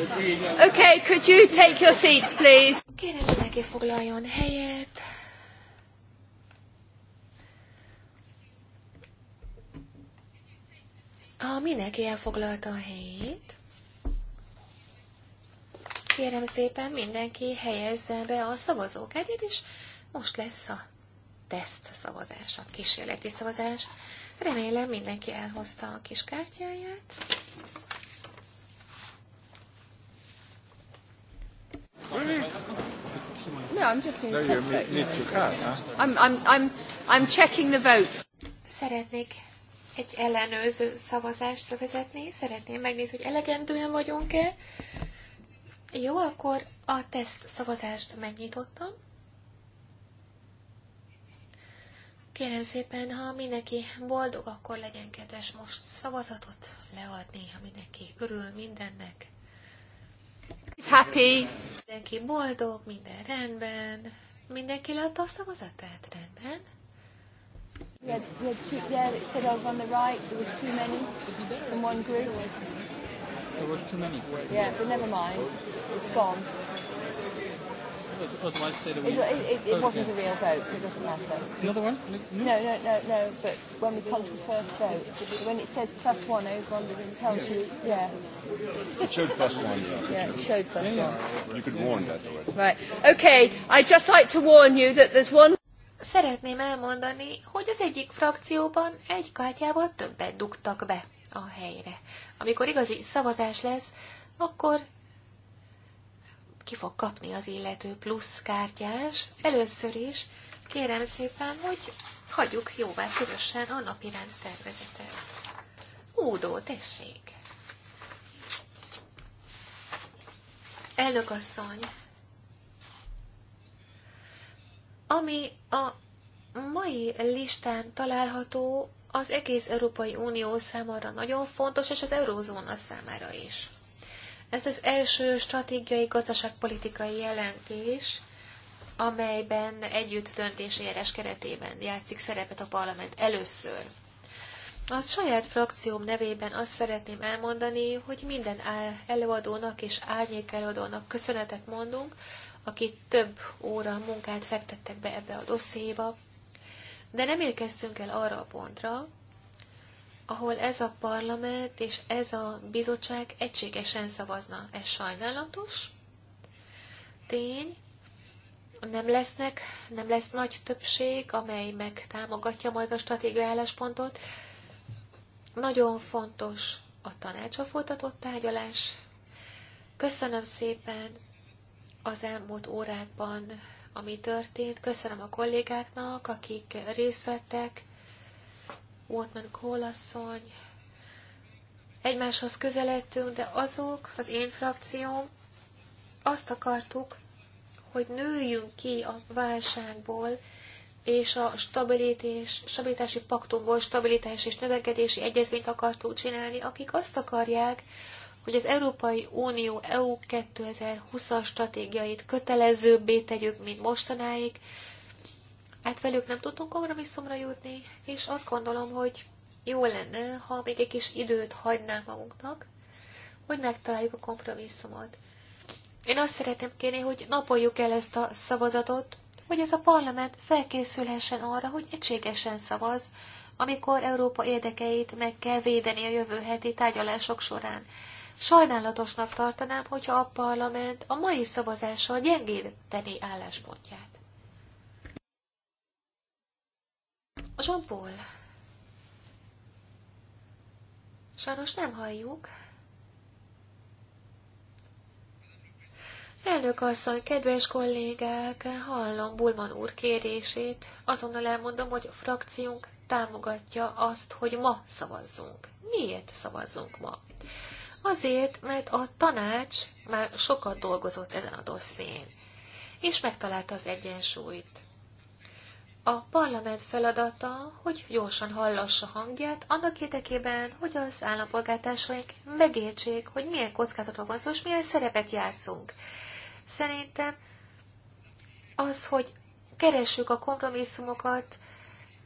Okay, could you take your seats, please? Kérem, mindenki foglaljon helyet. Ha mindenki elfoglalta a helyét, kérem szépen mindenki helyezze be a szavazókártyát, és most lesz a teszt szavazás, a kísérleti szavazás. Remélem mindenki elhozta a kis kártyáját. No, I'm just doing no, test vote. I'm, I'm, I'm, I'm checking the votes. Szeretnék egy ellenőrző szavazást bevezetni. Szeretném megnézni, hogy elegendően vagyunk-e. Jó, akkor a teszt szavazást megnyitottam. Kérem szépen, ha mindenki boldog, akkor legyen kedves most szavazatot leadni, ha mindenki örül mindennek. He's happy. Mindenki boldog, minden rendben. Mindenki látta a szavazatát rendben? We had, two, yeah, it said I was on the right there was too many from one group. There were too many. Yeah, but never mind. It's gone. Otherwise, say that we. It, it, it it wasn't yeah. a real vote, so it doesn't matter. Another one? No, no, no, no. no but when we come to the first vote, when it says plus one over under, it tells yeah. you, yeah. It showed plus one. Yeah, yeah it showed plus yeah, yeah. one. You could warn that already. Right. Okay. I'd just like to warn you that there's one. Szeretném elmondani, hogy az egyik frakcióban egy kártyával többet dugtak be a helyre. Amikor igazi szavazás lesz, akkor ki fog kapni az illető plusz kártyás. Először is kérem szépen, hogy hagyjuk jóvá közösen a napi tervezetet. Údó, tessék! Elnök asszony, ami a mai listán található, az egész Európai Unió számára nagyon fontos, és az Eurózóna számára is. Ez az első stratégiai gazdaságpolitikai jelentés, amelyben együtt döntési eljárás keretében játszik szerepet a parlament először. A saját frakcióm nevében azt szeretném elmondani, hogy minden előadónak és árnyék előadónak köszönetet mondunk, akik több óra munkát fektettek be ebbe a dosszéba, de nem érkeztünk el arra a pontra, ahol ez a parlament és ez a bizottság egységesen szavazna. Ez sajnálatos tény. Nem, lesznek, nem lesz nagy többség, amely megtámogatja majd a stratégiai álláspontot. Nagyon fontos a tanácsa folytatott tárgyalás. Köszönöm szépen az elmúlt órákban, ami történt. Köszönöm a kollégáknak, akik részt vettek Waltman Kólasszony, egymáshoz közeledtünk, de azok, az én frakcióm, azt akartuk, hogy nőjünk ki a válságból, és a stabilitás, stabilitási paktumból stabilitás és növekedési egyezményt akartunk csinálni, akik azt akarják, hogy az Európai Unió EU 2020-as stratégiait kötelezőbbé tegyük, mint mostanáig, Hát velük nem tudtunk kompromisszumra jutni, és azt gondolom, hogy jó lenne, ha még egy kis időt hagynánk magunknak, hogy megtaláljuk a kompromisszumot. Én azt szeretném kérni, hogy napoljuk el ezt a szavazatot, hogy ez a parlament felkészülhessen arra, hogy egységesen szavaz, amikor Európa érdekeit meg kell védeni a jövő heti tárgyalások során. Sajnálatosnak tartanám, hogyha a parlament a mai szavazással gyengíteni álláspontját. John Paul. Sajnos nem halljuk. Elnök asszony, kedves kollégák, hallom Bulman úr kérését. Azonnal elmondom, hogy a frakciónk támogatja azt, hogy ma szavazzunk. Miért szavazzunk ma? Azért, mert a tanács már sokat dolgozott ezen a dosszén, és megtalálta az egyensúlyt. A parlament feladata, hogy gyorsan hallassa hangját, annak érdekében, hogy az állampolgártársaink megértsék, hogy milyen kockázatok van szó, és milyen szerepet játszunk. Szerintem az, hogy keressük a kompromisszumokat,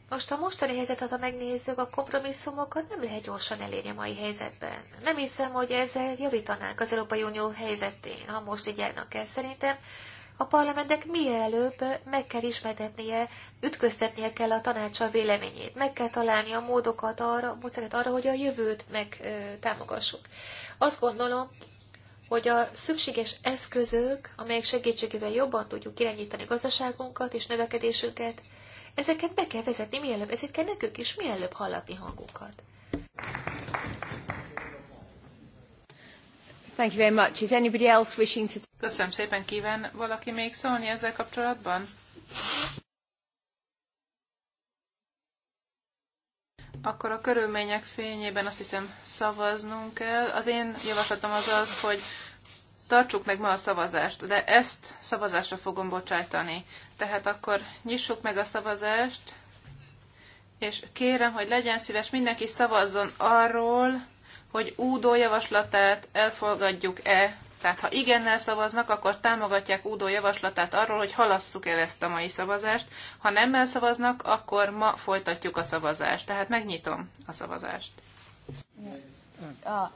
most a mostani helyzetet, ha megnézzük, a kompromisszumokat nem lehet gyorsan elérni a mai helyzetben. Nem hiszem, hogy ezzel javítanánk az Európai Unió helyzetén, ha most így járnak el. Szerintem a parlamentnek mielőbb meg kell ismertetnie, ütköztetnie kell a tanácsa véleményét, meg kell találni a módokat arra, módszereket arra, hogy a jövőt megtámogassuk. Azt gondolom, hogy a szükséges eszközök, amelyek segítségével jobban tudjuk irányítani gazdaságunkat és növekedésünket, ezeket be kell vezetni mielőbb, ezért kell nekünk is mielőbb hallatni hangunkat. Thank you very much. Is anybody else wishing to... Köszönöm szépen, kíván valaki még szólni ezzel kapcsolatban? Akkor a körülmények fényében azt hiszem szavaznunk kell. Az én javaslatom az az, hogy tartsuk meg ma a szavazást, de ezt szavazásra fogom bocsájtani. Tehát akkor nyissuk meg a szavazást, és kérem, hogy legyen szíves, mindenki szavazzon arról, hogy Údó javaslatát elfogadjuk-e. Tehát ha igennel szavaznak, akkor támogatják Údó javaslatát arról, hogy halasszuk el ezt a mai szavazást. Ha nemmel szavaznak, akkor ma folytatjuk a szavazást. Tehát megnyitom a szavazást. Ah,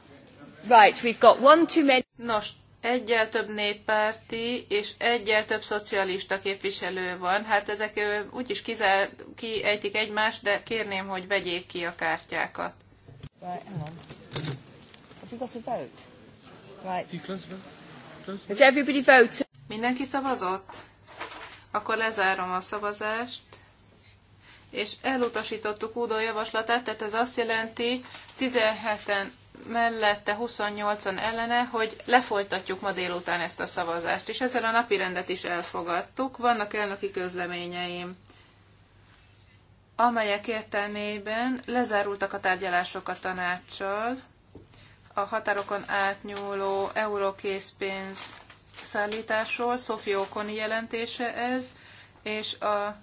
Nos, egyel több néppárti és egyel több szocialista képviselő van. Hát ezek úgyis kizár, kiejtik egymást, de kérném, hogy vegyék ki a kártyákat. Right, hang on. Have you got a vote? Right. You close vote? Close vote? Has everybody voted? Mindenki szavazott? Akkor lezárom a szavazást és elutasítottuk Udo javaslatát, tehát ez azt jelenti 17-en mellette 28-an ellene, hogy lefolytatjuk ma délután ezt a szavazást, és ezzel a napi rendet is elfogadtuk. Vannak elnöki közleményeim amelyek értelmében lezárultak a tárgyalások a tanácssal a határokon átnyúló eurókészpénz szállításról. Szofi Okoni jelentése ez, és a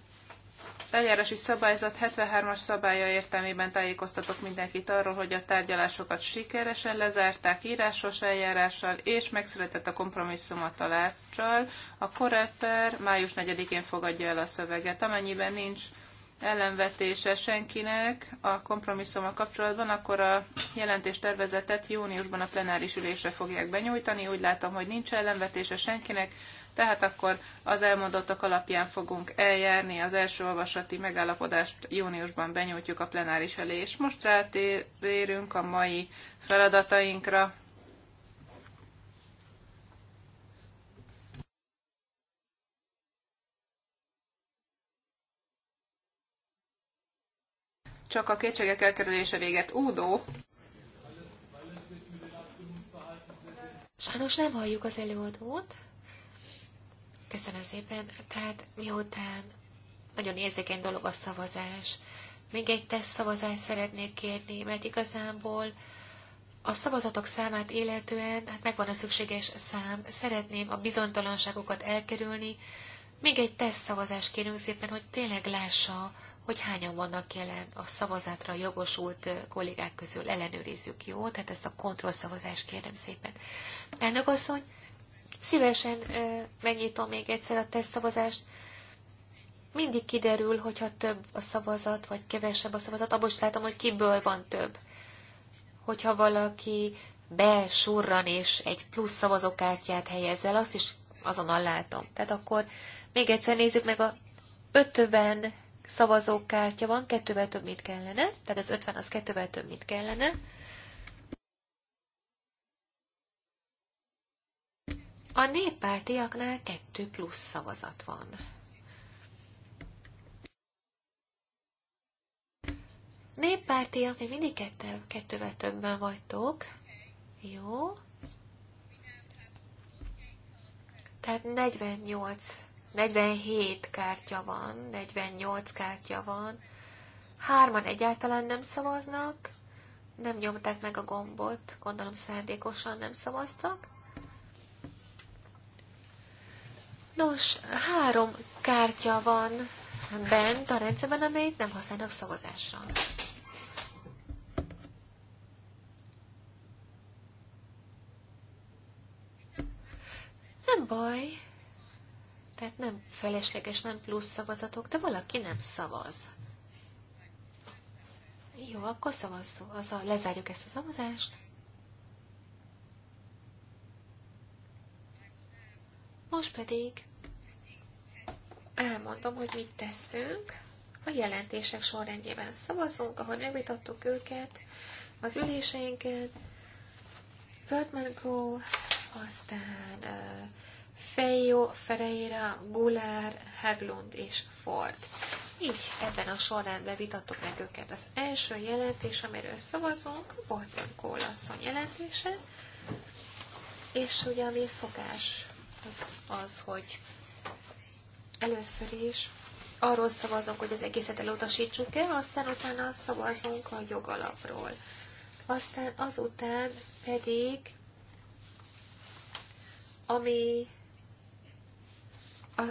az eljárási szabályzat 73-as szabálya értelmében tájékoztatok mindenkit arról, hogy a tárgyalásokat sikeresen lezárták írásos eljárással, és megszületett a kompromisszum a találcsal. A Koreper május 4-én fogadja el a szöveget. Amennyiben nincs ellenvetése senkinek a kompromisszummal kapcsolatban, akkor a jelentés tervezetet júniusban a plenáris ülésre fogják benyújtani. Úgy látom, hogy nincs ellenvetése senkinek, tehát akkor az elmondottak alapján fogunk eljárni, az első olvasati megállapodást júniusban benyújtjuk a plenáris elé, és most rátérünk a mai feladatainkra. csak a kétségek elkerülése véget údó. Sajnos nem halljuk az előadót. Köszönöm szépen. Tehát miután nagyon érzékeny dolog a szavazás, még egy teszt szavazást szeretnék kérni, mert igazából a szavazatok számát illetően, hát megvan a szükséges szám, szeretném a bizonytalanságokat elkerülni. Még egy teszt szavazást kérünk szépen, hogy tényleg lássa hogy hányan vannak jelen a szavazatra jogosult kollégák közül ellenőrizzük, jó? Tehát ezt a kontrollszavazást kérem szépen. Elnök asszony, szívesen megnyitom még egyszer a tesztszavazást. Mindig kiderül, hogyha több a szavazat, vagy kevesebb a szavazat, abból is látom, hogy kiből van több. Hogyha valaki besurran és egy plusz szavazókártyát helyez el, azt is azonnal látom. Tehát akkor még egyszer nézzük meg a 50 szavazókártya van, kettővel több, mint kellene, tehát az 50 az kettővel több, mint kellene. A néppártiaknál kettő plusz szavazat van. Néppártiak, még mindig kettő, kettővel többen vagytok. Jó. Tehát 48 47 kártya van, 48 kártya van, hárman egyáltalán nem szavaznak, nem nyomták meg a gombot, gondolom szándékosan nem szavaztak. Nos, három kártya van bent a rendszerben, amelyet nem használnak szavazásra. Nem baj, tehát nem felesleges, nem plusz szavazatok, de valaki nem szavaz. Jó, akkor szavazzunk. Azzal lezárjuk ezt a szavazást. Most pedig elmondom, hogy mit tesszünk. A jelentések sorrendjében szavazunk, ahogy megvitattuk őket, az üléseinket, Földmargó, aztán uh, Fejó, Ferreira, Gulár, Haglund és Ford. Így ebben a sorrendben vitattuk meg őket. Az első jelentés, amiről szavazunk, a Kólasszony jelentése, és ugye ami szokás az, az, hogy először is arról szavazunk, hogy az egészet elutasítsuk e aztán utána szavazunk a jogalapról. Aztán azután pedig, ami a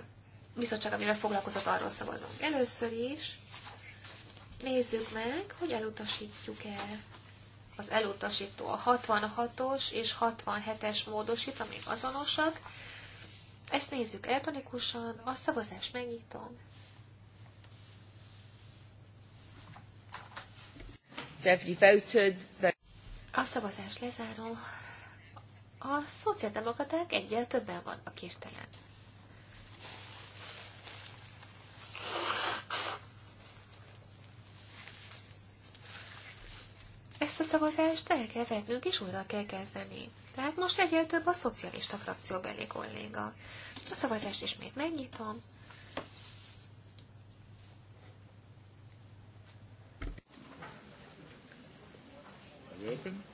bizottság, amivel foglalkozott, arról szavazunk. Először is nézzük meg, hogy elutasítjuk-e az elutasító a 66-os és 67-es módosít, amik azonosak. Ezt nézzük elektronikusan, a szavazást megnyitom. A szavazás lezárom. A szociáldemokraták egyel többen vannak értelem. ezt a szavazást el kell vennünk, és újra kell kezdeni. Tehát most egyel több a szocialista frakcióbeli kolléga. A szavazást ismét megnyitom. Open?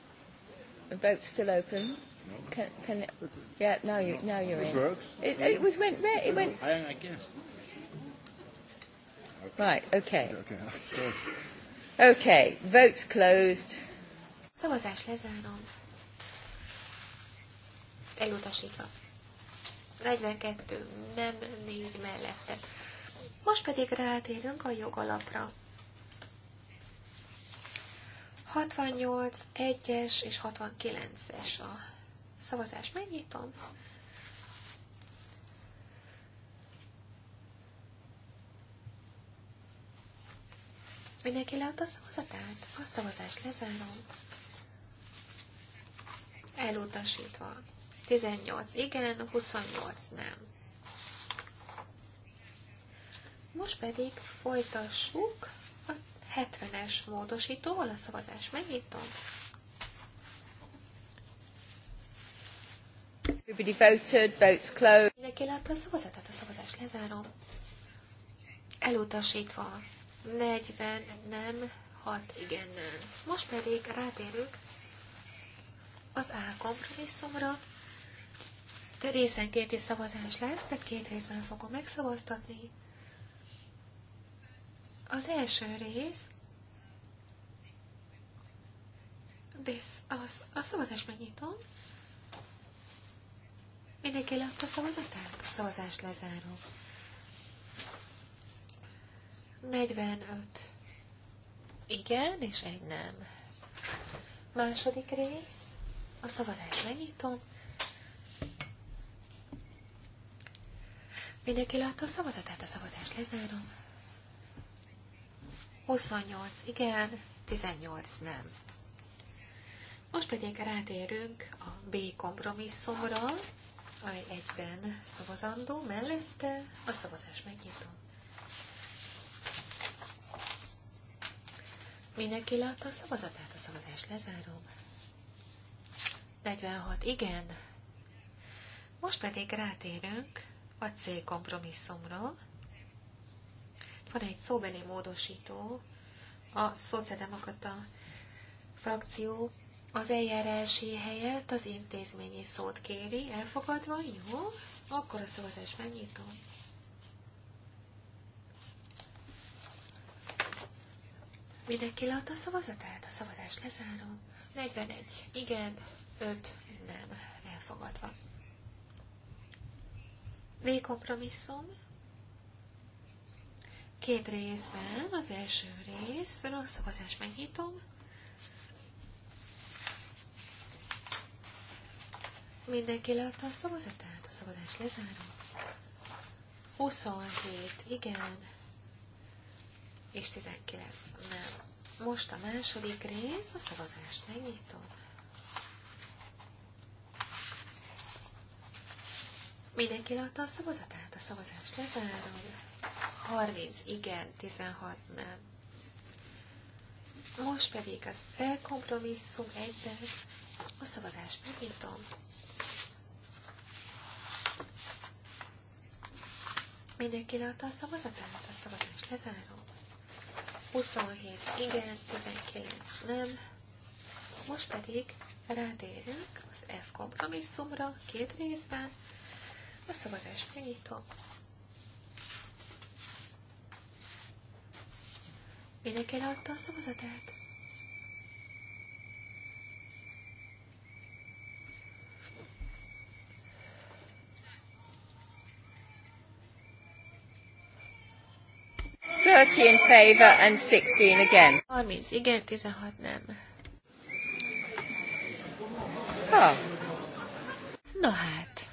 The vote's still open. No. Can, can it, yeah, now you now you're it in. Works. It, it was went where? it went. I, I Okay. Right. Okay. Okay. Okay, vote's closed. Szavazás lezárom. Elutasítva. 42, nem 4 mellette. Most pedig rátérünk a jogalapra. 68, 1-es és 69-es a szavazás. Megnyitom. Mindenki leadta a szavazatát? A szavazást lezárom. Elutasítva. 18 igen, 28 nem. Most pedig folytassuk a 70-es módosítóval a szavazás. Megnyitom. Everybody voted, votes closed. Mindenki látta a szavazatát, a szavazást lezárom. Elutasítva 40 nem, 6 igen nem. Most pedig rátérünk az A kompromisszumra. De részenkénti szavazás lesz, tehát két részben fogom megszavaztatni. Az első rész, de az, a szavazást megnyitom. Mindenki látta a szavazatát? A szavazást lezárom. 45. Igen, és egy nem. Második rész. A szavazást megnyitom. Mindenki látta a szavazatát, a szavazást lezárom. 28 igen, 18 nem. Most pedig rátérünk a B kompromisszumra, amely egyben szavazandó, mellette a szavazás megnyitom. Mindenki látta a szavazatát, a szavazás lezárom. 46, igen. Most pedig rátérünk a C kompromisszumra. Van egy szóbeli módosító, a szociáldemokrata frakció az eljárási helyett az intézményi szót kéri, elfogadva, jó, akkor a szavazás megnyitom. Mindenki leadta a szavazatát? A szavazás lezárom. 41. Igen, 5. Nem. Elfogadva. V kompromisszum. Két részben. Az első rész. A szavazást megnyitom. Mindenki leadta a szavazatát? A szavazást lezárom. 27. Igen, és 19 nem. Most a második rész, a szavazást megnyitom. Mindenki látta a szavazatát, a szavazást lezárom. 30 igen, 16 nem. Most pedig az elkompromisszum egyben a szavazást megnyitom. Mindenki látta a szavazatát, a szavazást lezárom. 27 igen, 19 nem. Most pedig rátérünk az F kompromisszumra két részben. A szavazást megnyitom. Mindenki adta a szavazatát? 30 in favor and 16 again. 30 igen, 16 nem. Ha. No hát.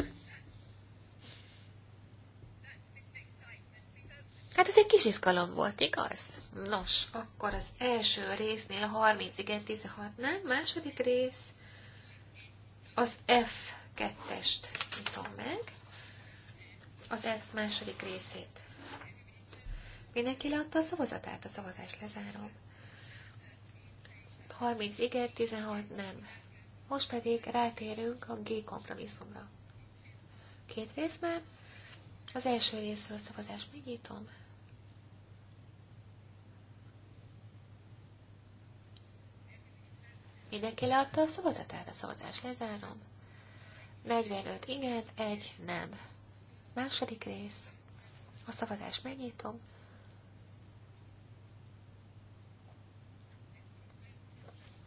Hát ez egy kis izgalom volt, igaz? Nos, akkor az első résznél 30 igen, 16 nem, második rész az F2-est nyitom meg, az F második részét. Mindenki leadta a szavazatát, a szavazás lezárom. 30 igen, 16 nem. Most pedig rátérünk a G kompromisszumra. Két részben. Az első részről a szavazás megnyitom. Mindenki leadta a szavazatát, a szavazás lezárom. 45 igen, 1 nem. Második rész. A szavazást megnyitom.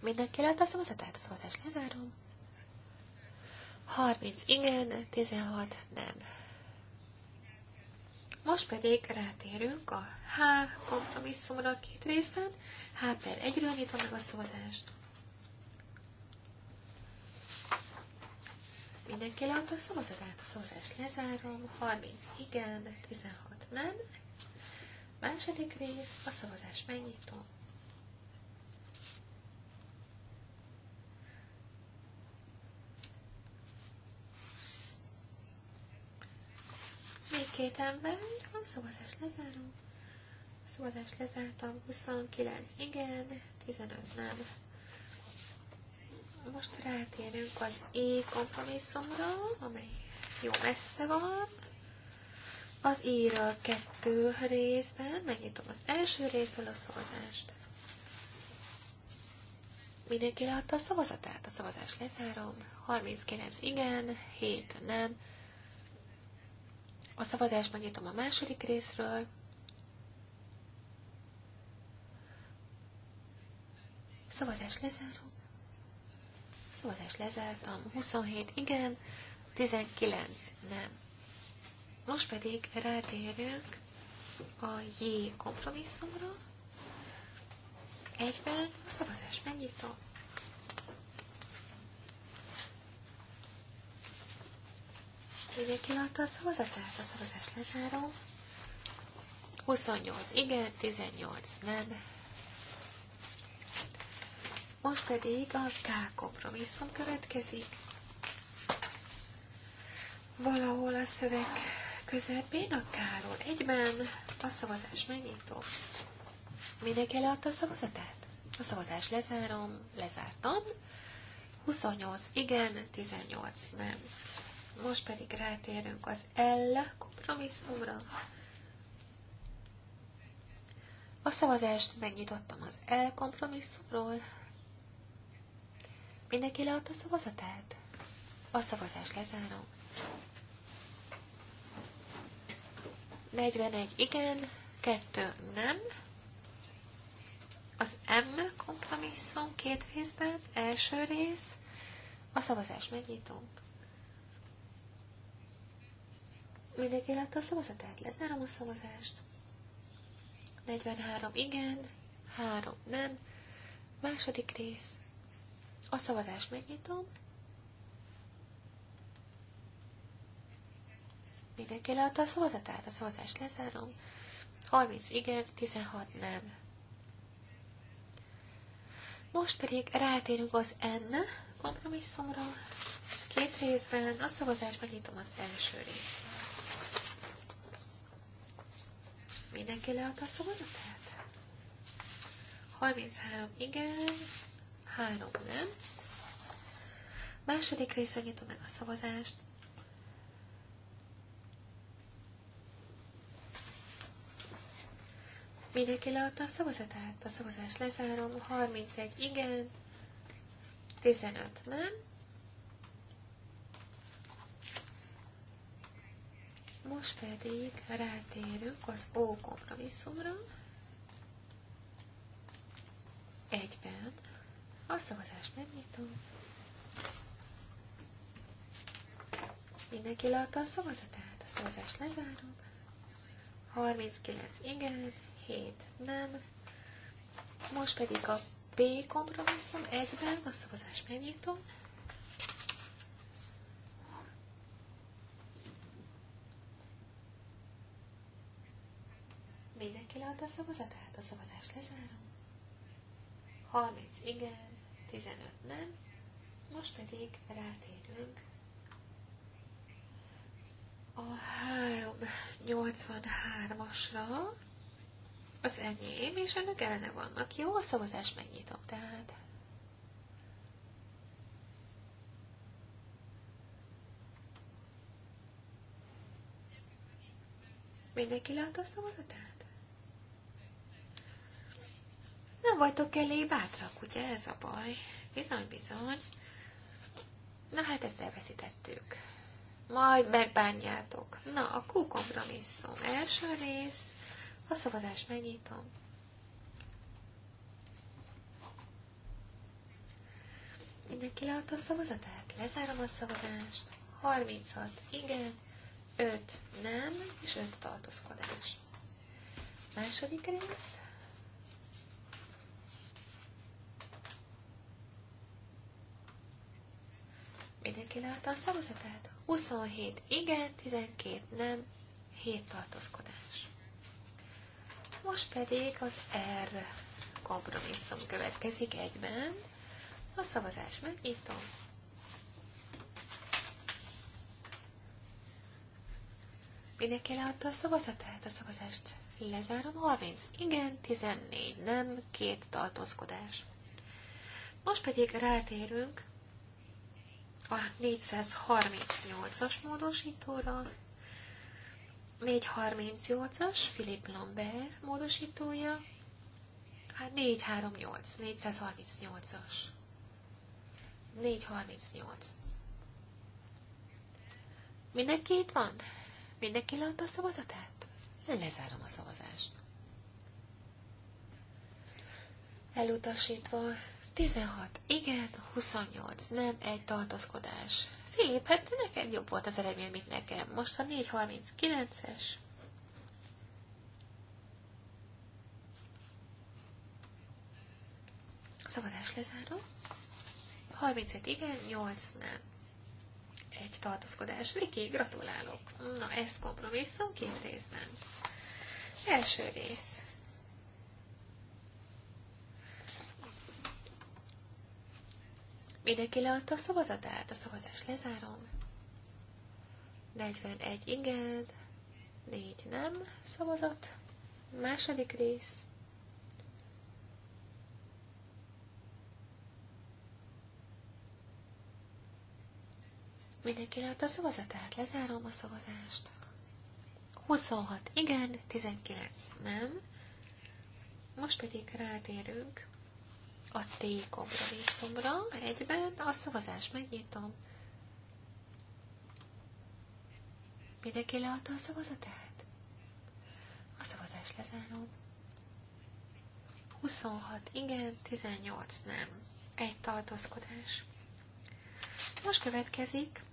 Mindenki lehet a szavazatát? A szavazást lezárom. 30 igen, 16 nem. Most pedig rátérünk a H kompromisszumra két részben. H per 1-ről nyitom meg a szavazást. Mindenki lehet a szavazatát, a szavazást lezárom. 30 igen, 16 nem. Második rész, a szavazást megnyitom. két ember, a szavazás lezárom. A szavazás lezártam, 29 igen, 15 nem. Most rátérünk az E kompromisszumra, amely jó messze van. Az íra kettő részben, megnyitom az első részről a szavazást. Mindenki leadta a szavazatát, a szavazást lezárom. 39 igen, 7 nem, a szavazásban nyitom a második részről. Szavazás lezárom. Szavazás lezártam. 27 igen, 19 nem. Most pedig rátérünk a J kompromisszumra. Egyben a szavazás megnyitott. Mindenki látta a szavazatát? A szavazás lezárom. 28 igen, 18 nem. Most pedig a K kompromisszum következik. Valahol a szöveg közepén a K-ról egyben a szavazás megnyitó. Mindenki leadta a szavazatát? A szavazás lezárom, lezártam. 28 igen, 18 nem. Most pedig rátérünk az L kompromisszumra. A szavazást megnyitottam az L kompromisszumról. Mindenki leadta szavazatát? A szavazást lezárom. 41 igen, 2 nem. Az M kompromisszum két részben, első rész, a szavazást megnyitunk. Mindenki látta a szavazatát? Lezárom a szavazást. 43 igen, 3 nem. Második rész. A szavazást megnyitom. Mindenki látta a szavazatát, a szavazást lezárom. 30 igen, 16 nem. Most pedig rátérünk az N kompromisszumra. Két részben a szavazást megnyitom az első részre. Mindenki leadta a szavazatát? 33 igen, 3 nem. Második része nyitom meg a szavazást. Mindenki leadta a szavazatát? A szavazást lezárom. 31 igen, 15 nem. Most pedig rátérünk az O kompromisszumra. Egyben a szavazást megnyitom. Mindenki látta a szavazatát, a szavazást lezárom. 39 igen, 7 nem. Most pedig a B kompromisszum egyben, a szavazást megnyitom. lezárt a szavazatát, a szavazás lezárom. 30 igen, 15 nem. Most pedig rátérünk a 383-asra. Az enyém és önök ellene vannak. Jó, a szavazást megnyitom, tehát Mindenki látta a szavazatát? Nem vagytok elé bátrak, ugye ez a baj? Bizony, bizony. Na hát ezt elveszítettük. Majd megbánjátok. Na, a Q kompromisszum. Első rész. A szavazást megnyitom. Mindenki leadta a szavazatát? Lezárom a szavazást. 36 igen, 5 nem, és 5 tartózkodás. Második rész. Mindenki látta a szavazatát? 27 igen, 12 nem, 7 tartózkodás. Most pedig az R kompromisszum következik egyben. A szavazás megnyitom. Mindenki leadta a szavazatát, a szavazást lezárom. 30 igen, 14 nem, 2 tartózkodás. Most pedig rátérünk a 438-as módosítóra, 438-as Philip Lambert módosítója, hát 438, 438-as. 438. Mindenki itt van? Mindenki leadta a szavazatát? Lezárom a szavazást. Elutasítva 16 igen, 28 nem, egy tartozkodás Filip, hát neked jobb volt az eredmény, mint nekem. Most a 439-es. Szavazás lezáró. 37 igen, 8 nem. Egy tartózkodás. Viki, gratulálok. Na, ez kompromisszum két részben. Első rész. Mindenki leadta a szavazatát, a szavazást lezárom. 41 igen, 4 nem szavazat. Második rész. Mindenki leadta a szavazatát, lezárom a szavazást. 26 igen, 19 nem. Most pedig rátérünk a tékomra kompromisszumra egyben. A szavazás megnyitom. Mindenki leadta a szavazatát? A szavazás lezárom. 26 igen, 18 nem. Egy tartózkodás. Most következik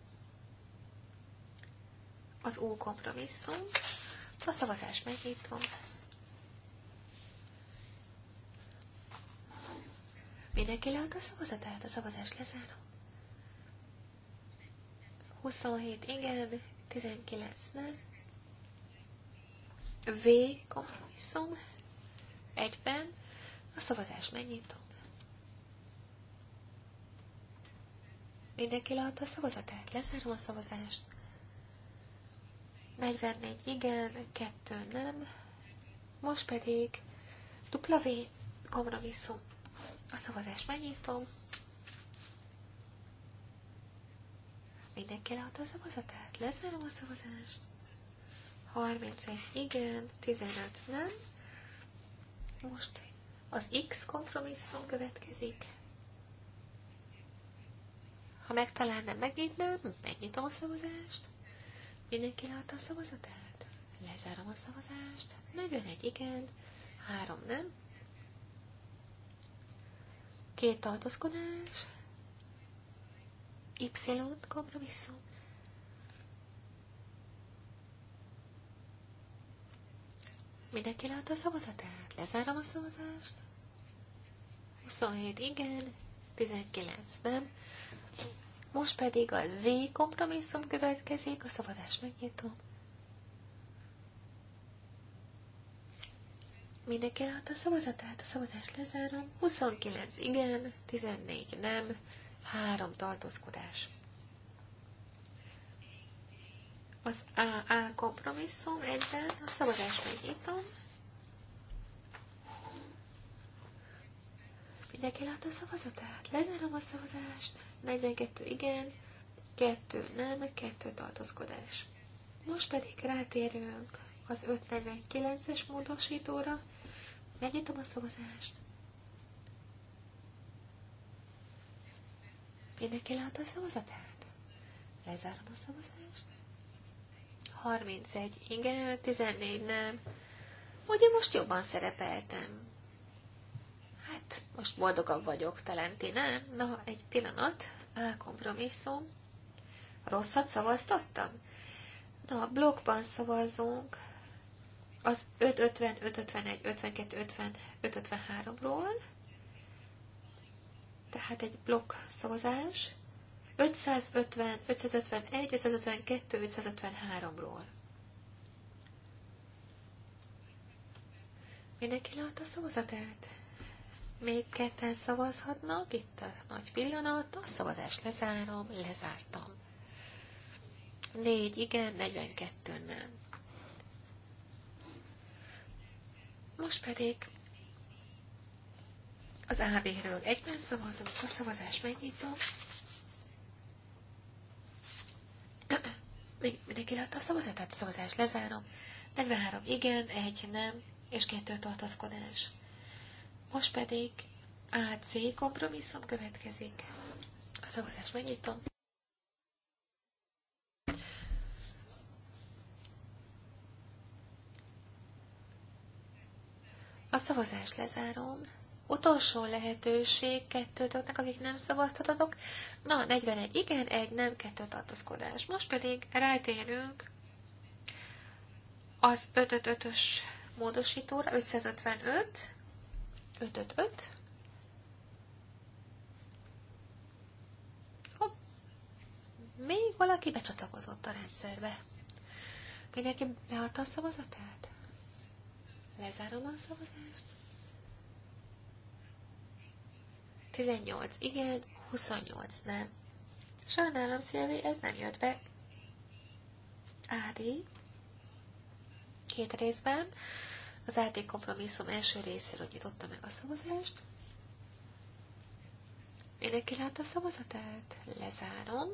az ókompromisszum. A szavazás megnyitom. Mindenki lehet a szavazatát, a szavazást lezárom. 27 igen, 19 nem. V kompromisszum egyben. A szavazás megnyitom. Mindenki leadta a szavazatát, lezárom a szavazást. 44 igen, 2 nem. Most pedig W kompromisszum a szavazást megnyitom. Mindenki leadta a szavazatát? Lezárom a szavazást. 31 igen, 15 nem. Most az X kompromisszum következik. Ha megtalálnám, megnyitnám, megnyitom a szavazást. Mindenki leadta a szavazatát? Lezárom a szavazást. 41 igen, 3 nem. Két tartózkodás. Y kompromisszum. Mindenki látta a szavazatát? Lezárom a szavazást. 27 igen, 19 nem. Most pedig a Z kompromisszum következik, a szavazást megnyitom. Mindenki látta a szavazatát, a szavazást lezárom. 29 igen, 14 nem, 3 tartózkodás. Az AA kompromisszum egyben a szavazást megnyitom. Mindenki látta a szavazatát, lezárom a szavazást. 42 igen, 2 nem, 2 tartózkodás. Most pedig rátérünk az 549-es módosítóra, Megnyitom a szavazást. Mindenki látta a szavazatát? Lezárom a szavazást. 31 igen, 14 nem. Ugye most jobban szerepeltem. Hát, most boldogabb vagyok, talán ti nem? Na, egy pillanat. kompromisszum. Rosszat szavaztattam? Na, a blogban szavazunk az 550, 551, 52, 50, 553-ról, tehát egy blokk szavazás, 550, 551, 552, 553-ról. Mindenki látta a szavazatát? Még ketten szavazhatnak, itt a nagy pillanat, a szavazást lezárom, lezártam. 4 igen, 42 nem. Most pedig az AB-ről egyben szavazunk, a szavazás megnyitom. Még mindenki látta a szavazatát, a szavazás lezárom. 43 igen, egy nem, és kettő tartaszkodás. Most pedig AC kompromisszum következik. A szavazás megnyitom. A szavazást lezárom. Utolsó lehetőség kettőtöknek, akik nem szavaztatok. Na, 41 igen, egy nem, kettő tartozkodás. Most pedig rátérünk az 555-ös módosítóra, 555, 555, még valaki becsatlakozott a rendszerbe. Mindenki leadta a szavazatát? Lezárom a szavazást. 18 igen, 28 nem. Sajnálom, Szilvi, ez nem jött be. Ádi. Két részben. Az Ádi kompromisszum első részéről nyitotta meg a szavazást. Mindenki látta a szavazatát? Lezárom.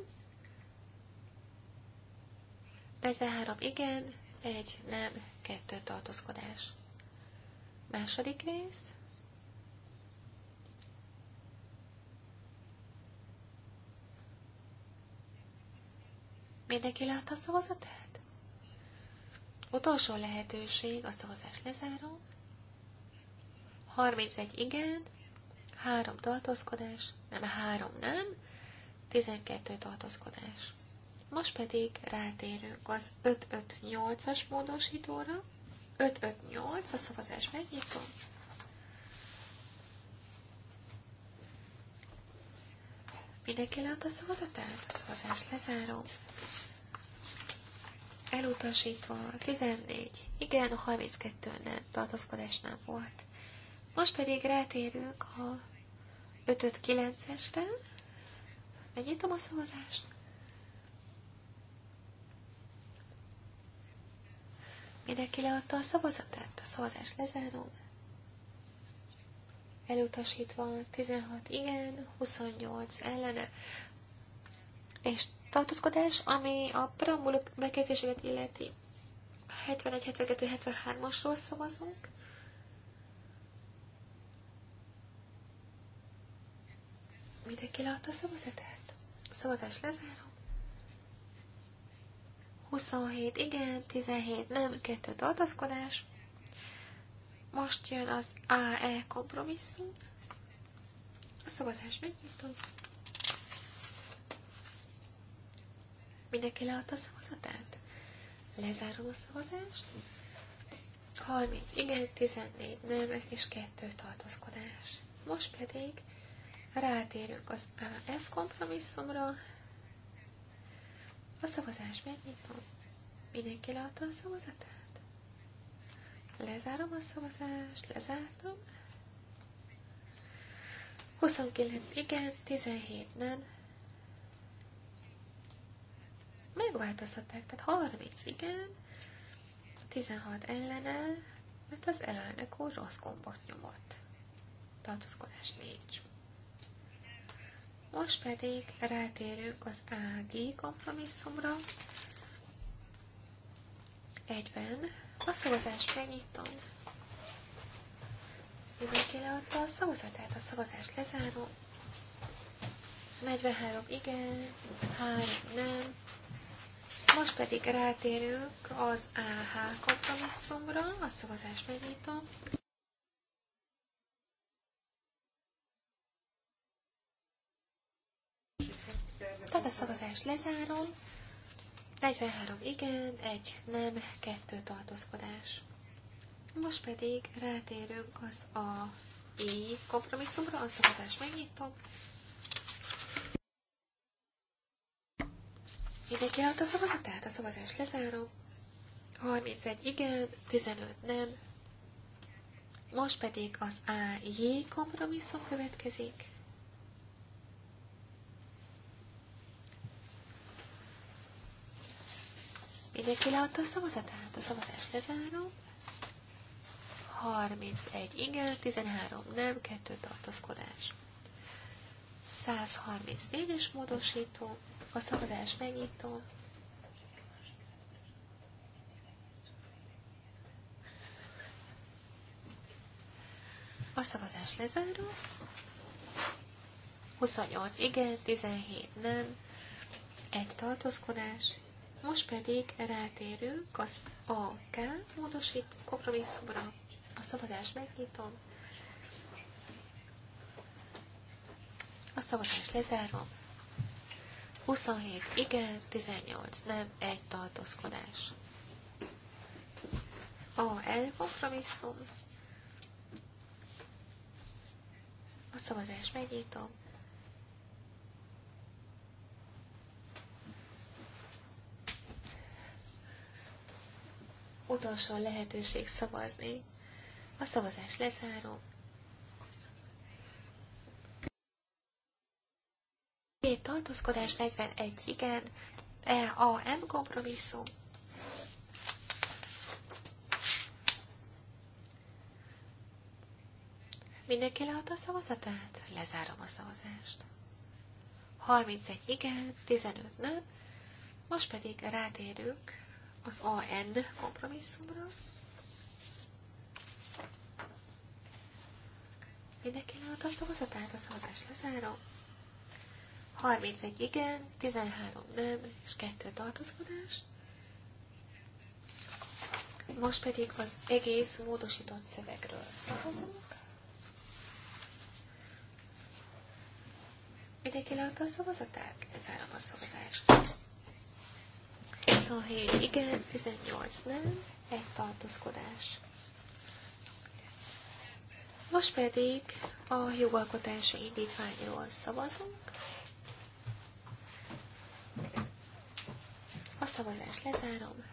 43 igen, egy nem, kettő tartózkodás. Második rész. Mindenki látta a szavazatát? Utolsó lehetőség, a szavazás lezárom. 31 igen, 3 tartózkodás, nem 3 nem, 12 tartózkodás. Most pedig rátérünk az 5 5 8 as módosítóra. 558, a szavazás megnyitom. Mindenki lehet a szavazatát? A szavazás lezárom. Elutasítva 14. Igen, a 32 nem, tartozkodás nem volt. Most pedig rátérünk a 5 9 esre Megnyitom a szavazást. Mindenki leadta a szavazatát, a szavazás lezárom. Elutasítva 16 igen, 28 ellene. És tartózkodás, ami a preambuló bekezdéseket illeti. 71, 72, 73-asról szavazunk. Mindenki leadta a szavazatát. A szavazás lezárom. 27 igen, 17 nem, kettő tartaszkodás. Most jön az AE kompromisszum. A szavazás megnyitom. Mindenki leadta a szavazatát? Lezárom a szavazást. 30 igen, 14 nem, és kettő tartozkodás. Most pedig rátérünk az AF kompromisszumra, a szavazás megnyitom. Mindenki látta a szavazatát? Lezárom a szavazást, lezártam. 29 igen, 17 nem. Megváltoztatták, tehát 30 igen, 16 ellene, mert az elelnök úr rossz gombot nyomott. Tartózkodás nincs. Most pedig rátérünk az AG kompromisszumra. Egyben a szavazást megnyitom. Mindenki leadta a szavazatát, a szavazást lezárom. 43 igen, 3 nem. Most pedig rátérünk az AH kompromisszumra, a szavazást megnyitom. Tehát a szavazást lezárom. 43 igen, 1 nem, 2 tartózkodás. Most pedig rátérünk az a I kompromisszumra, a szavazást megnyitom. Mindenki adta a szavazatát, a szavazást lezárom. 31 igen, 15 nem. Most pedig az AJ kompromisszum következik. Mindenki leadta a szavazatát, a szavazást lezárom. 31 igen, 13 nem, 2 tartózkodás. 134-es módosító, a szavazás megnyitó. A szavazás lezáró. 28 igen, 17 nem, egy tartózkodás, most pedig rátérünk az AK módosít kompromisszumra. A szavazást megnyitom. A szavazást lezárom. 27 igen, 18 nem, egy tartózkodás. L kompromisszum. A szavazást megnyitom. utolsó lehetőség szavazni. A szavazás lezárom. Két tartózkodás, 41 igen, e, A M kompromisszum. Mindenki leadta a szavazatát? Lezárom a szavazást. 31 igen, 15 nem, most pedig rátérünk az AN kompromisszumra. Mindenki lehet a szavazatát, a szavazás lezárom. 31 igen, 13 nem, és 2 tartózkodás. Most pedig az egész módosított szövegről szavazunk. Mindenki lehet a szavazatát? Lezárom a szavazást. 27 igen, 18 nem, egy tartózkodás. Most pedig a jogalkotási indítványról szavazunk. A szavazást lezárom.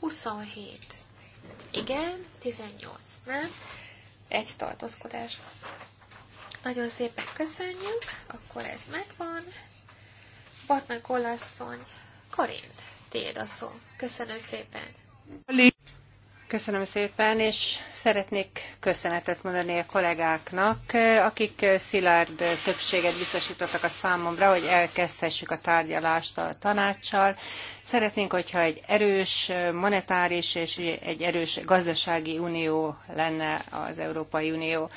27. Igen, 18. Nem? Egy tartózkodás. Nagyon szépen köszönjük, akkor ez megvan. Batman Gollasszony Karint, tiéd a szó. Köszönöm szépen. Köszönöm szépen, és szeretnék köszönetet mondani a kollégáknak, akik szilárd többséget biztosítottak a számomra, hogy elkezdhessük a tárgyalást a tanácssal. Szeretnénk, hogyha egy erős monetáris és egy erős gazdasági unió lenne az Európai Unió.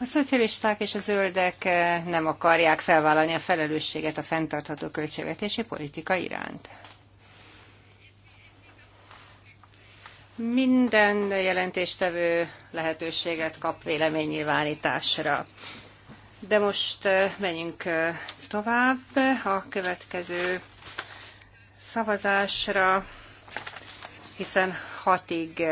A szocialisták és a zöldek eh, nem akarják felvállalni a felelősséget a fenntartható költségvetési politika iránt. Minden jelentéstevő lehetőséget kap véleménynyilvánításra. De most eh, menjünk eh, tovább a következő szavazásra, hiszen hatig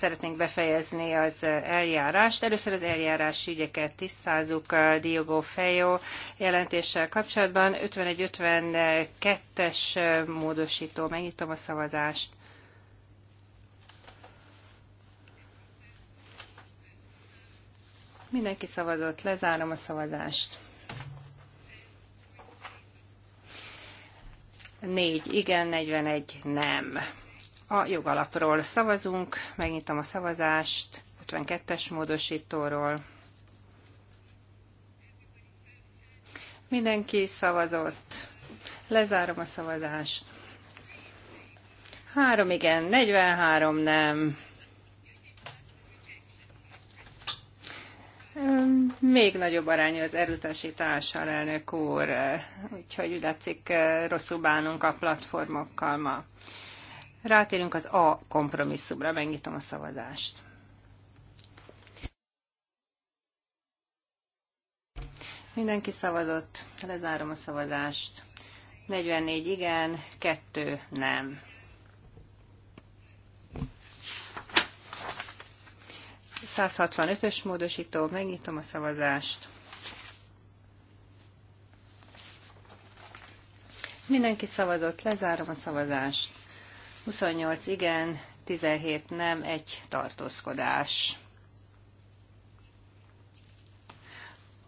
szeretnénk befejezni az eljárást. Először az eljárási ügyeket tisztázunk a Diogo Fejó jelentéssel kapcsolatban. 51-52-es módosító. Megnyitom a szavazást. Mindenki szavazott, lezárom a szavazást. Négy igen, 41 nem. A jogalapról szavazunk, megnyitom a szavazást, 52-es módosítóról. Mindenki szavazott. Lezárom a szavazást. Három igen, 43 nem. Még nagyobb arány, az elutasítás, elnök úr, úgyhogy látszik rosszul bánunk a platformokkal ma. Rátérünk az A kompromisszumra, megnyitom a szavazást. Mindenki szavazott, lezárom a szavazást. 44 igen, 2 nem. ös módosító, megnyitom a szavazást. Mindenki szavazott, lezárom a szavazást. 28 igen, 17 nem, egy tartózkodás.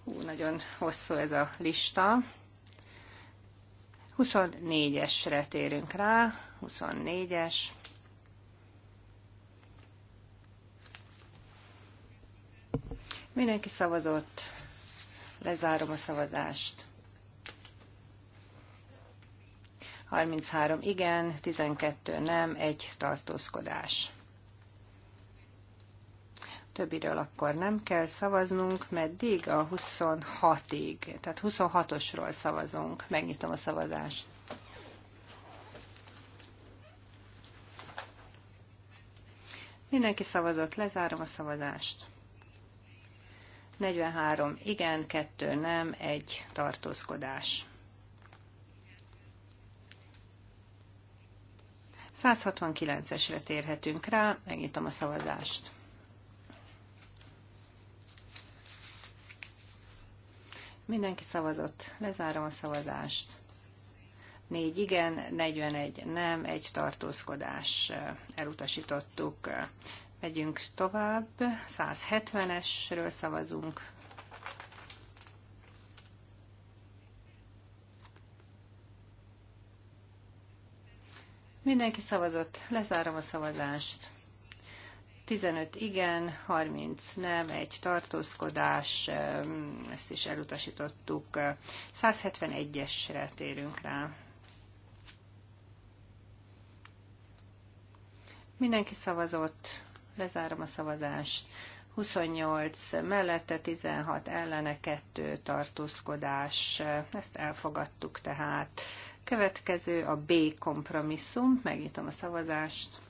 Hú, nagyon hosszú ez a lista. 24-esre térünk rá. 24-es. Mindenki szavazott. Lezárom a szavazást. 33 igen, 12 nem, egy tartózkodás. Többiről akkor nem kell szavaznunk, meddig a 26-ig, tehát 26-osról szavazunk. Megnyitom a szavazást. Mindenki szavazott, lezárom a szavazást. 43 igen, 2 nem, egy tartózkodás. 169-esre térhetünk rá, megnyitom a szavazást. Mindenki szavazott, lezárom a szavazást. 4 igen, 41 nem, egy tartózkodás elutasítottuk. Megyünk tovább, 170-esről szavazunk. Mindenki szavazott. Lezárom a szavazást. 15 igen, 30 nem, egy tartózkodás, ezt is elutasítottuk. 171-esre térünk rá. Mindenki szavazott, lezárom a szavazást. 28 mellette, 16 ellene, 2 tartózkodás. Ezt elfogadtuk tehát. Következő a B kompromisszum. Megnyitom a szavazást.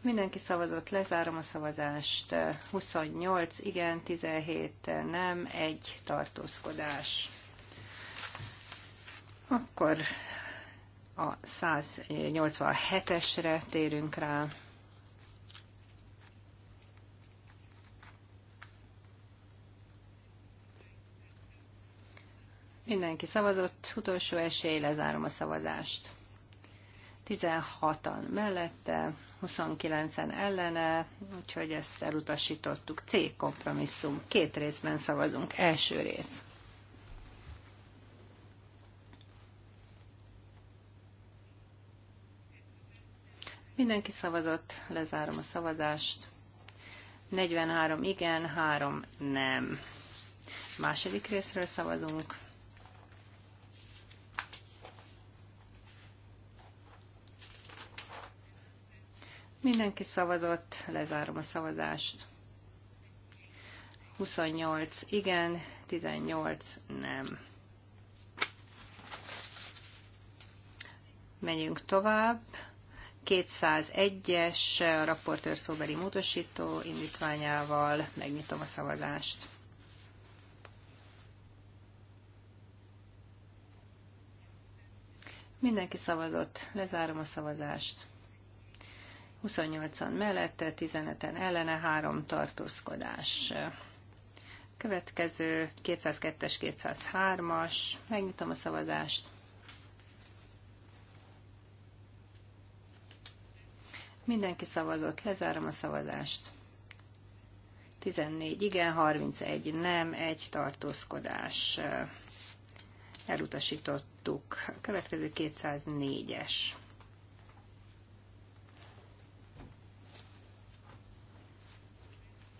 Mindenki szavazott, lezárom a szavazást. 28 igen, 17 nem, egy tartózkodás. Akkor a 187-esre térünk rá. Mindenki szavazott, utolsó esély, lezárom a szavazást. 16-an mellette, 29-en ellene, úgyhogy ezt elutasítottuk. C kompromisszum. Két részben szavazunk. Első rész. Mindenki szavazott, lezárom a szavazást. 43 igen, 3 nem. Második részről szavazunk. Mindenki szavazott, lezárom a szavazást. 28 igen, 18 nem. Megyünk tovább. 201-es a raportőr szóbeli módosító indítványával megnyitom a szavazást. Mindenki szavazott, lezárom a szavazást. 28-an mellette, 15-en ellene, 3 tartózkodás. Következő 202-es, 203-as. Megnyitom a szavazást. Mindenki szavazott, lezárom a szavazást. 14 igen, 31 nem, egy tartózkodás. Elutasítottuk. Következő 204-es.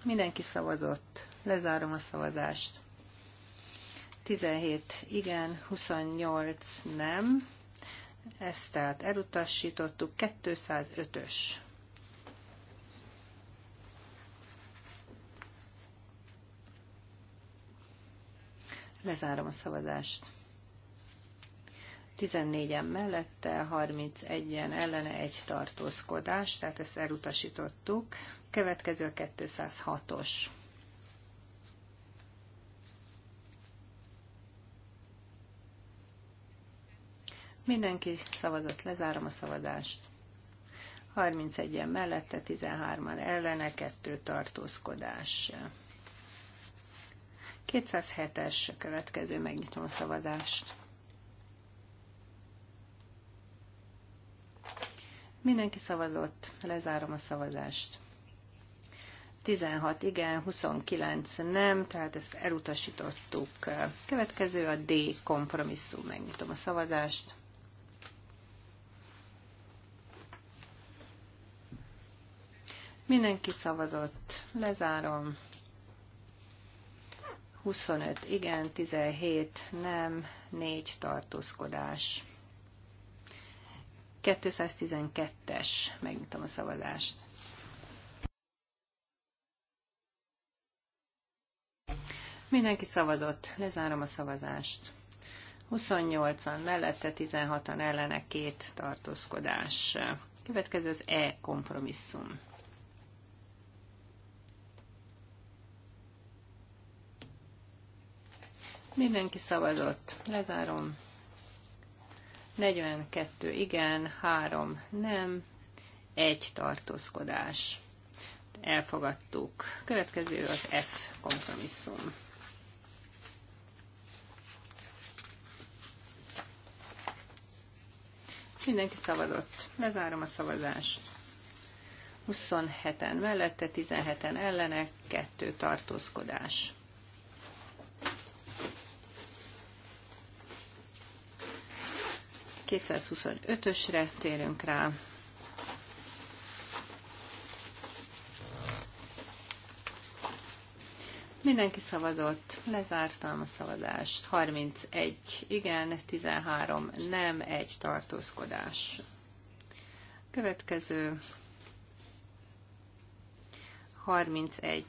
Mindenki szavazott. Lezárom a szavazást. 17 igen, 28 nem. Ezt tehát elutasítottuk. 205-ös. Lezárom a szavazást. 14-en mellette, 31-en ellene egy tartózkodás, tehát ezt elutasítottuk. Következő 206-os. Mindenki szavazott, lezárom a szavazást. 31-en mellette, 13-an ellene, 2 tartózkodás. 207-es következő, megnyitom a szavazást. Mindenki szavazott, lezárom a szavazást. 16 igen, 29 nem, tehát ezt elutasítottuk. Következő a D kompromisszum. Megnyitom a szavazást. Mindenki szavazott. Lezárom. 25 igen, 17 nem, 4 tartózkodás. 212-es. Megnyitom a szavazást. Mindenki szavazott. Lezárom a szavazást. 28-an mellette, 16-an ellene két tartózkodás. Következő az E kompromisszum. Mindenki szavazott. Lezárom. 42 igen, 3 nem, 1 tartózkodás. Elfogadtuk. Következő az F kompromisszum. Mindenki szavazott. Lezárom a szavazást. 27-en mellette, 17-en ellene, 2 tartózkodás. 225-ösre térünk rá. Mindenki szavazott, lezártam a szavazást. 31 igen, ez 13 nem, egy tartózkodás. Következő 31.1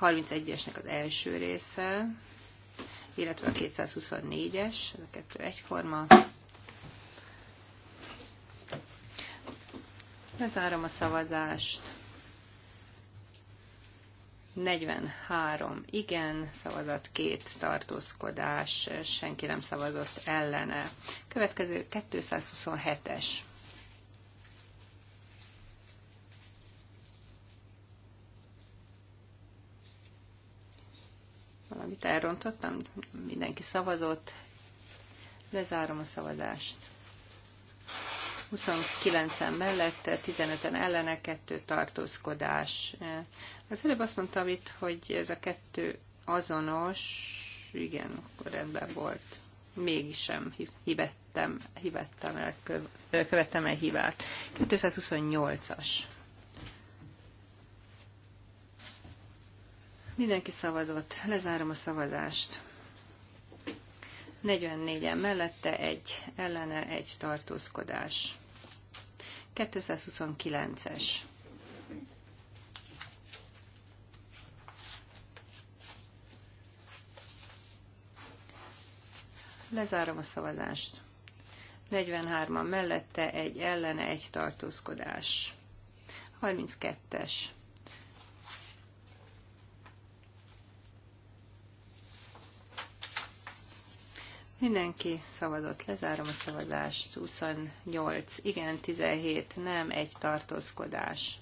31-esnek az első része illetve a 224-es, ez a kettő egyforma. Lezárom a szavazást. 43 igen, szavazat két tartózkodás, senki nem szavazott ellene. Következő 227-es valamit elrontottam, mindenki szavazott, lezárom a szavazást. 29-en mellette, 15-en ellene, kettő tartózkodás. Az előbb azt mondtam itt, hogy ez a kettő azonos, igen, akkor rendben volt. Mégsem hibettem, hibettem el, követtem el hibát. 228-as Mindenki szavazott. Lezárom a szavazást. 44-en mellette egy ellene, egy tartózkodás. 229-es. Lezárom a szavazást. 43 mellette, egy ellene, egy tartózkodás. 32-es. Mindenki szavazott, lezárom a szavazást. 28, igen, 17, nem, egy tartózkodás.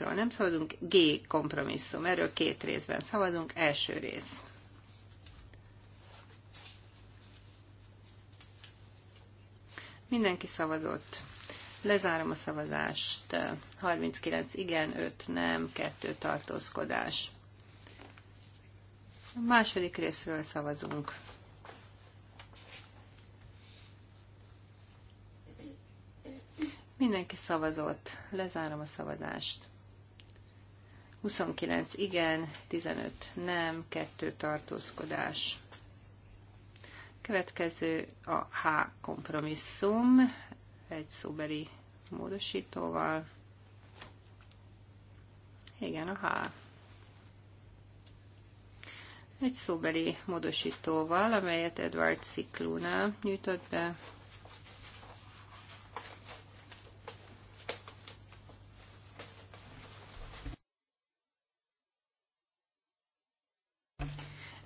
ról nem szavazunk, G kompromisszum. Erről két részben szavazunk. Első rész. Mindenki szavazott. Lezárom a szavazást. 39 igen, 5 nem, 2 tartózkodás. A második részről szavazunk. Mindenki szavazott. Lezárom a szavazást. 29 igen, 15 nem, 2 tartózkodás. Következő a H kompromisszum, egy szóbeli módosítóval. Igen, a H egy szóbeli módosítóval, amelyet Edward Ciklóna nyújtott be.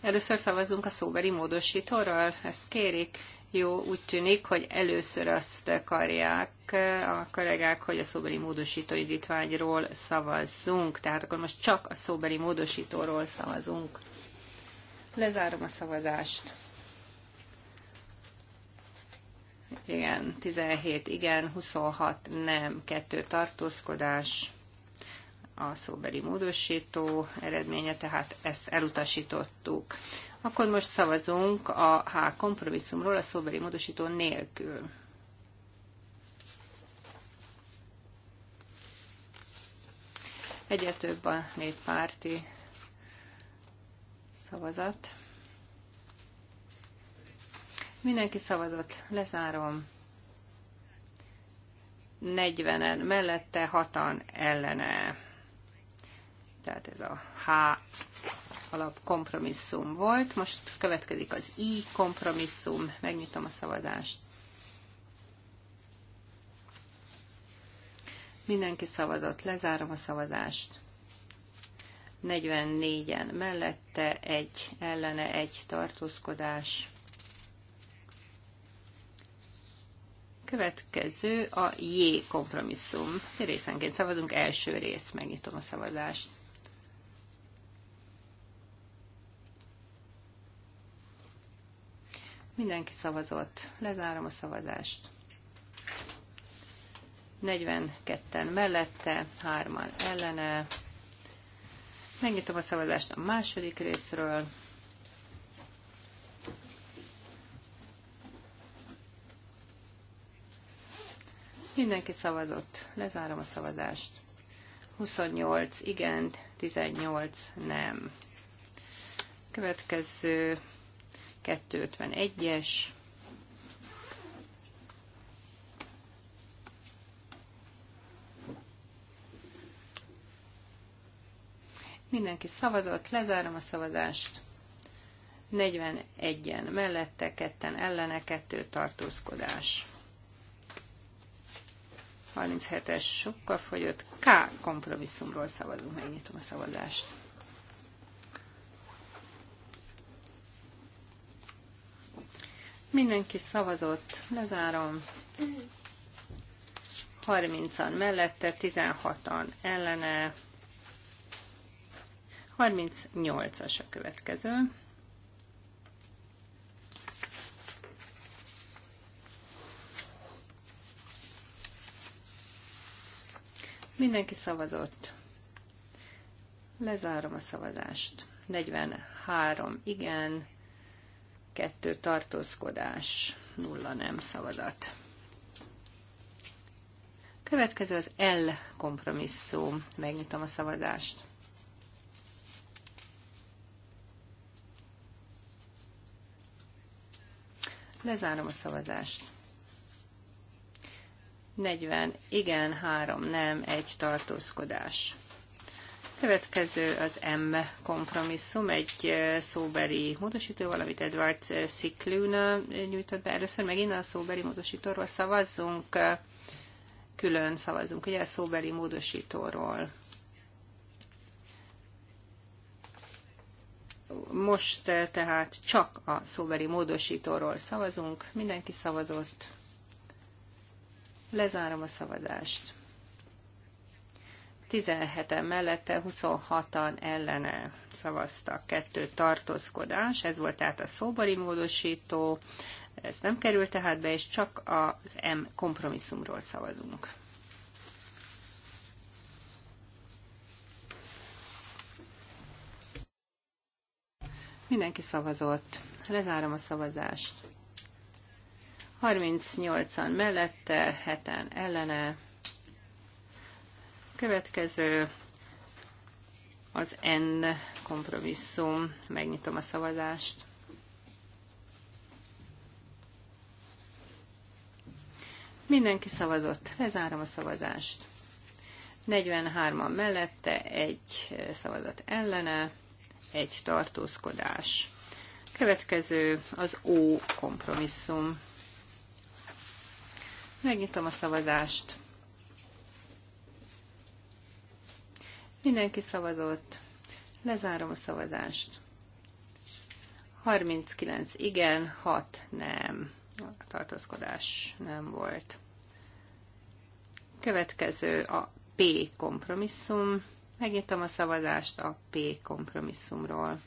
Először szavazunk a szóbeli módosítóról, ezt kérik. Jó, úgy tűnik, hogy először azt akarják a kollégák, hogy a szóbeli módosító indítványról szavazzunk. Tehát akkor most csak a szóbeli módosítóról szavazunk. Lezárom a szavazást. Igen, 17 igen, 26 nem, 2 tartózkodás. A szóbeli módosító eredménye, tehát ezt elutasítottuk. Akkor most szavazunk a H kompromisszumról a szóbeli módosító nélkül. Egyetőbb több a néppárti szavazat. Mindenki szavazott, lezárom. 40-en mellette, 6-an ellene. Tehát ez a H alap kompromisszum volt. Most következik az I kompromisszum. Megnyitom a szavazást. Mindenki szavazott, lezárom a szavazást. 44-en mellette, egy ellene, egy tartózkodás. Következő a J kompromisszum. Részenként szavazunk, első rész, megnyitom a szavazást. Mindenki szavazott. Lezárom a szavazást. 42-en mellette, 3-an ellene, Megnyitom a szavazást a második részről. Mindenki szavazott. Lezárom a szavazást. 28 igen, 18 nem. Következő 251-es. Mindenki szavazott, lezárom a szavazást. 41-en mellette, ketten ellene, kettő tartózkodás. 37-es sokkal fogyott K kompromisszumról szavazunk, megnyitom a szavazást. Mindenki szavazott, lezárom. 30-an mellette, 16-an ellene, 38-as a következő. Mindenki szavazott. Lezárom a szavazást. 43 igen, 2 tartózkodás, 0 nem szavazat. Következő az L kompromisszum. Megnyitom a szavazást. Lezárom a szavazást. 40. Igen, 3. Nem, egy tartózkodás. Következő az M kompromisszum, egy szóbeli módosító, valamit Edward Sziklűn nyújtott be. Először megint a szóbeli módosítóról szavazzunk, külön szavazzunk, ugye a szóbeli módosítóról. Most eh, tehát csak a szóveri módosítóról szavazunk. Mindenki szavazott. Lezárom a szavazást. 17-en mellette, 26-an ellene szavaztak. Kettő tartózkodás, ez volt tehát a szóbari módosító, ez nem került tehát be, és csak az M kompromisszumról szavazunk. Mindenki szavazott. Lezárom a szavazást. 38-an mellette, 7-en ellene. Következő az N kompromisszum. Megnyitom a szavazást. Mindenki szavazott. Lezárom a szavazást. 43-an mellette, egy szavazat ellene egy tartózkodás. Következő az O kompromisszum. Megnyitom a szavazást. Mindenki szavazott. Lezárom a szavazást. 39 igen, 6 nem. A tartózkodás nem volt. Következő a P kompromisszum. Megírtam a szavazást a P kompromisszumról.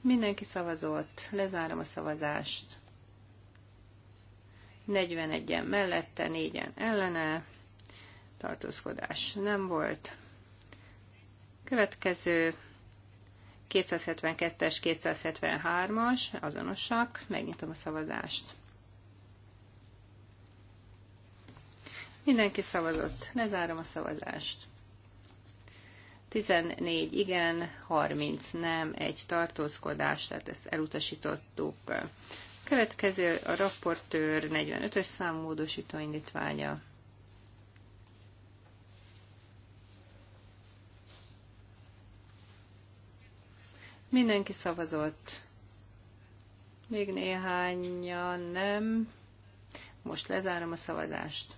Mindenki szavazott, lezárom a szavazást. 41-en mellette, 4-en ellene, tartózkodás nem volt. Következő 272-es, 273-as, azonosak, megnyitom a szavazást. Mindenki szavazott. Lezárom a szavazást. 14 igen, 30 nem, egy tartózkodás, tehát ezt elutasítottuk. Következő a raportőr 45-ös számú módosító indítványa. Mindenki szavazott. Még néhányan nem. Most lezárom a szavazást.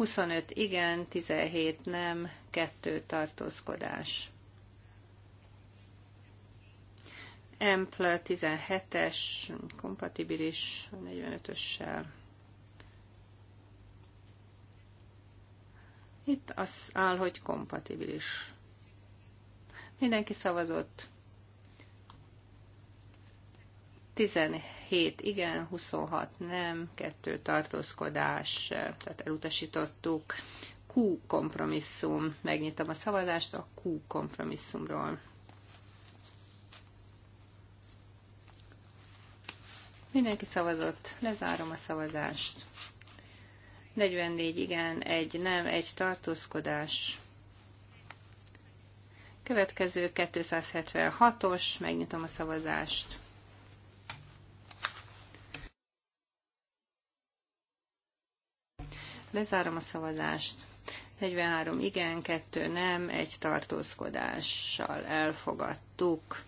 25 igen, 17 nem, 2 tartózkodás. Ample 17-es, kompatibilis 45-össel. Itt az áll, hogy kompatibilis. Mindenki szavazott. 17 igen, 26 nem, kettő tartózkodás, tehát elutasítottuk. Q kompromisszum. Megnyitom a szavazást a Q kompromisszumról. Mindenki szavazott, lezárom a szavazást. 44 igen, egy nem, egy tartózkodás. Következő 276-os, megnyitom a szavazást. Lezárom a szavazást. 43 igen, 2 nem, egy tartózkodással elfogadtuk.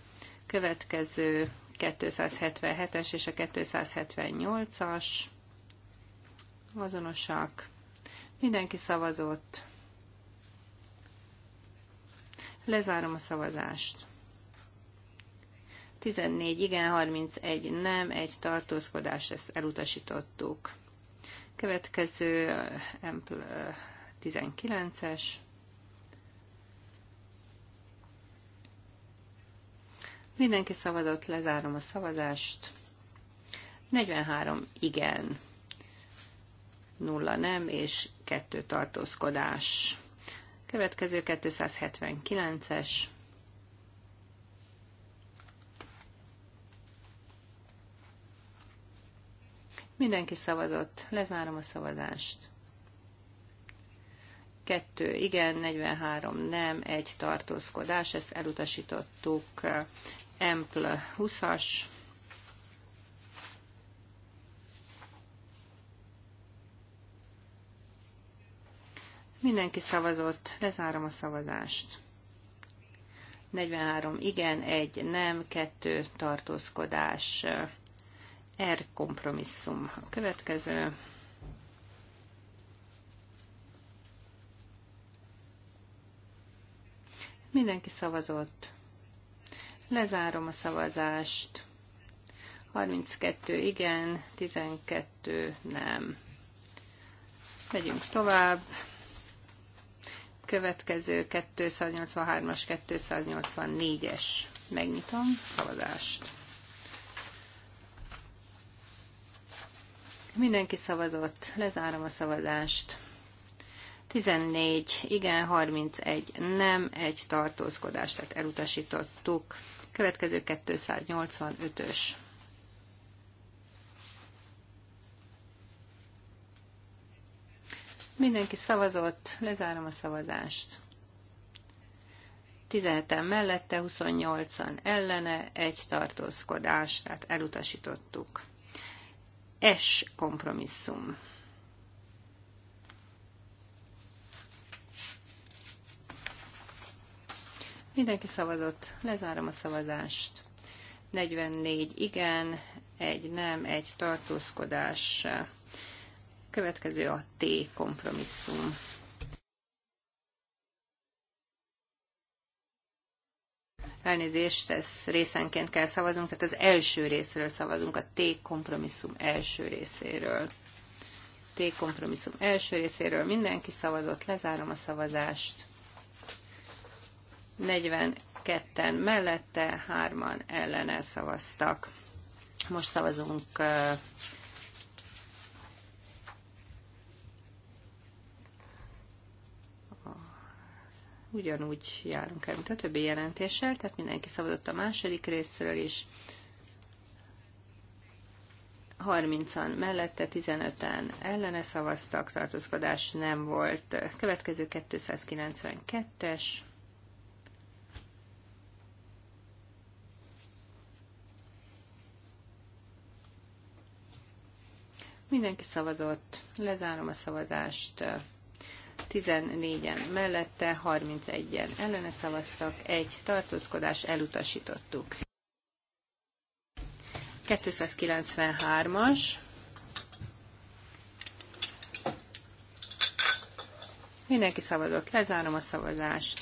Következő 277-es és a 278-as azonosak. Mindenki szavazott. Lezárom a szavazást. 14 igen, 31 nem, egy tartózkodás, ezt elutasítottuk. Következő Ampl eh, 19-es. Mindenki szavazott, lezárom a szavazást. 43 igen, 0 nem és 2 tartózkodás. Következő 279-es. Mindenki szavazott. Lezárom a szavazást. Kettő igen, 43 nem, egy tartózkodás, ezt elutasítottuk. Empl 20-as. Mindenki szavazott, lezárom a szavazást. 43 igen, egy nem, kettő tartózkodás. R kompromisszum. A következő. Mindenki szavazott. Lezárom a szavazást. 32 igen, 12 nem. Megyünk tovább. Következő 283-as, 284-es. Megnyitom szavazást. Mindenki szavazott. Lezárom a szavazást. 14, igen, 31, nem, egy tartózkodást, tehát elutasítottuk. Következő 285-ös. Mindenki szavazott, lezárom a szavazást. 17 mellette, 28-an ellene, egy tartózkodás, tehát elutasítottuk. S kompromisszum. Mindenki szavazott. Lezárom a szavazást. 44 igen, egy nem, egy tartózkodás. Következő a T kompromisszum. Elnézést, ez részenként kell szavaznunk, tehát az első részről szavazunk, a T kompromisszum első részéről. T kompromisszum első részéről mindenki szavazott, lezárom a szavazást. 42-en mellette, 3-an ellene szavaztak. Most szavazunk ugyanúgy járunk el, mint a többi jelentéssel, tehát mindenki szavazott a második részről is. 30-an mellette, 15-en ellene szavaztak, tartózkodás nem volt. Következő 292-es. Mindenki szavazott, lezárom a szavazást. 14-en mellette, 31-en ellene szavaztak, egy tartózkodás elutasítottuk. 293-as. Mindenki szavazott, lezárom a szavazást.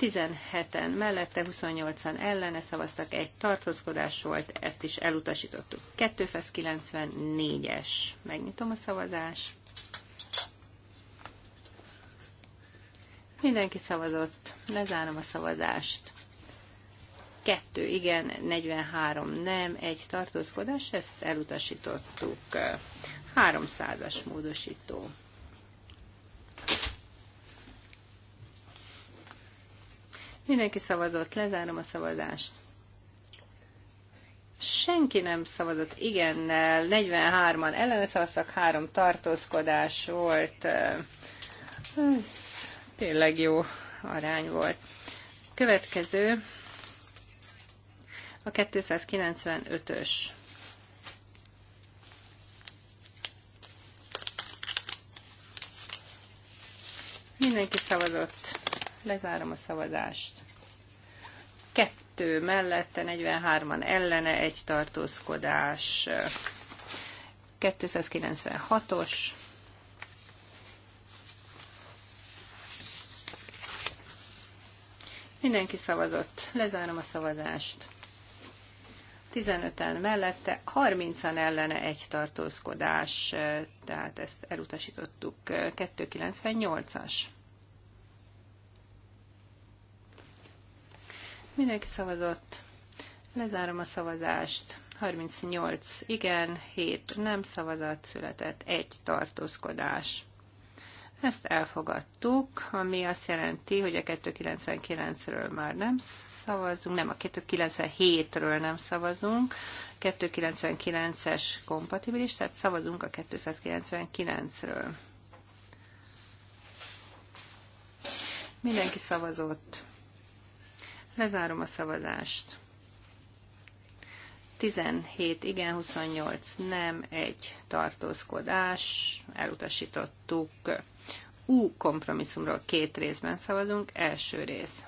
17-en mellette, 28-an ellene szavaztak, egy tartózkodás volt, ezt is elutasítottuk. 294-es. Megnyitom a szavazást. Mindenki szavazott. Lezárom a szavazást. Kettő igen, 43 nem, egy tartózkodás, ezt elutasítottuk. 300-as módosító. Mindenki szavazott, lezárom a szavazást. Senki nem szavazott igennel, 43-an szavaztak, három tartózkodás volt. Ez tényleg jó arány volt. Következő a 295-ös. Mindenki szavazott. Lezárom a szavazást. Kettő mellette, 43-an ellene, egy tartózkodás. 296-os. Mindenki szavazott. Lezárom a szavazást. 15-en mellette, 30-an ellene egy tartózkodás, tehát ezt elutasítottuk. 298-as. Mindenki szavazott. Lezárom a szavazást. 38 igen, 7 nem szavazat született, egy tartózkodás. Ezt elfogadtuk, ami azt jelenti, hogy a 299-ről már nem szavazunk, nem, a 297-ről nem szavazunk, 299-es kompatibilis, tehát szavazunk a 299-ről. Mindenki szavazott. Lezárom a szavazást. 17 igen, 28 nem, egy tartózkodás, elutasítottuk. U kompromisszumról két részben szavazunk. Első rész.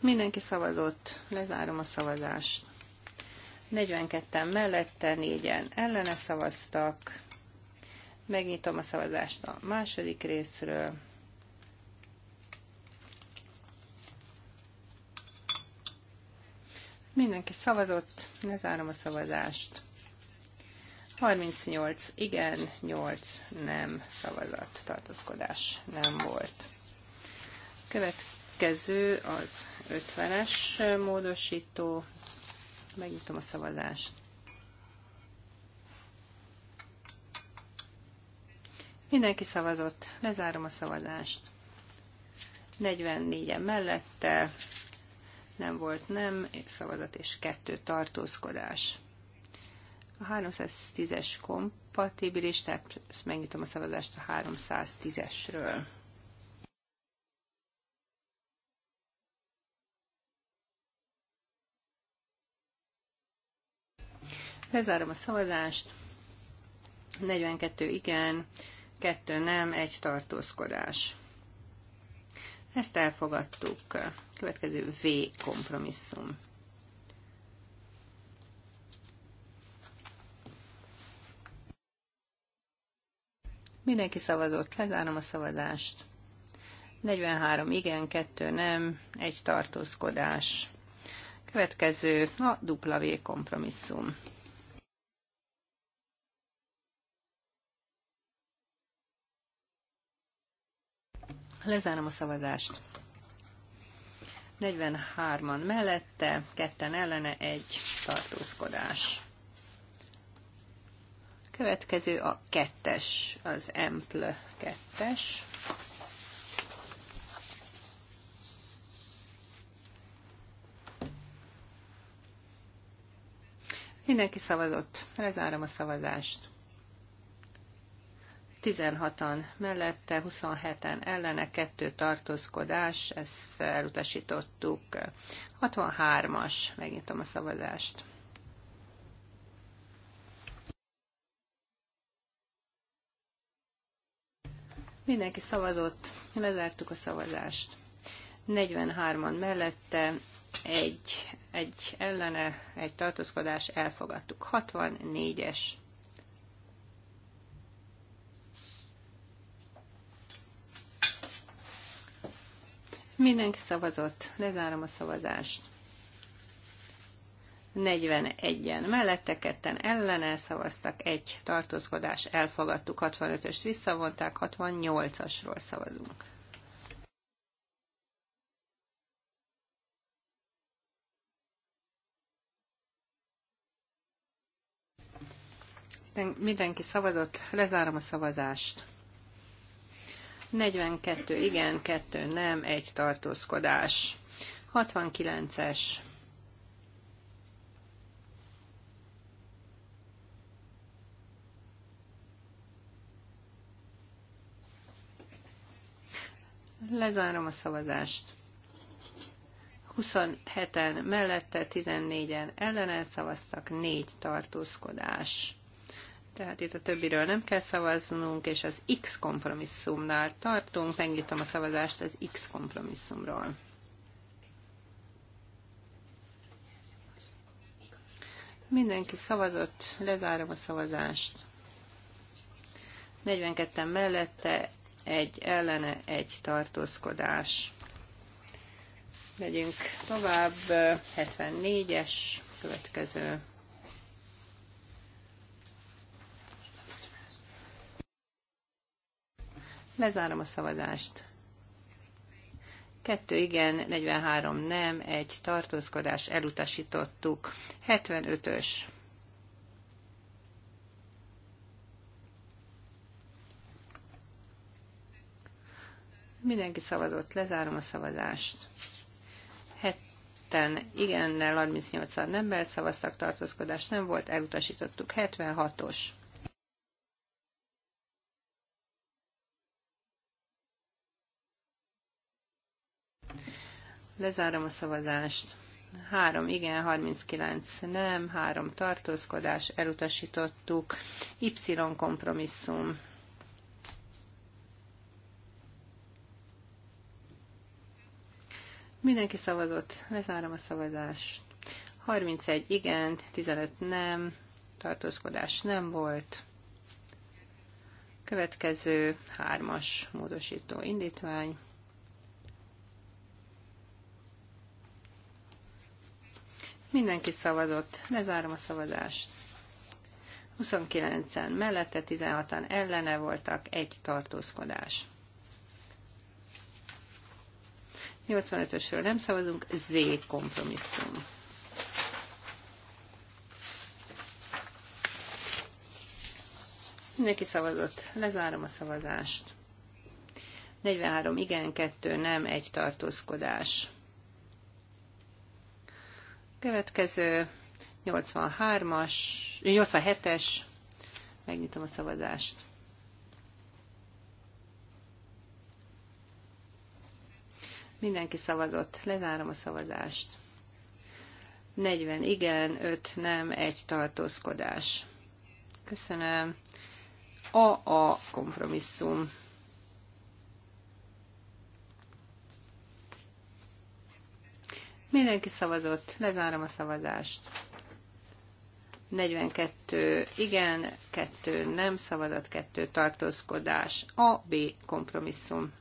Mindenki szavazott, lezárom a szavazást. 42-en mellette, 4-en ellene szavaztak. Megnyitom a szavazást a második részről. Mindenki szavazott, lezárom a szavazást. 38 igen, 8 nem szavazat, tartózkodás nem volt. Következő az 50-es módosító. Megnyitom a szavazást. Mindenki szavazott, lezárom a szavazást. 44-en mellette, nem volt nem, szavazat és kettő tartózkodás. A 310-es kompatibilis, tehát ezt megnyitom a szavazást a 310-esről. Lezárom a szavazást. 42 igen, 2 nem, 1 tartózkodás. Ezt elfogadtuk. Következő V kompromisszum. Mindenki szavazott, lezárom a szavazást. 43 igen, 2 nem, egy tartózkodás. Következő a V kompromisszum. Lezárom a szavazást. 43-an mellette, ketten ellene, egy tartózkodás. Következő a kettes, az empl kettes. Mindenki szavazott. Lezárom a szavazást. 16-an mellette, 27-en ellene, kettő tartózkodás, ezt elutasítottuk. 63-as, megnyitom a szavazást. Mindenki szavazott, lezártuk a szavazást. 43-an mellette, egy, egy ellene, egy tartózkodás, elfogadtuk. 64-es. Mindenki szavazott, lezárom a szavazást. 41-en mellette, ketten ellene szavaztak, egy tartózkodás elfogadtuk, 65-öst visszavonták, 68-asról szavazunk. Mindenki szavazott, lezárom a szavazást. 42 igen, 2 nem, egy tartózkodás. 69-es Lezárom a szavazást. 27-en mellette, 14-en ellenen szavaztak, 4 tartózkodás. Tehát itt a többiről nem kell szavaznunk, és az X kompromisszumnál tartunk. Megnyitom a szavazást az X kompromisszumról. Mindenki szavazott, lezárom a szavazást. 42-en mellette, egy ellene, egy tartózkodás. Megyünk tovább, 74-es, következő. Lezárom a szavazást. Kettő igen, 43 nem, egy tartózkodás elutasítottuk. 75-ös Mindenki szavazott, lezárom a szavazást. Hetten igennel, 38-an nem szavaztak, tartózkodás nem volt, elutasítottuk. 76-os. Lezárom a szavazást. 3 igen, 39 nem, 3 tartózkodás, elutasítottuk. Y kompromisszum. Mindenki szavazott, lezárom a szavazást. 31 igen, 15 nem, tartózkodás nem volt. Következő hármas módosító indítvány. Mindenki szavazott, lezárom a szavazást. 29-en mellette, 16-an ellene voltak, egy tartózkodás. 85-ösről nem szavazunk, Z kompromisszum. Mindenki szavazott. Lezárom a szavazást. 43 igen, 2 nem, egy tartózkodás. Következő 83-as, 87-es. Megnyitom a szavazást. Mindenki szavazott. Lezárom a szavazást. 40 igen, 5 nem, 1 tartózkodás. Köszönöm. A a kompromisszum. Mindenki szavazott. Lezárom a szavazást. 42 igen, 2 nem szavazat, 2 tartózkodás. A B kompromisszum.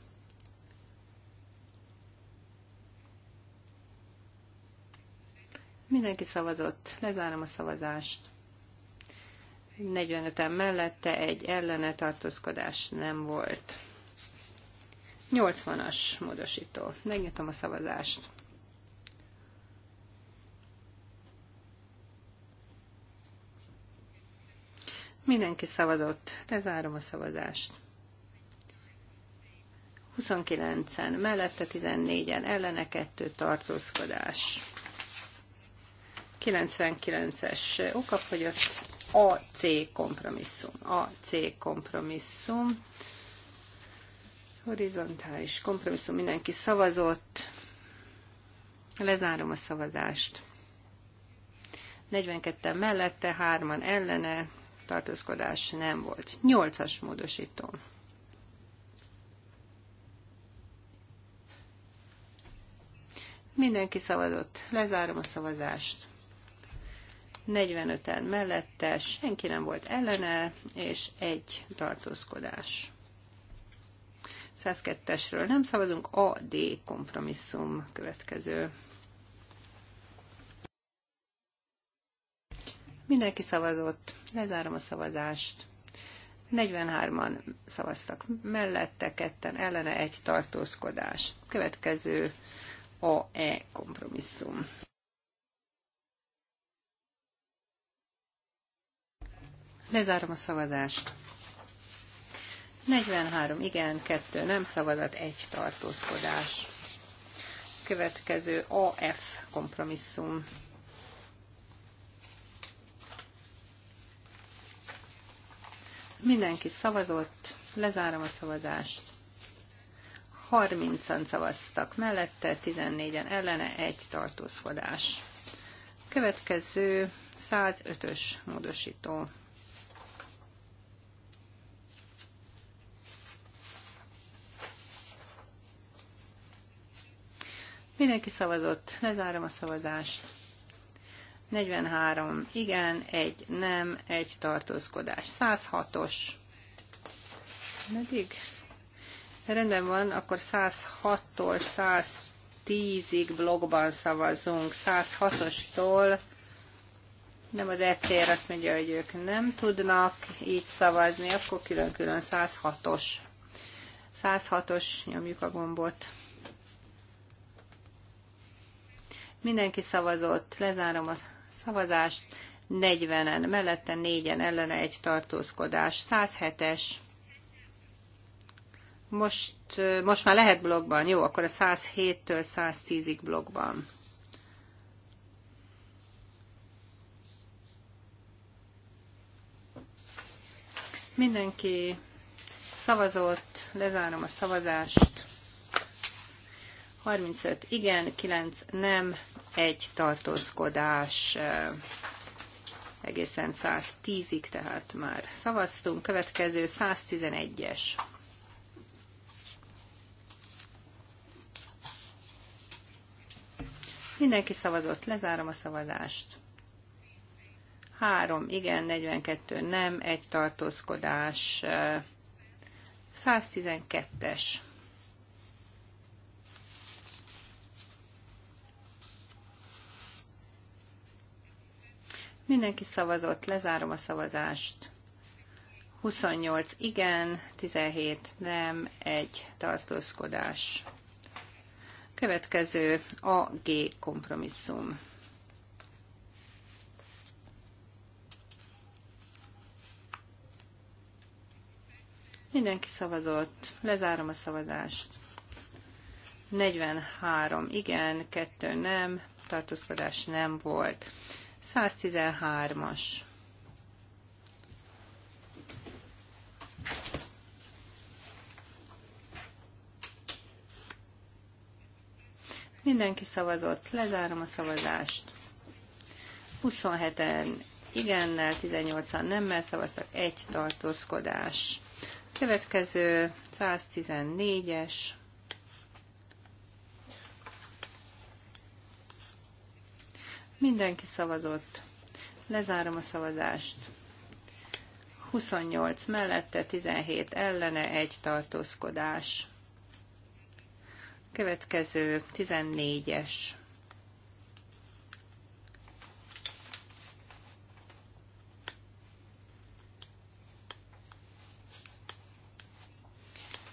Mindenki szavazott. Lezárom a szavazást. 45-en mellette egy ellene tartózkodás nem volt. 80-as módosító. Megnyitom a szavazást. Mindenki szavazott. Lezárom a szavazást. 29-en mellette 14-en ellene 2 tartózkodás. 99-es okafogyott AC kompromisszum. AC kompromisszum. Horizontális kompromisszum. Mindenki szavazott. Lezárom a szavazást. 42 mellette, 3-an ellene, tartózkodás nem volt. 8-as módosító. Mindenki szavazott. Lezárom a szavazást. 45-en mellette, senki nem volt ellene, és egy tartózkodás. 102-esről nem szavazunk, a D kompromisszum következő. Mindenki szavazott, lezárom a szavazást. 43-an szavaztak mellette, ketten ellene egy tartózkodás. Következő AE kompromisszum. Lezárom a szavazást. 43 igen, 2 nem szavazat, 1 tartózkodás. Következő AF kompromisszum. Mindenki szavazott, lezárom a szavazást. 30-an szavaztak mellette, 14-en ellene, egy tartózkodás. Következő 105-ös módosító. Mindenki szavazott. Lezárom a szavazást. 43 igen, egy nem, egy tartózkodás. 106-os. Meddig? Rendben van, akkor 106-tól 110-ig blogban szavazunk. 106-ostól nem az ECR azt mondja, hogy ők nem tudnak így szavazni, akkor külön-külön 106-os. 106-os, nyomjuk a gombot. Mindenki szavazott, lezárom a szavazást. 40-en, mellette 4-en ellene egy tartózkodás. 107-es. Most, most már lehet blogban, jó, akkor a 107-től 110-ig blogban. Mindenki szavazott, lezárom a szavazást. 35 igen, 9 nem, egy tartózkodás egészen 110-ig, tehát már szavaztunk. Következő 111-es. Mindenki szavazott, lezárom a szavazást. 3, igen, 42, nem, egy tartózkodás, 112-es. Mindenki szavazott, lezárom a szavazást. 28 igen, 17 nem, egy tartózkodás. Következő a G kompromisszum. Mindenki szavazott, lezárom a szavazást. 43 igen, 2 nem, tartózkodás nem volt. 113-as. Mindenki szavazott, lezárom a szavazást. 27-en igennel, 18-an nemmel szavaztak, egy tartózkodás. Következő 114-es. Mindenki szavazott. Lezárom a szavazást. 28 mellette, 17 ellene, egy tartózkodás. Következő 14-es.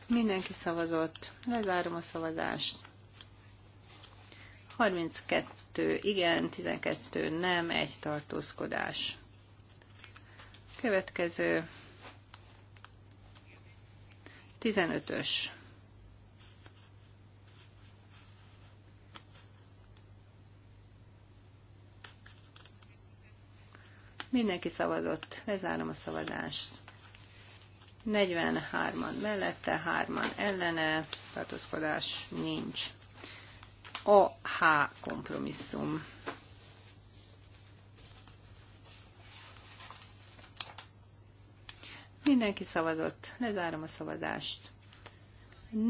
Mindenki szavazott. Lezárom a szavazást. 32 12 igen, 12 nem, egy tartózkodás. Következő 15-ös. Mindenki szavazott, lezárom a szavazást. 43-an mellette, 3-an ellene, tartózkodás nincs. A H kompromisszum. Mindenki szavazott. Lezárom a szavazást.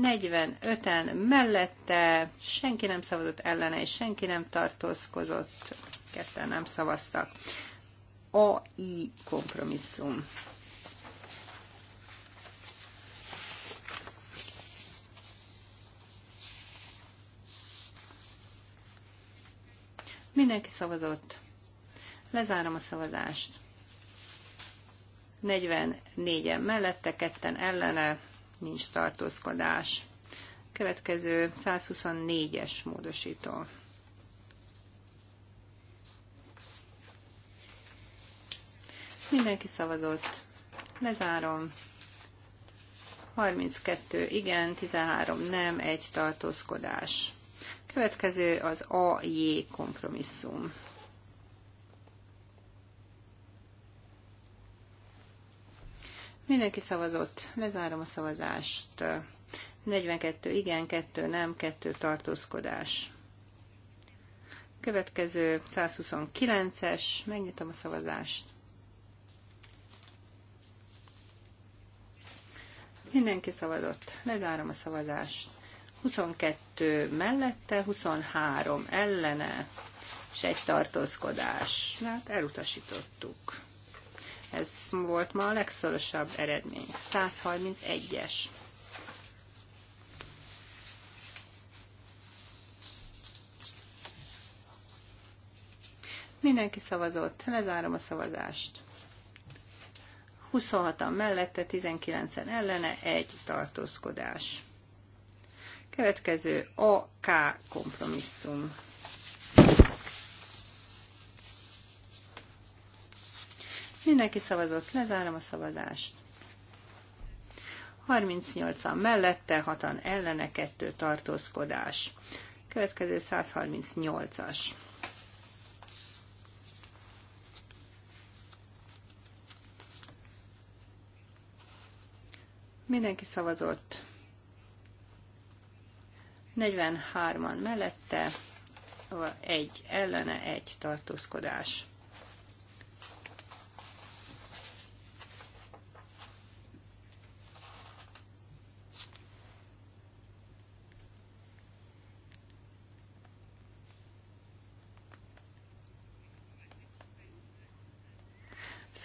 45-en mellette senki nem szavazott ellene, és senki nem tartózkozott. Ketten nem szavaztak. I kompromisszum. Mindenki szavazott. Lezárom a szavazást. 44-en mellette, ketten ellene, nincs tartózkodás. Következő 124-es módosító. Mindenki szavazott. Lezárom. 32 igen, 13 nem, egy tartózkodás. Következő az AJ kompromisszum. Mindenki szavazott. Lezárom a szavazást. 42 igen, 2 nem, 2 tartózkodás. Következő 129-es, megnyitom a szavazást. Mindenki szavazott. Lezárom a szavazást. 22 mellette, 23 ellene, és egy tartózkodás. Hát elutasítottuk. Ez volt ma a legszorosabb eredmény. 131-es. Mindenki szavazott. Lezárom a szavazást. 26-an mellette, 19-en ellene, egy tartózkodás. Következő K kompromisszum. Mindenki szavazott, lezárom a szavazást. 38-an mellette, 6-an ellene, 2 tartózkodás. Következő 138-as. Mindenki szavazott. 43-an mellette, egy ellene, egy tartózkodás.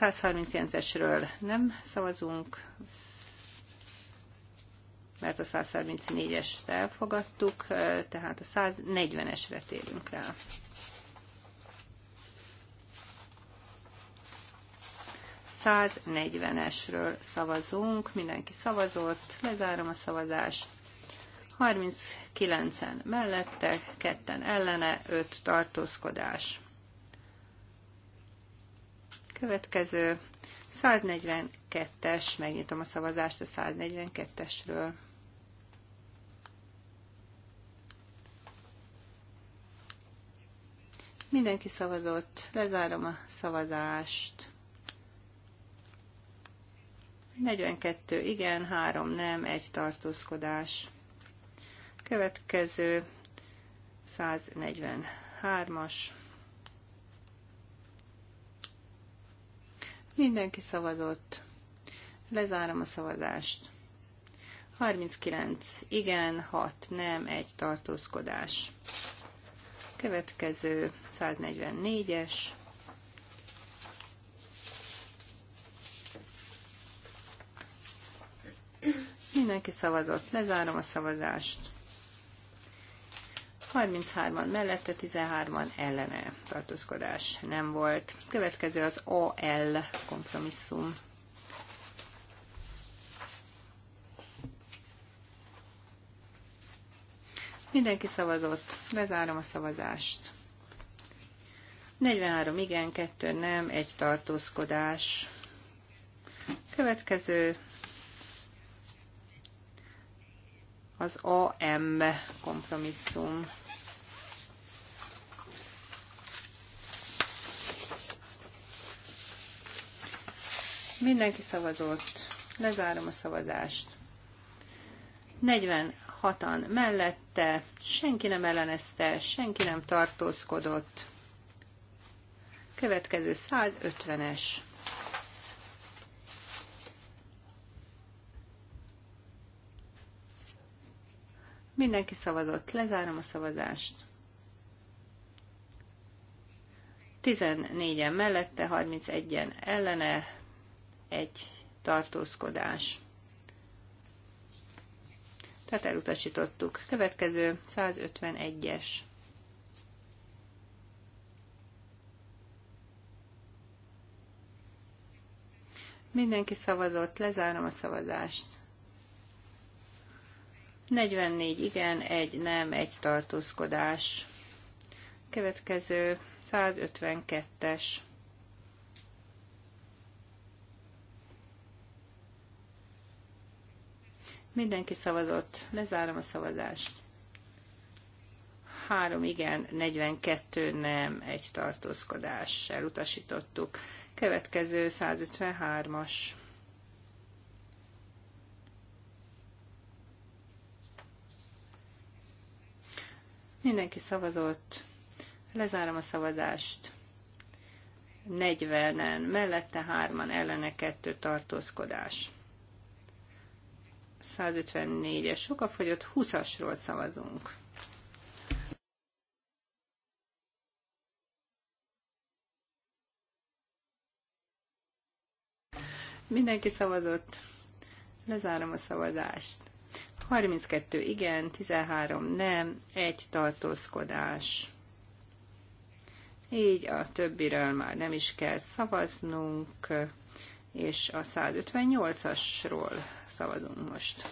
A esről nem szavazunk, mert a 134-est elfogadtuk, tehát a 140-esre térünk rá. esről szavazunk, mindenki szavazott, lezárom a szavazást. 39-en mellette, ketten ellene, 5 tartózkodás. Következő 142-es, megnyitom a szavazást a 142-esről. Mindenki szavazott. Lezárom a szavazást. 42 igen, 3 nem, egy tartózkodás. Következő 143-as. Mindenki szavazott. Lezárom a szavazást. 39 igen, 6 nem, egy tartózkodás. Következő 144-es. Mindenki szavazott. Lezárom a szavazást. 33-an mellette, 13-an ellene tartózkodás nem volt. Következő az OL kompromisszum. Mindenki szavazott. Bezárom a szavazást. 43 igen, 2 nem, egy tartózkodás. Következő az AM kompromisszum. Mindenki szavazott. Lezárom a szavazást. 40 hatan mellette, senki nem ellenezte, senki nem tartózkodott. Következő 150-es. Mindenki szavazott. Lezárom a szavazást. 14-en mellette, 31-en ellene, egy tartózkodás tehát elutasítottuk. Következő 151-es. Mindenki szavazott, lezárom a szavazást. 44 igen, egy nem, egy tartózkodás. Következő 152-es. Mindenki szavazott. Lezárom a szavazást. 3 igen, 42 nem, egy tartózkodás. Elutasítottuk. Következő 153-as. Mindenki szavazott. Lezárom a szavazást. 40-en, mellette 3-an, ellene 2 tartózkodás. 154-es sokafogyott, 20-asról szavazunk. Mindenki szavazott. Lezárom a szavazást. 32 igen, 13 nem, egy tartózkodás. Így a többiről már nem is kell szavaznunk, és a 158-asról szavazunk most.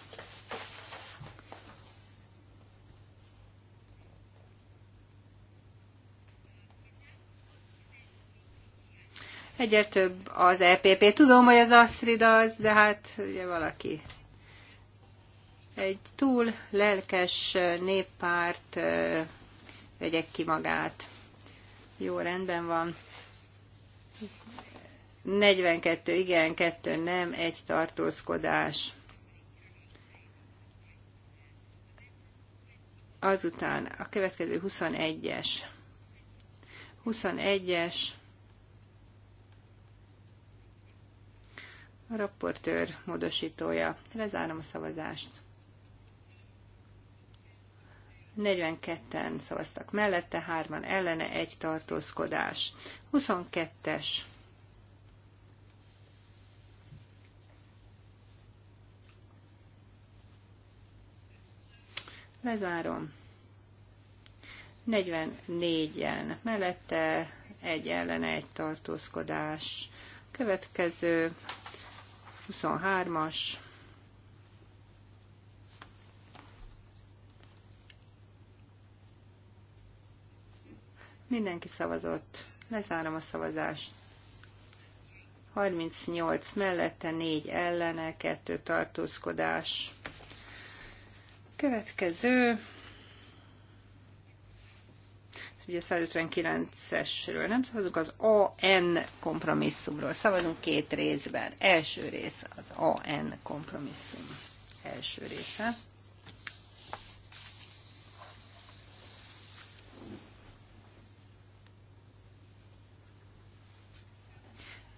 Egyre több az EPP. Tudom, hogy az Astrid az, de hát ugye valaki egy túl lelkes néppárt vegyek ki magát. Jó, rendben van. 42 igen, 2 nem, egy tartózkodás. Azután a következő 21-es. 21-es. A raportőr módosítója. Lezárom a szavazást. 42-en szavaztak mellette, 3-an ellene, egy tartózkodás. 22-es Lezárom. 44-en mellette, egy ellene, egy tartózkodás. Következő 23-as. Mindenki szavazott. Lezárom a szavazást. 38 mellette, 4 ellene, 2 tartózkodás. Következő, ugye 159-esről nem szavazunk, az AN kompromisszumról szavazunk két részben. Első rész az AN kompromisszum első része.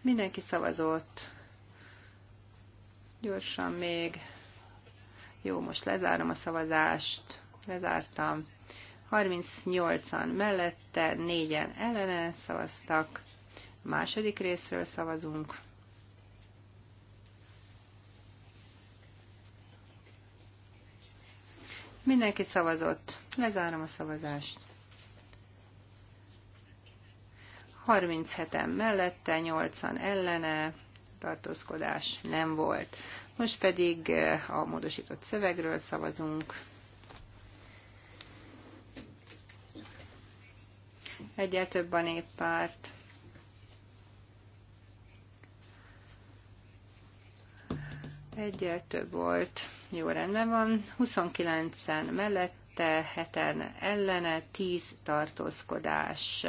Mindenki szavazott. Gyorsan még. Jó, most lezárom a szavazást. Lezártam. 38-an mellette, 4-en ellene szavaztak. A második részről szavazunk. Mindenki szavazott. Lezárom a szavazást. 37-en mellette, 80 ellene, tartózkodás nem volt. Most pedig eh, a módosított szövegről szavazunk. Egyel több a néppárt. Egyel több volt. Jó rendben van. 29-en mellette, heten ellene, 10 tartózkodás.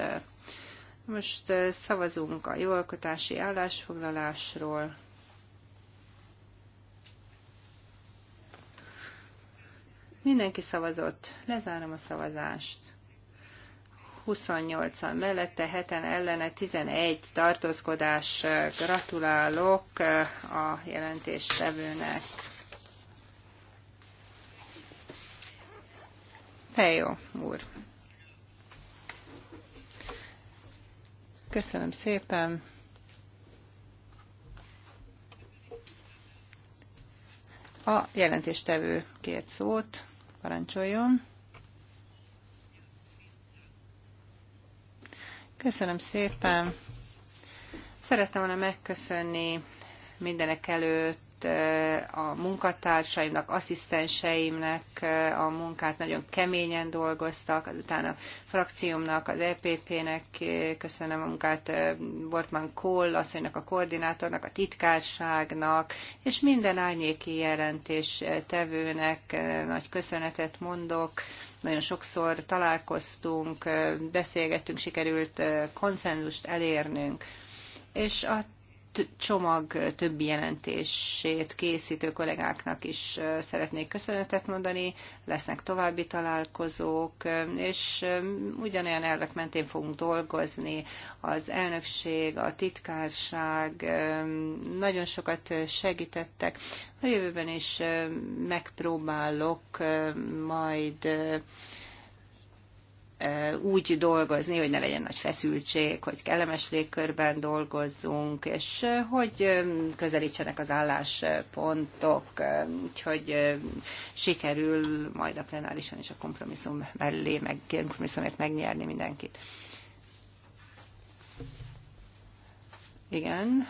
Most eh, szavazunk a jóalkotási állásfoglalásról. Mindenki szavazott. Lezárom a szavazást. 28-an mellette, 7-en ellene, 11 tartózkodás. Gratulálok eh, a jelentéstevőnek. Fejó úr. Köszönöm szépen. A jelentéstevő kért szót. Parancsoljon. Köszönöm szépen. Szerettem volna megköszönni mindenek előtt mert a munkatársaimnak, asszisztenseimnek a munkát nagyon keményen dolgoztak, azután a frakciómnak, az EPP-nek köszönöm a munkát, Bortman Kohl asszonynak, a koordinátornak, a titkárságnak, és minden árnyéki jelentés tevőnek nagy köszönetet mondok. Nagyon sokszor találkoztunk, beszélgettünk, sikerült konszenzust elérnünk és a csomag többi jelentését készítő kollégáknak is szeretnék köszönetet mondani. Lesznek további találkozók, és ugyanolyan elvek mentén fogunk dolgozni. Az elnökség, a titkárság nagyon sokat segítettek. A jövőben is megpróbálok majd úgy dolgozni, hogy ne legyen nagy feszültség, hogy kellemes légkörben dolgozzunk, és hogy közelítsenek az álláspontok, úgyhogy sikerül majd a plenárison is a kompromisszum mellé, meg kompromisszumért megnyerni mindenkit. Igen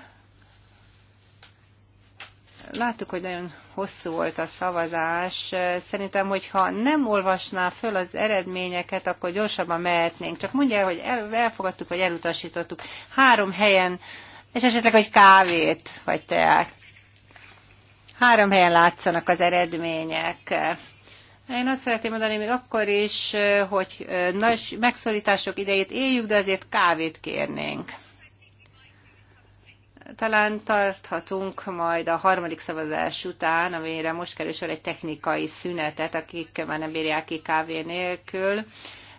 láttuk, hogy nagyon hosszú volt a szavazás. Szerintem, hogyha nem olvasná föl az eredményeket, akkor gyorsabban mehetnénk. Csak mondja, hogy el, elfogadtuk, vagy elutasítottuk. Három helyen, és esetleg, hogy kávét, vagy teát. Három helyen látszanak az eredmények. Én azt szeretném mondani még akkor is, hogy nagy megszorítások idejét éljük, de azért kávét kérnénk talán tarthatunk majd a harmadik szavazás után, amire most kerül sor egy technikai szünetet, akik már nem bírják ki kávé nélkül.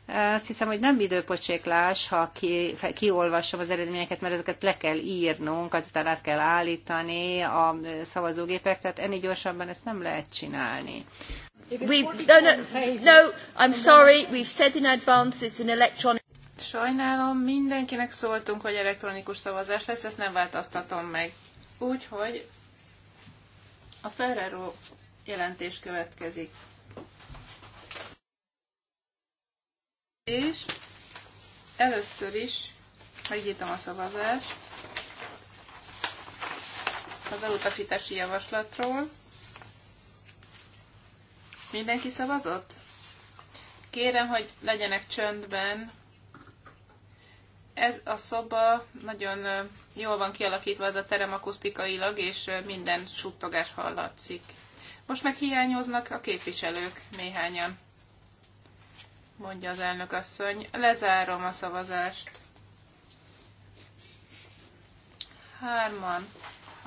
Azt hiszem, hogy nem időpocséklás, ha ki, kiolvasom az eredményeket, mert ezeket le kell írnunk, azután át kell állítani a szavazógépek, tehát ennél gyorsabban ezt nem lehet csinálni. We, no, no, no, I'm sorry, we've said in advance it's an electronic... Sajnálom, mindenkinek szóltunk, hogy elektronikus szavazás lesz, ezt nem változtatom meg. Úgyhogy a Ferrero jelentés következik. És először is megnyitom a szavazást az elutasítási javaslatról. Mindenki szavazott? Kérem, hogy legyenek csöndben, ez a szoba nagyon jól van kialakítva ez a terem akusztikailag, és minden suttogás hallatszik. Most meg hiányoznak a képviselők néhányan, mondja az elnök asszony. Lezárom a szavazást. Hárman,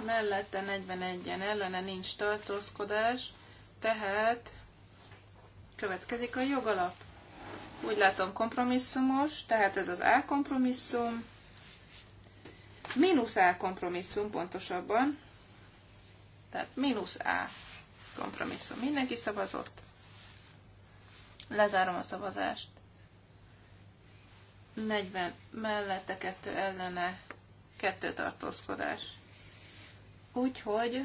mellette 41-en ellene nincs tartózkodás, tehát következik a jogalap úgy látom kompromisszumos, tehát ez az A kompromisszum, mínusz A kompromisszum pontosabban, tehát mínusz A kompromisszum. Mindenki szavazott. Lezárom a szavazást. 40 mellette, 2 ellene, 2 tartózkodás. Úgyhogy,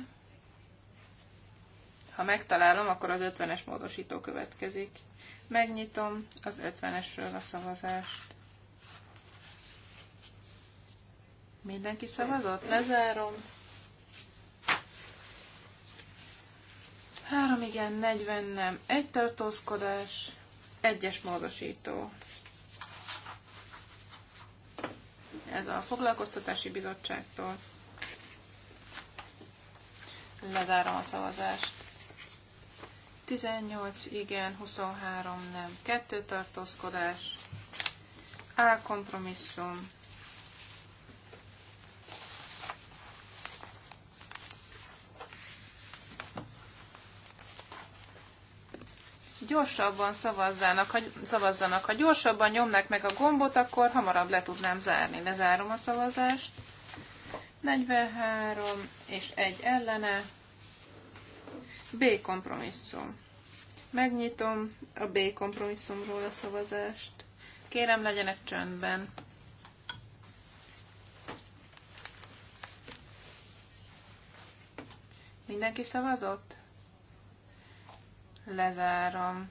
ha megtalálom, akkor az 50-es módosító következik. Megnyitom az 50-esről a szavazást. Mindenki szavazott? Lezárom. Három igen, 40 nem. Egy tartózkodás, egyes módosító. Ez a foglalkoztatási bizottságtól. Lezárom a szavazást. 18 igen, 23 nem, 2 tartózkodás, A kompromisszum, gyorsabban szavazzanak, ha, szavazzanak. Ha gyorsabban nyomnak meg a gombot, akkor hamarabb le tudnám zárni. Lezárom a szavazást. 43 és egy ellene. B kompromisszum. Megnyitom a B kompromisszumról a szavazást. Kérem, legyenek csöndben. Mindenki szavazott? Lezárom.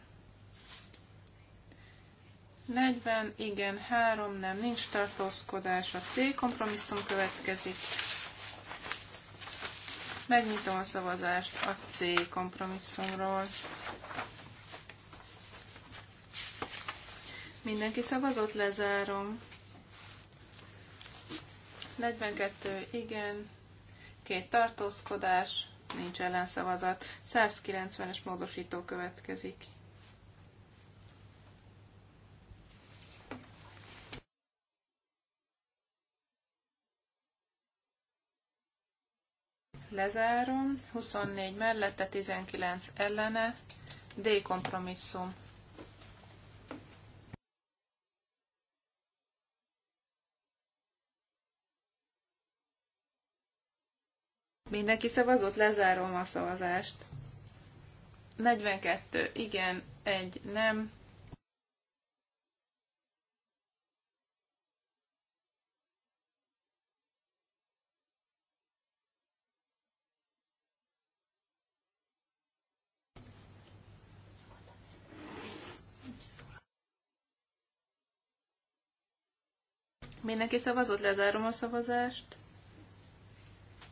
40, igen, 3, nem, nincs tartózkodás. A C kompromisszum következik. Megnyitom a szavazást a C kompromisszumról. Mindenki szavazott, lezárom. 42 igen, két tartózkodás, nincs ellenszavazat. 190-es módosító következik. lezárom, 24 mellette, 19 ellene, D kompromisszum. Mindenki szavazott, lezárom a szavazást. 42 igen, egy nem, Mindenki szavazott, lezárom a szavazást.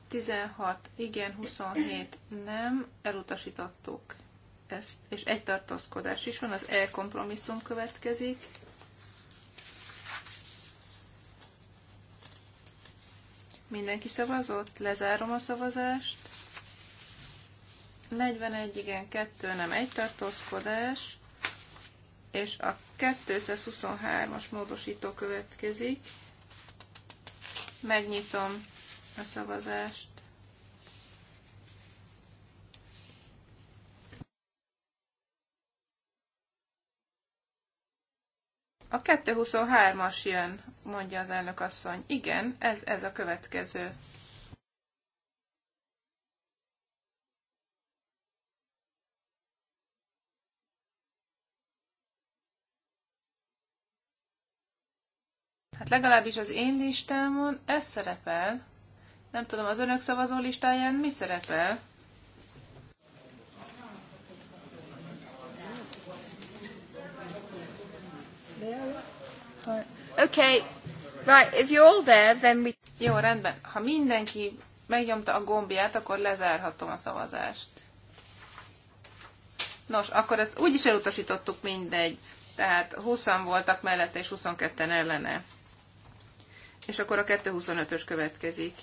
16, igen, 27, nem, elutasítottuk ezt, és egy tartózkodás is van, az e-kompromisszum következik. Mindenki szavazott, lezárom a szavazást. 41, igen, 2, nem, egy tartózkodás, és a 223-as módosító következik. Megnyitom a szavazást. A 223-as jön, mondja az elnök asszony. Igen, ez, ez a következő. Hát legalábbis az én listámon ez szerepel. Nem tudom, az önök szavazó listáján mi szerepel? Okay. Right, if you're all there, then we... Jó, rendben. Ha mindenki megnyomta a gombját, akkor lezárhatom a szavazást. Nos, akkor ezt úgy is elutasítottuk mindegy. Tehát 20 voltak mellette és 22-en ellene és akkor a 225-ös következik.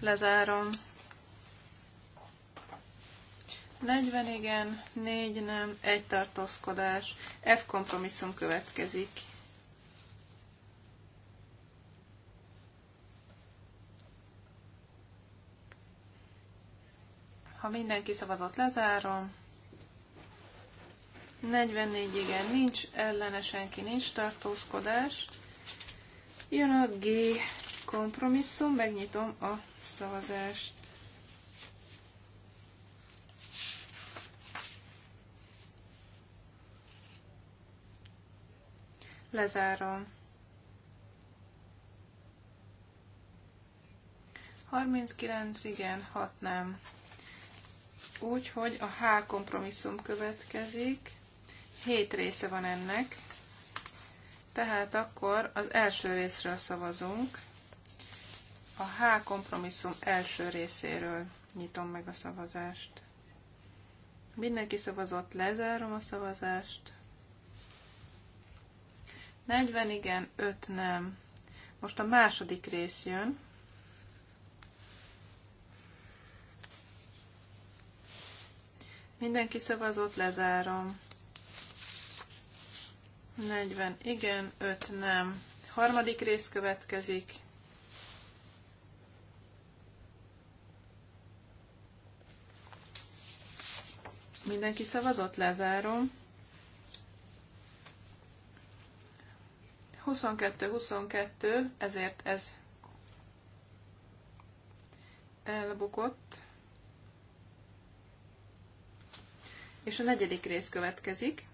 Lezárom. 40 igen, 4 nem, 1 tartózkodás, F kompromisszum következik. Ha mindenki szavazott, lezárom. 44 igen nincs, ellene senki nincs, tartózkodás. Jön a G kompromisszum, megnyitom a szavazást. Lezárom. 39 igen, 6 nem. Úgyhogy a H kompromisszum következik. Hét része van ennek, tehát akkor az első részről szavazunk. A H kompromisszum első részéről nyitom meg a szavazást. Mindenki szavazott, lezárom a szavazást. 40 igen, 5 nem. Most a második rész jön. Mindenki szavazott, lezárom. 40 igen, 5 nem. Harmadik rész következik. Mindenki szavazott, lezárom. 22-22, ezért ez elbukott. És a negyedik rész következik.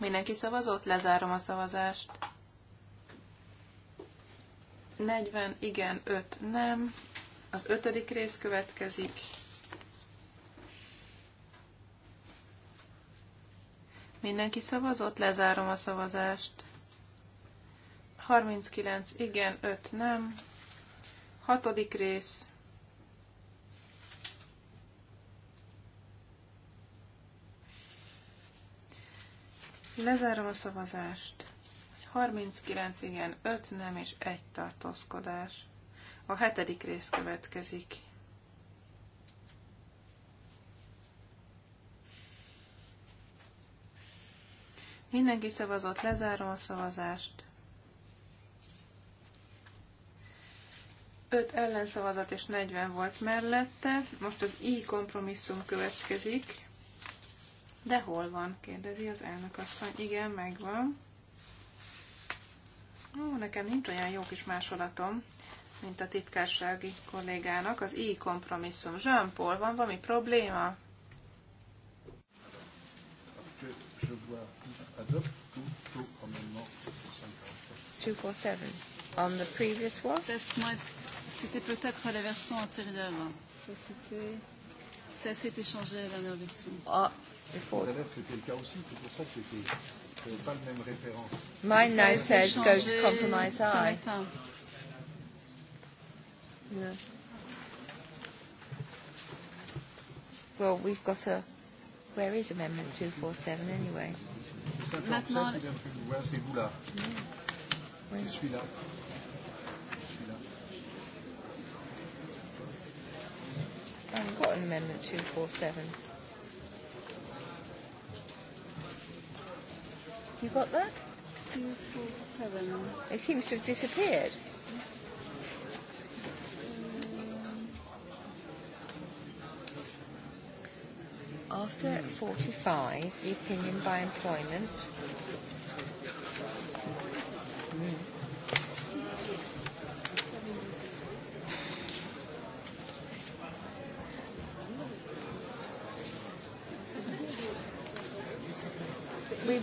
Mindenki szavazott? Lezárom a szavazást. 40 igen, 5 nem. Az ötödik rész következik. Mindenki szavazott? Lezárom a szavazást. 39 igen, 5 nem. Hatodik rész. Lezárom a szavazást. 39 igen, 5 nem és 1 tartózkodás. A hetedik rész következik. Mindenki szavazott, lezárom a szavazást. 5 ellenszavazat és 40 volt mellette. Most az I kompromisszum következik. De hol van? kérdezi az elnök asszony. Igen, megvan. Ó, nekem nincs olyan jó kis másolatom, mint a titkársági kollégának. Az i kompromisszum. jean Paul, van valami probléma? Two four seven. On the previous one. C'était peut-être la version antérieure. Ça c'était, ça s'est échangé la dernière version. Ah, My le cas aussi, c'est pour now says go to compromise I. Yeah. Well, we've got a. Where is Amendment 247 anyway? Maintenant. I've got an amendment 247. You got that? Two, four, seven. It seems to have disappeared. After 45, the opinion by employment. Mm.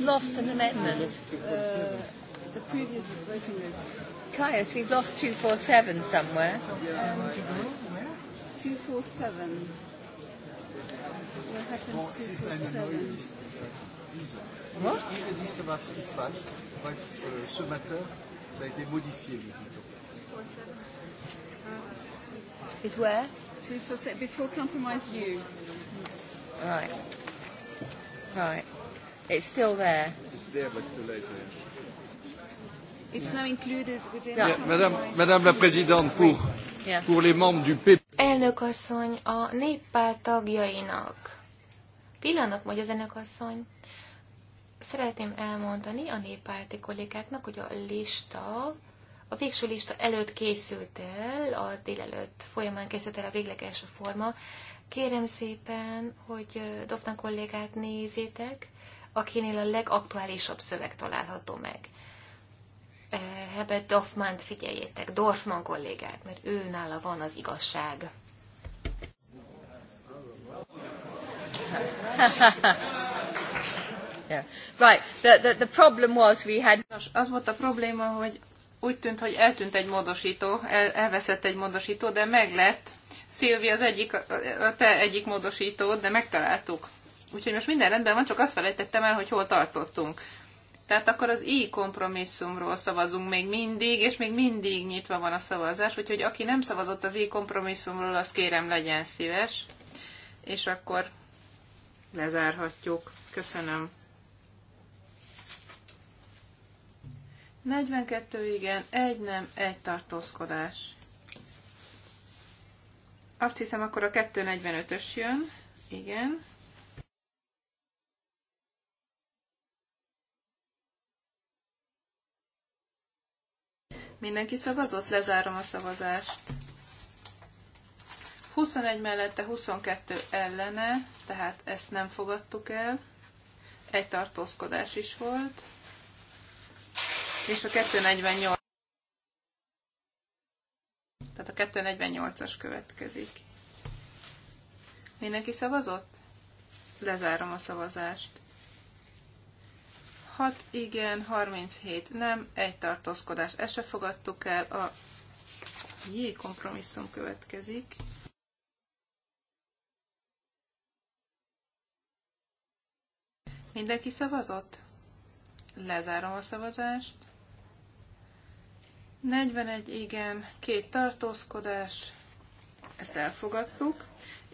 lost an amendment. Uh, the previous voting list. Caius, we've lost 247 somewhere. Um, 247. What happens to 247? What? Ihre Liste war ziemlich falsch. Bref, euh, ce matin, ça a été modifié. Is where? before compromise you. Right. Right. It's still there. It's there, but it's too late. Yeah. It's now included within yeah. Yeah, Madame, Madame la Présidente, pour, yeah. pour les membres du PP. Elnök asszony, a néppárt tagjainak. Pillanat, mondja az elnök asszony. Szeretném elmondani a néppárti kollégáknak, hogy a lista, a végső lista előtt készült el, a délelőtt folyamán készült el a végleges forma. Kérem szépen, hogy Dofna kollégát nézzétek, akinél a legaktuálisabb szöveg található meg. Eh, Hebet Dorfmant figyeljétek, Dorfman kollégát, mert ő nála van az igazság. yeah. Right. The, the, the problem was we had... Nos, az volt a probléma, hogy úgy tűnt, hogy eltűnt egy módosító, el, elveszett egy módosító, de meglett. Szilvi az egyik, a te egyik módosítód, de megtaláltuk. Úgyhogy most minden rendben van, csak azt felejtettem el, hogy hol tartottunk. Tehát akkor az i kompromisszumról szavazunk még mindig, és még mindig nyitva van a szavazás, úgyhogy aki nem szavazott az i kompromisszumról, az kérem legyen szíves, és akkor lezárhatjuk. Köszönöm. 42 igen, egy nem, egy tartózkodás. Azt hiszem, akkor a 245-ös jön. Igen. Mindenki szavazott? Lezárom a szavazást. 21 mellette 22 ellene, tehát ezt nem fogadtuk el. Egy tartózkodás is volt. És a 248 tehát a 248-as következik. Mindenki szavazott? Lezárom a szavazást. 6 igen, 37 nem, egy tartózkodás. Ezt se fogadtuk el. A jé kompromisszum következik. Mindenki szavazott? Lezárom a szavazást. 41 igen, két tartózkodás, ezt elfogadtuk,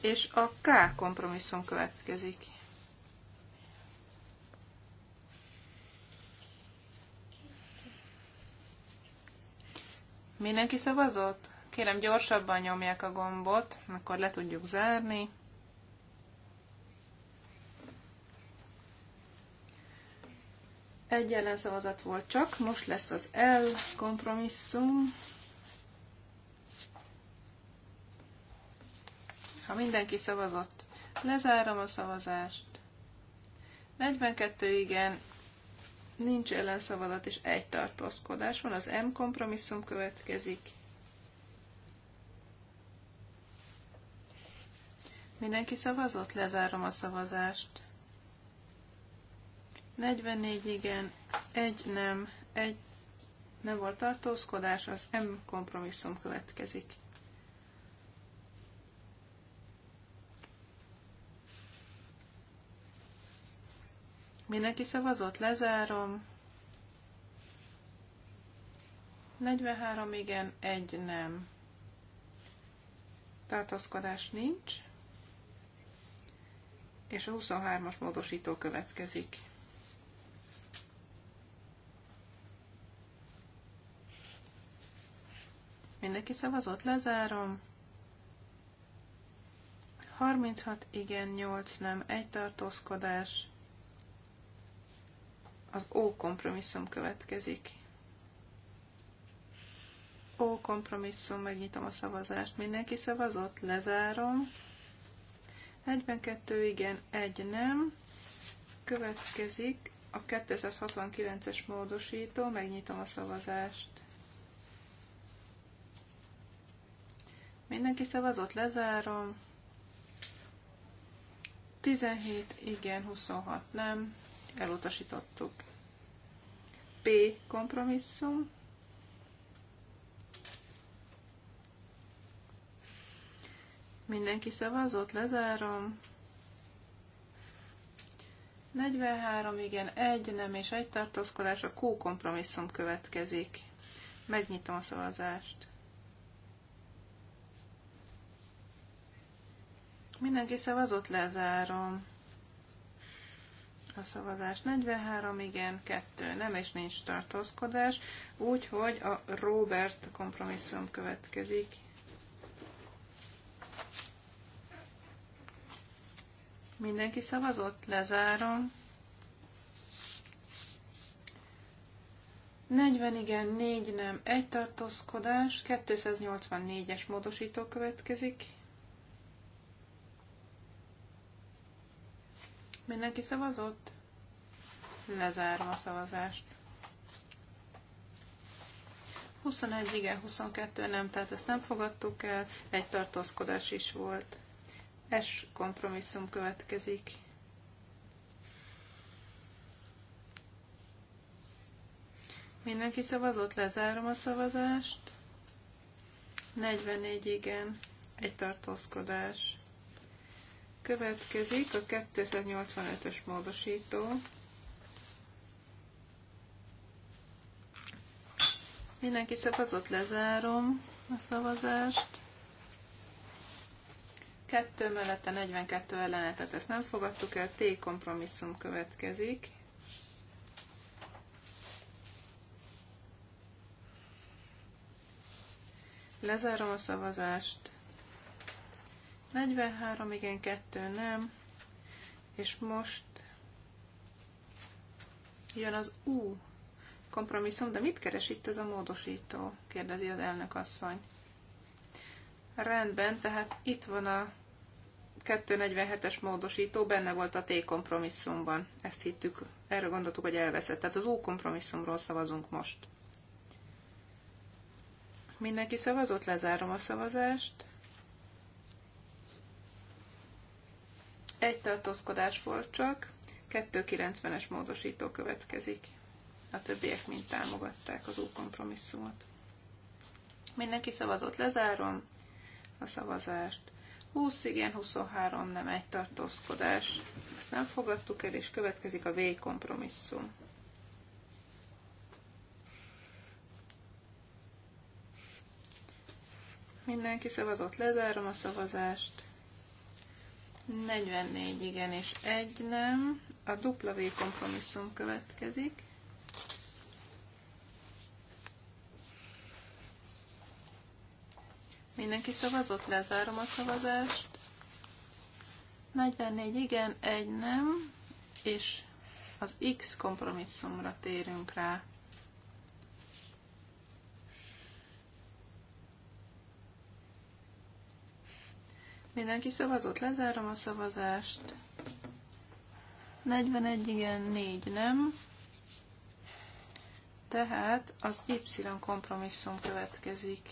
és a K kompromisszum következik. Mindenki szavazott? Kérem, gyorsabban nyomják a gombot, akkor le tudjuk zárni. Egy ellenszavazat volt csak, most lesz az L kompromisszum. Ha mindenki szavazott, lezárom a szavazást. 42 igen, Nincs ellenszavazat és egy tartózkodás van. Az M kompromisszum következik. Mindenki szavazott? Lezárom a szavazást. 44 igen, egy nem, egy nem volt tartózkodás, az M kompromisszum következik. Mindenki szavazott? Lezárom. 43 igen, 1 nem. Tartózkodás nincs. És a 23-as módosító következik. Mindenki szavazott? Lezárom. 36 igen, 8 nem, egy tartózkodás. Az O kompromisszum következik. O kompromisszum, megnyitom a szavazást. Mindenki szavazott, lezárom. Egyben kettő igen, egy nem. Következik a 269-es módosító, megnyitom a szavazást. Mindenki szavazott, lezárom. 17 igen, 26 nem elutasítottuk. P kompromisszum. Mindenki szavazott, lezárom. 43, igen, egy nem és egy tartózkodás, a Q kompromisszum következik. Megnyitom a szavazást. Mindenki szavazott, lezárom a szavazás 43, igen, 2 nem, és nincs tartózkodás, úgyhogy a Robert kompromisszum következik. Mindenki szavazott? Lezárom. 40 igen, 4 nem, 1 tartózkodás, 284-es módosító következik. Mindenki szavazott? Lezárom a szavazást. 21 igen, 22 nem, tehát ezt nem fogadtuk el, egy tartózkodás is volt. Es kompromisszum következik. Mindenki szavazott, lezárom a szavazást. 44 igen, egy tartózkodás. Következik a 285-ös módosító. Mindenki szavazott, lezárom a szavazást. Kettő mellette 42 ellenetet ezt nem fogadtuk el, T kompromisszum következik. Lezárom a szavazást. 43, igen, 2 nem. És most jön az U kompromisszum, de mit keres itt ez a módosító? kérdezi az elnök asszony. Rendben, tehát itt van a 247-es módosító, benne volt a T kompromisszumban. Ezt hittük, erre gondoltuk, hogy elveszett. Tehát az U kompromisszumról szavazunk most. Mindenki szavazott, lezárom a szavazást. Egy tartózkodás volt csak, 290-es módosító következik. A többiek mind támogatták az új kompromisszumot. Mindenki szavazott, lezárom a szavazást. 20 igen, 23 nem, egy tartózkodás. Ezt nem fogadtuk el, és következik a V kompromisszum. Mindenki szavazott, lezárom a szavazást. 44 igen és egy nem. A dupla V kompromisszum következik. Mindenki szavazott, lezárom a szavazást. 44 igen, egy nem, és az X kompromisszumra térünk rá. Mindenki szavazott, lezárom a szavazást. 41 igen, 4 nem. Tehát az Y kompromisszum következik.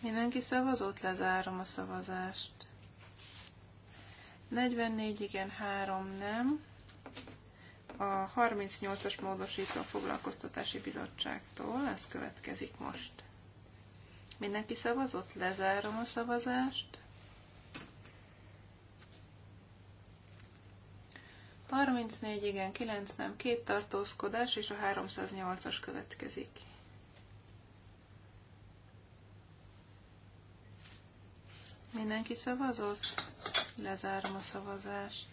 Mindenki szavazott, lezárom a szavazást. 44 igen, 3 nem. A 38-as módosító foglalkoztatási bizottságtól, ez következik most. Mindenki szavazott? Lezárom a szavazást. 34 igen, 9 nem, két tartózkodás, és a 308-as következik. Mindenki szavazott? Lezárom a szavazást.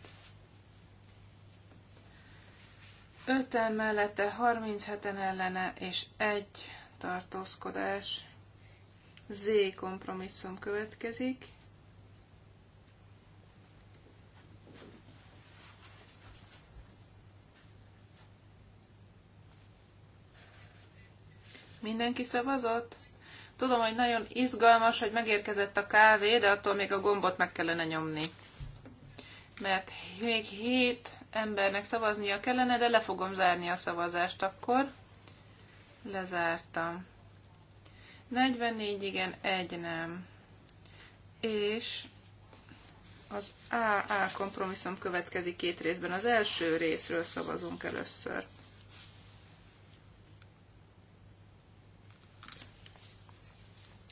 5 mellette, 37-en ellene, és egy tartózkodás. Z kompromisszum következik. Mindenki szavazott? Tudom, hogy nagyon izgalmas, hogy megérkezett a kávé, de attól még a gombot meg kellene nyomni. Mert még hét embernek szavaznia kellene, de le fogom zárni a szavazást akkor. Lezártam. 44 igen, egy nem. És az AA kompromisszum következik két részben. Az első részről szavazunk először.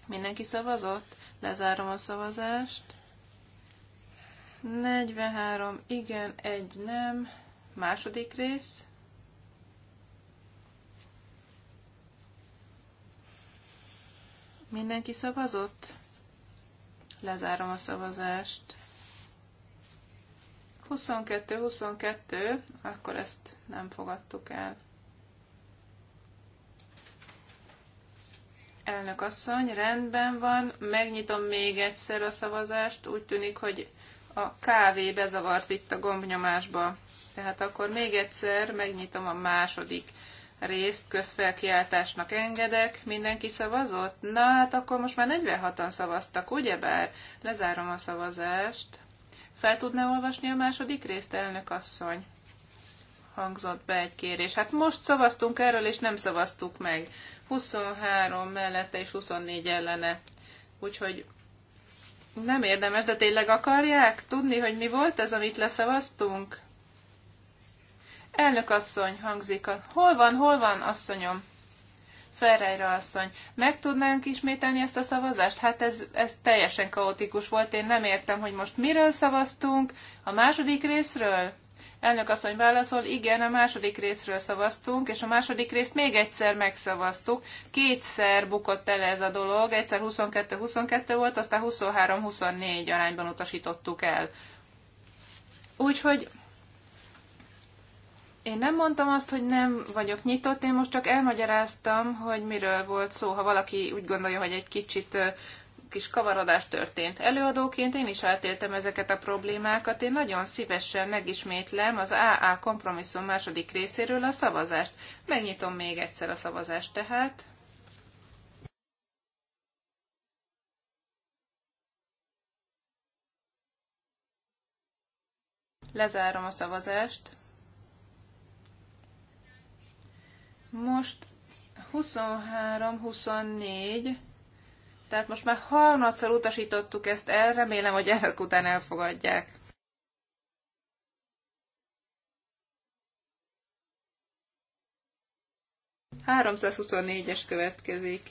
Mindenki szavazott? Lezárom a szavazást. 43, igen, egy nem. Második rész. Mindenki szavazott? Lezárom a szavazást. 22-22, akkor ezt nem fogadtuk el. Elnök asszony, rendben van, megnyitom még egyszer a szavazást, úgy tűnik, hogy a kávé bezavart itt a gombnyomásba. Tehát akkor még egyszer megnyitom a második részt közfelkiáltásnak engedek, mindenki szavazott? Na hát akkor most már 46-an szavaztak, ugyebár? Lezárom a szavazást. Fel tudná olvasni a második részt, elnök asszony? Hangzott be egy kérés. Hát most szavaztunk erről, és nem szavaztuk meg. 23 mellette és 24 ellene. Úgyhogy nem érdemes, de tényleg akarják tudni, hogy mi volt ez, amit leszavaztunk? Elnök asszony, hangzik a... Hol van, hol van, asszonyom? Ferreira asszony, meg tudnánk ismételni ezt a szavazást? Hát ez, ez teljesen kaotikus volt, én nem értem, hogy most miről szavaztunk, a második részről? Elnök asszony válaszol, igen, a második részről szavaztunk, és a második részt még egyszer megszavaztuk. Kétszer bukott el ez a dolog, egyszer 22-22 volt, aztán 23-24 arányban utasítottuk el. Úgyhogy én nem mondtam azt, hogy nem vagyok nyitott, én most csak elmagyaráztam, hogy miről volt szó, ha valaki úgy gondolja, hogy egy kicsit kis kavarodás történt. Előadóként én is átéltem ezeket a problémákat, én nagyon szívesen megismétlem az AA kompromisszum második részéről a szavazást. Megnyitom még egyszer a szavazást tehát. Lezárom a szavazást. Most 23-24, tehát most már harmadszor utasítottuk ezt el, remélem, hogy ezek után elfogadják. 324 es következik.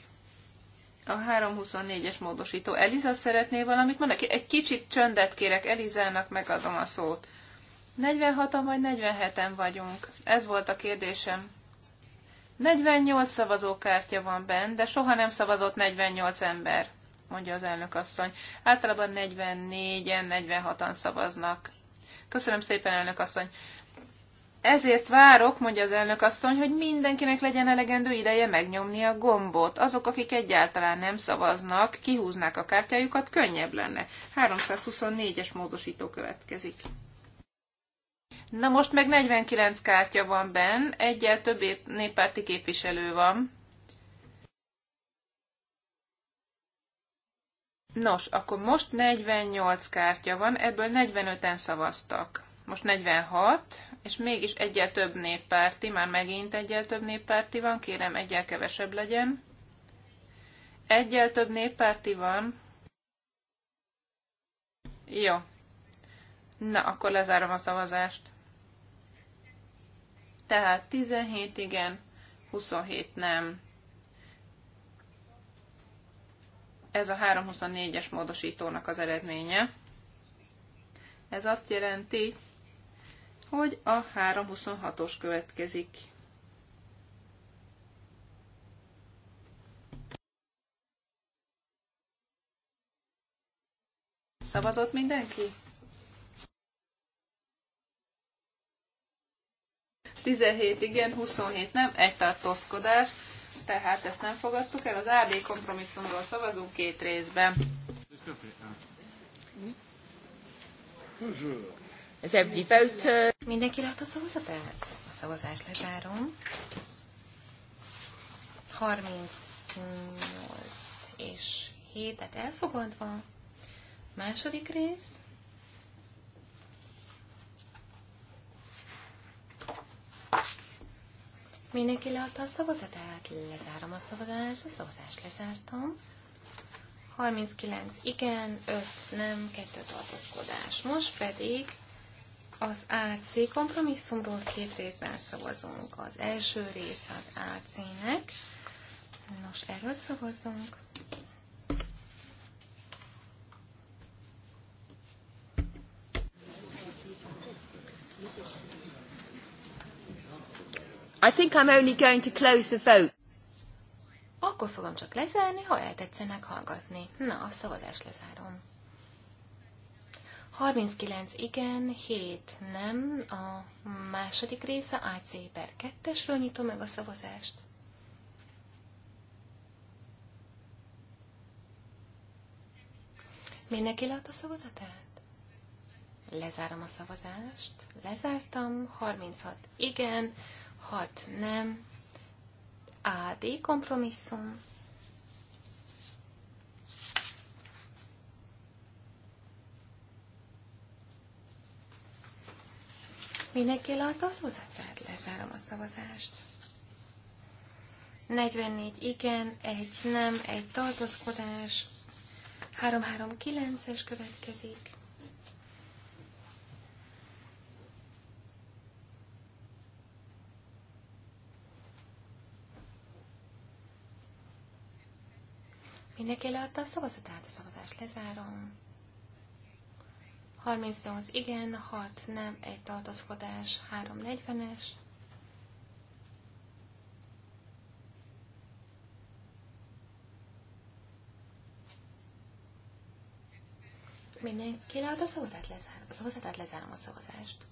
A 324-es módosító. Eliza szeretné valamit mondani? Egy kicsit csöndet kérek, Elizának megadom a szót. 46-an vagy 47-en vagyunk? Ez volt a kérdésem. 48 szavazókártya van benn, de soha nem szavazott 48 ember, mondja az elnök asszony. Általában 44-en, 46-an szavaznak. Köszönöm szépen, elnök asszony. Ezért várok, mondja az elnök asszony, hogy mindenkinek legyen elegendő ideje megnyomni a gombot. Azok, akik egyáltalán nem szavaznak, kihúznák a kártyájukat, könnyebb lenne. 324-es módosító következik. Na most meg 49 kártya van benn, egyel több néppárti képviselő van. Nos, akkor most 48 kártya van, ebből 45-en szavaztak. Most 46, és mégis egyel több néppárti, már megint egyel több néppárti van, kérem egyel kevesebb legyen. Egyel több néppárti van. Jó. Na, akkor lezárom a szavazást. Tehát 17 igen, 27 nem. Ez a 324-es módosítónak az eredménye. Ez azt jelenti, hogy a 326-os következik. Szavazott mindenki? 17 igen, 27 nem, egy tartózkodás, tehát ezt nem fogadtuk el. Az AD kompromisszumról szavazunk két részben. Ez every voter. Uh, Mindenki lát a szavazatát? A szavazás lezárom. 38 és 7, tehát elfogadva. Második rész. Mindenki leadta a szavazatát, lezárom a szavazást, a szavazást lezártam. 39 igen, 5 nem, 2 tartózkodás. Most pedig az AC kompromisszumról két részben szavazunk. Az első rész az AC-nek. Nos, erről szavazunk. I think I'm only going to close the vote. Akkor fogom csak lezárni, ha eltetszenek hallgatni. Na, a szavazást lezárom. 39 igen, 7 nem. A második része AC per 2-esről nyitom meg a szavazást. Mindenki leadta a szavazatát? Lezárom a szavazást. Lezártam. 36 igen, hat nem, AD kompromisszum, Mindenki leadta a szavazatát? Lezárom a szavazást. 44 igen, egy nem, egy tartózkodás. 339-es következik. Mindenki leadta a szavazatát, a szavazást lezárom. 38 igen, 6 nem, egy tartozkodás, 340-es. Mindenki leadta a szavazatát, lezárom. A szavazatát lezárom a szavazást.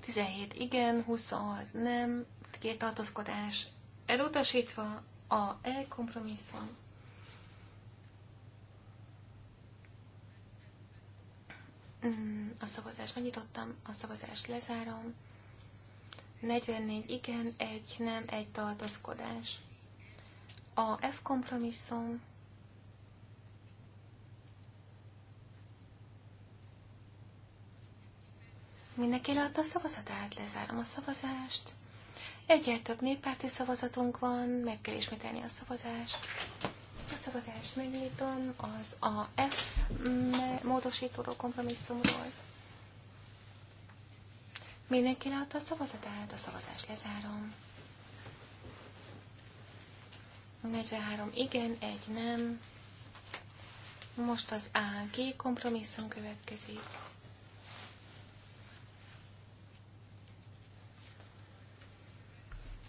17 igen, 26 nem, két tartozkodás, elutasítva a elkompromisszum. Mm, a szavazást megnyitottam, a szavazást lezárom. 44 igen, egy nem, egy tartozkodás. A F kompromisszum Mindenki leadta a szavazatát, lezárom a szavazást. Egyel több néppárti szavazatunk van, meg kell ismételni a szavazást. A szavazást megnyitom az A F módosítóról, kompromisszumról. Mindenki leadta a szavazatát, a szavazást lezárom. 43 igen, egy nem. Most az AG kompromisszum következik.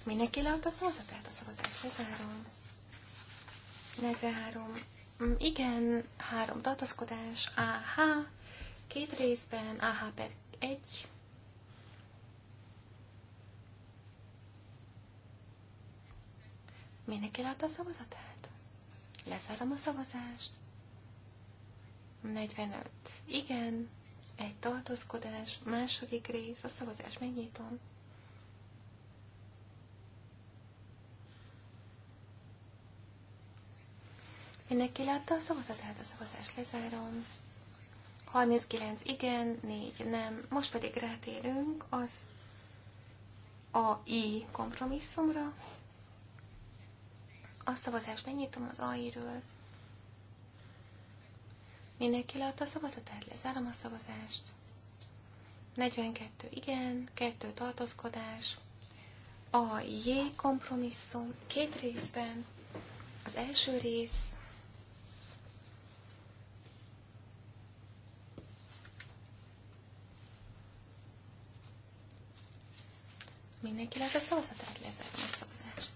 Mindenki leadta a szavazatát, a szavazást lezárom. 43. Mm, igen, három tartozkodás, AH, két részben, AH per 1. Mindenki látta a szavazatát? Lezárom a szavazást. 45. Igen, egy tartózkodás, második rész, a szavazás megnyitom. Mindenki látta a szavazatát, a szavazást lezárom. 39 igen, 4 nem. Most pedig rátérünk az AI kompromisszumra. A szavazást megnyitom az AI-ről. Mindenki látta a szavazatát, lezárom a szavazást. 42 igen, 2 tartózkodás. A J kompromisszum két részben. Az első rész mindenkinek a szavazatát, lezárni a szavazást.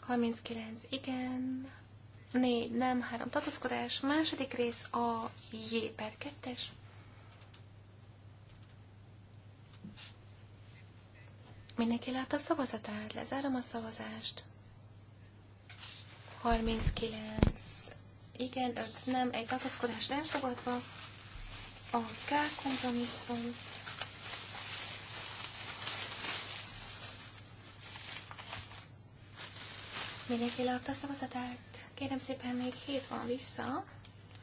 39 igen, 4 nem, 3 tartózkodás, második rész a J per 2-es. Mindenki lát a szavazatát, lezárom a szavazást. 39. Igen, 5 nem, egy tartózkodás nem fogadva. A K kompromisszum. Mindenki leadta a szavazatát. Kérem szépen, még hét van vissza.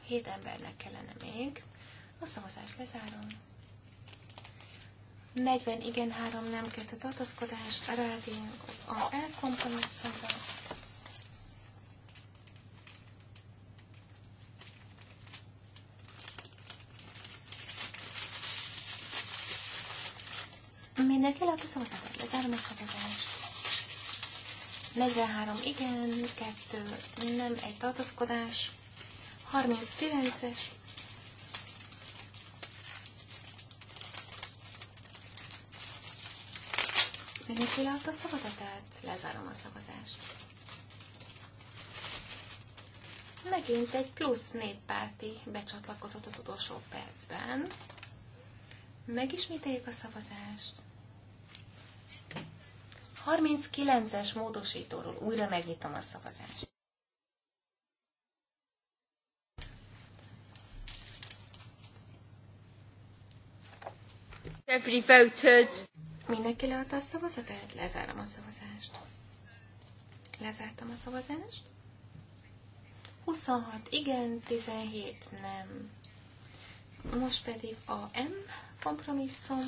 Hét embernek kellene még. A szavazást lezárom. 40 igen, 3 nem, 2 tartózkodás. Rádénk az a kompromisszumra. Mindenki leadta a szavazatát. Lezárom a szavazást. 43 igen, 2 nem, egy tartozkodás, 39-es, Mindenki látta a szavazatát? Lezárom a szavazást. Megint egy plusz néppárti becsatlakozott az utolsó percben. Megismételjük a szavazást. 39-es módosítóról újra megnyitom a szavazást. Every voted. Mindenki leadta a szavazatát? Lezárom a szavazást. Lezártam a szavazást. 26 igen, 17 nem. Most pedig a M kompromisszum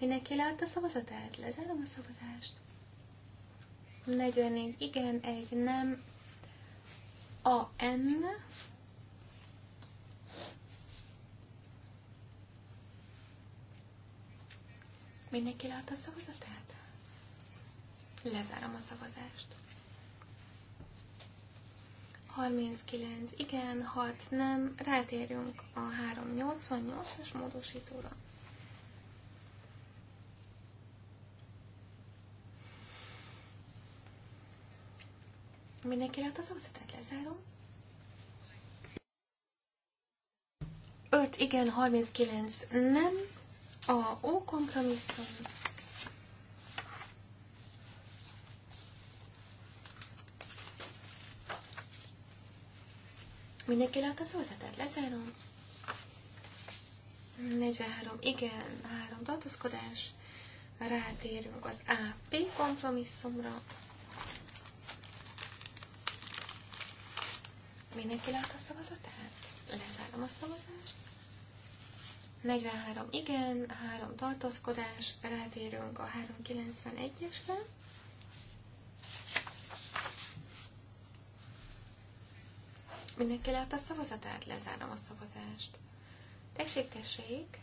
Mindenki leadta a szavazatát? Lezárom a szavazást. 44 igen, egy nem. A N. Mindenki leadta a szavazatát? Lezárom a szavazást. 39 igen, 6 nem. Rátérjünk a 388-as módosítóra. Mindenki látta a szavazatát? Lezárom. 5 igen, 39 nem. A O kompromisszum. Mindenki lehet a szavazatát? Lezárom. 43 igen, 3 tartozkodás. Rátérünk az AP kompromisszumra. Mindenki lát a szavazatát? Lezárom a szavazást. 43 igen, 3 tartózkodás, rátérünk a 391-esre. Mindenki lát a szavazatát? Lezárom a szavazást. Tessék, tessék!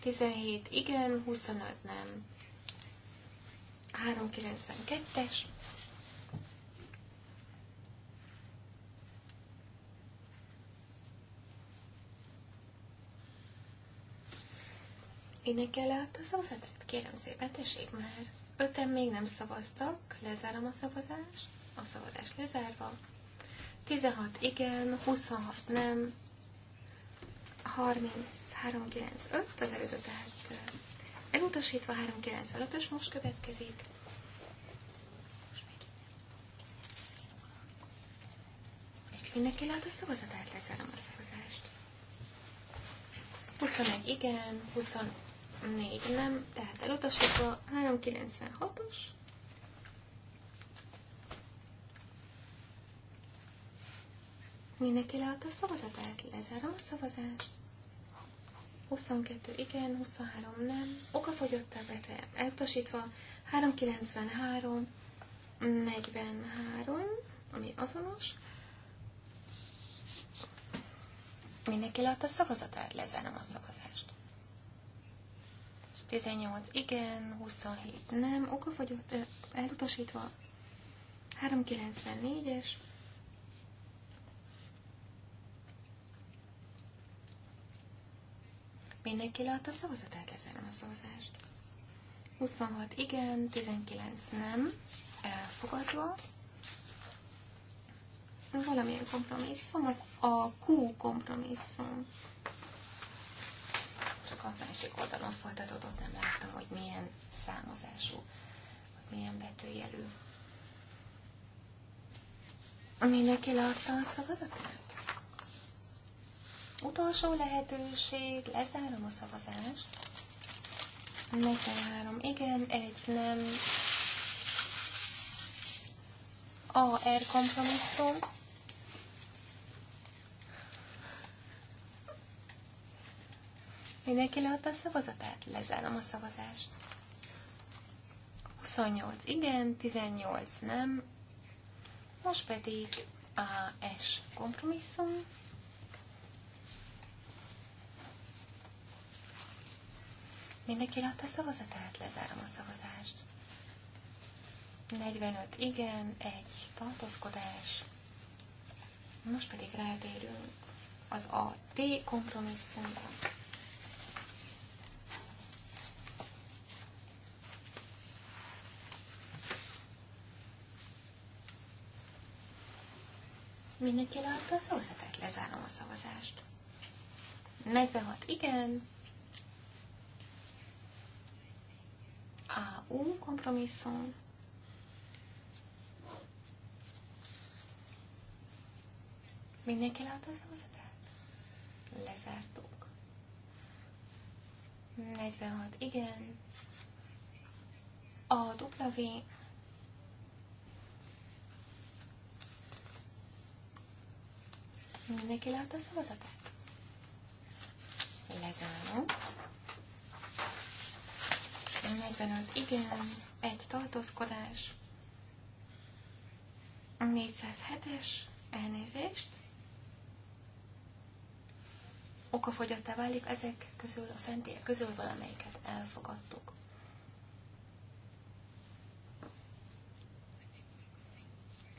17 igen, 25 nem. 392-es. Énekel át a szavazatát? Kérem szépen, tessék már. Öten még nem szavaztak, lezárom a szavazást, a szavazás lezárva. 16 igen, 26 nem, 3395, az előző tehát elutasítva, 395-ös most következik. Mindenki lát a szavazatát, lezárom a szavazást. 21 igen, 20 négy nem, tehát elutasítva 396-os. Mindenki leadta a szavazatát, lezárom a szavazást. 22 igen, 23 nem, Oka fogyott a betve, elutasítva, 393, 43, ami azonos. Mindenki leadta a szavazatát, lezárom a szavazást. 18 igen, 27 nem, okafogyott, elutasítva, 394-es, Mindenki leadta a szavazatát, lezárom a szavazást. 26 igen, 19 nem, elfogadva. Valamilyen kompromisszum, az a Q kompromisszum a másik oldalon folytatódott, nem láttam, hogy milyen számozású, vagy milyen betűjelű. Mindenki látta a szavazatát? Utolsó lehetőség, lezárom a szavazást. 43, igen, egy nem. A R kompromisszum Mindenki leadta a szavazatát? Lezárom a szavazást. 28 igen, 18 nem. Most pedig a S kompromisszum. Mindenki látta a szavazatát? Lezárom a szavazást. 45 igen, egy tartózkodás. Most pedig rátérünk az a T kompromisszumra. Mindenki látta a szavazatát, lezárom a szavazást. 46 igen. A U kompromisszum. Mindenki látta a szavazatát? Lezártuk. 46 igen. A W Mindenki lát a szavazatát? Lezárom. 45 igen, egy tartózkodás, 407-es, elnézést, okafogyattá válik, ezek közül a fentiek közül valamelyiket elfogadtuk.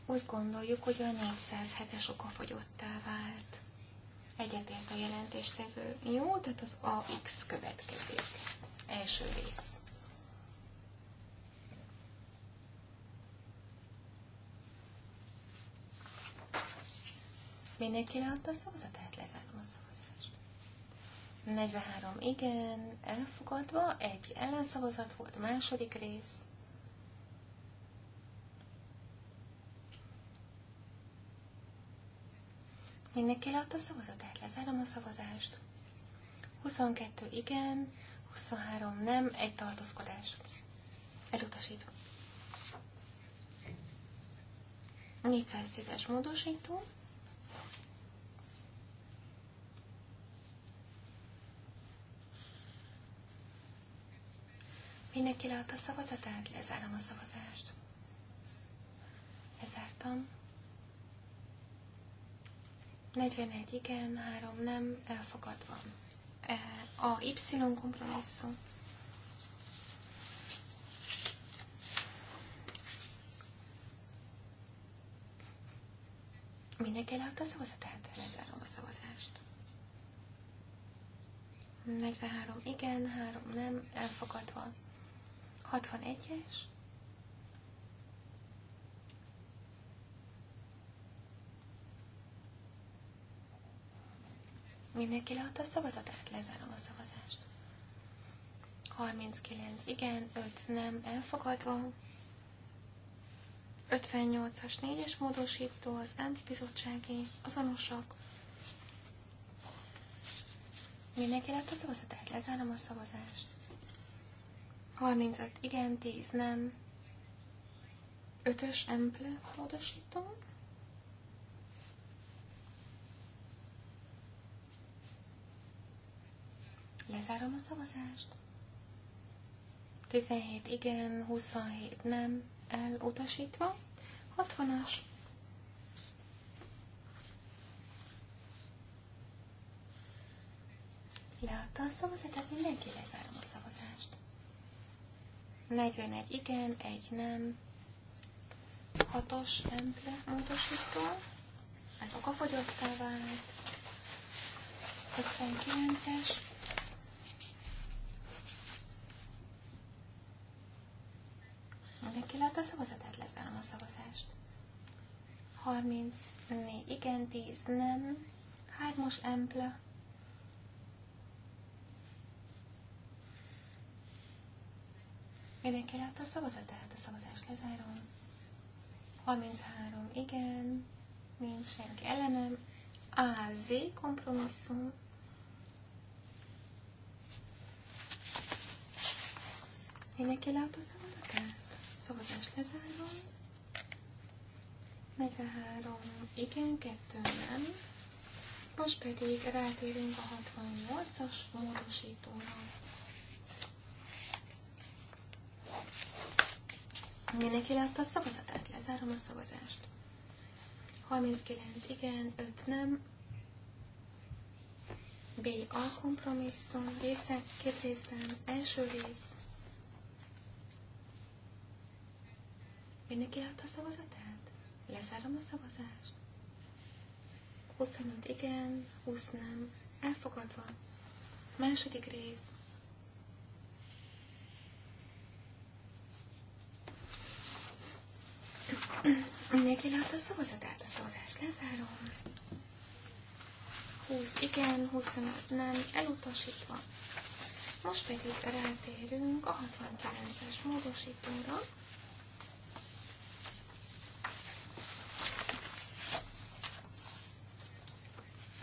Úgy gondoljuk, hogy a 407-es fogyottá vált. Egyetért a jelentéstevő. Jó, tehát az AX következik. Első rész. Mindenki leadta a szavazatát, lezárom a szavazást. 43 igen, elfogadva, egy ellenszavazat volt, második rész. Mindenki leadta a szavazatát, lezárom a szavazást. 22 igen, 23 nem, egy tartózkodás. Elutasít. 410-es módosító. Mindenki leadta a szavazatát, lezárom a szavazást. Lezártam. 41 igen, 3 nem, elfogadva. E, a Y kompromisszum. Mindenki lehet a szavazat, szavazatát, lezárom a szavazást. 43 igen, 3 nem, elfogadva. 61-es. Mindenki leadta a szavazatát, lezárom a szavazást. 39 igen, 5 nem, elfogadva. 58-as 4-es módosító az MB bizottsági, azonosak. Mindenki lett a szavazatát, lezárom a szavazást. 35 igen, 10 nem. 5-ös emplő módosító, Lezárom a szavazást. 17 igen, 27 nem, elutasítva. 60-as. Leadta a szavazatát, mindenki lezárom a szavazást. 41 igen, 1 nem. 6-os emple módosító. Ez okafogyottá vált. 59-es Mindenki látta a szavazatát, lezárom a szavazást. 34, igen, 10, nem. Hármas empla. Mindenki látta a szavazatát, a szavazást lezárom. 33, igen, nincs senki ellenem. AZ kompromisszum. Mindenki látta a szavazatát? szavazás lezárom. 43 igen, 2 nem. Most pedig rátérünk a 68-as módosítóra. Mindenki látta a szavazatát, lezárom a szavazást. 39 igen, 5 nem. B. A kompromisszum része két részben, első rész Mindenki adta a szavazatát? Lezárom a szavazást. 25 igen, 20 nem. Elfogadva. Második rész. Mindenki látta a szavazatát, a szavazást lezárom. 20 igen, 25 nem, elutasítva. Most pedig rátérünk a 69-es módosítóra.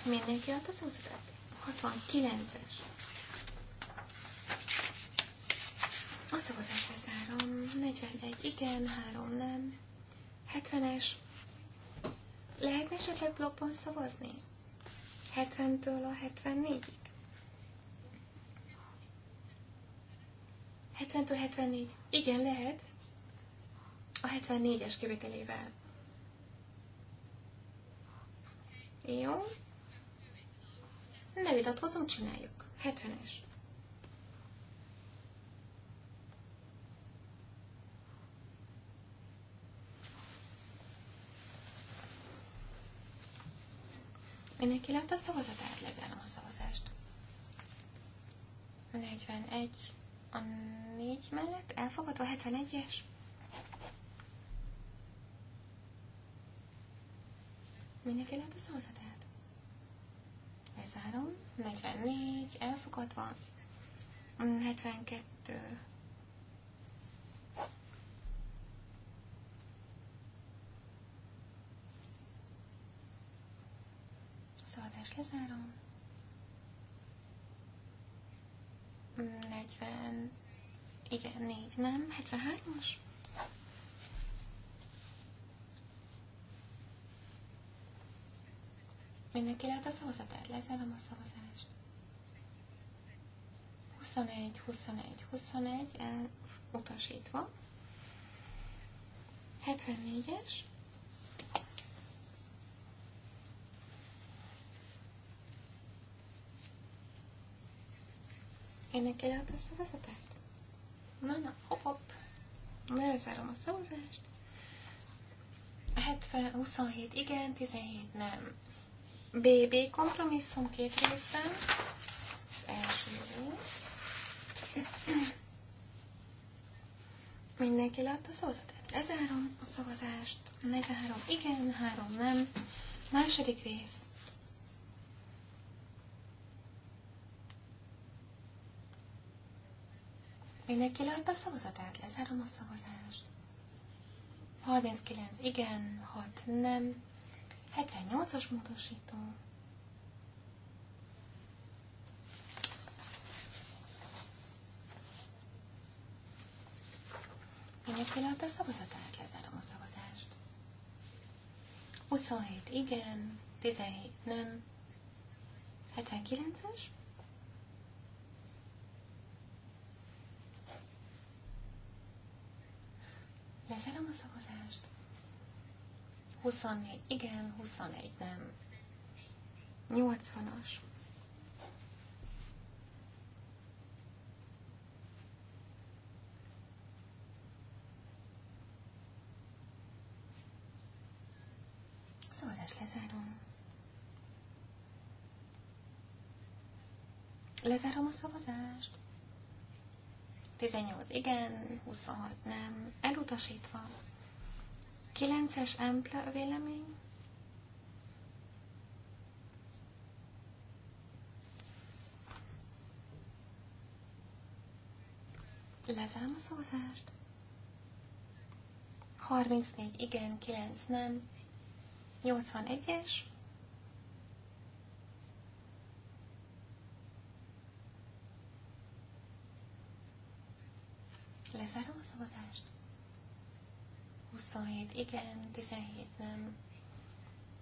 Mindenki adta szavazatát? 69-es. A szavazást lezárom. 41 igen, 3 nem. 70-es. Lehetne esetleg blokkban szavazni? 70-től a 74-ig? 70-től 74. Igen, lehet. A 74-es kivételével. Jó, ne vitatkozom, csináljuk. 70-es. Mindenki lehet a szavazatát, lezárom a szavazást. 41, a 4 mellett elfogadva 71-es. Mindenki lehet a szavazatát? Lezárom. 44, elfogadva. 72. Szavazást lezárom. 40, igen, 4, nem, 73-as. Mindenki lehet a szavazatát, lezárom a szavazást. 21, 21, 21, el utasítva. 74-es. Ennek lehet a szavazatát? Na, na, hopp, hopp. Lezárom a szavazást. 70, 27 igen, 17 nem. BB kompromisszum két részben. Az első rész. Mindenki látta a szavazatát. Lezárom a szavazást. 43 igen, 3 nem. Második rész. Mindenki látta a szavazatát. Lezárom a szavazást. 39 igen, 6 nem. 78-as módosító. Mindenki leadta a szavazatát, lezárom a szavazást. 27 igen, 17 nem, 79-es. Lezárom a szavazást. 24 igen, 21 nem. 80-as. Szavazást lezárom. Lezárom a szavazást. 18 igen, 26 nem, elutasítva. Kilences a vélemény. Lezárom a szózást. 34 igen, 9 nem. 81-es. Lezárom a szavazást. 27 igen, 17 nem.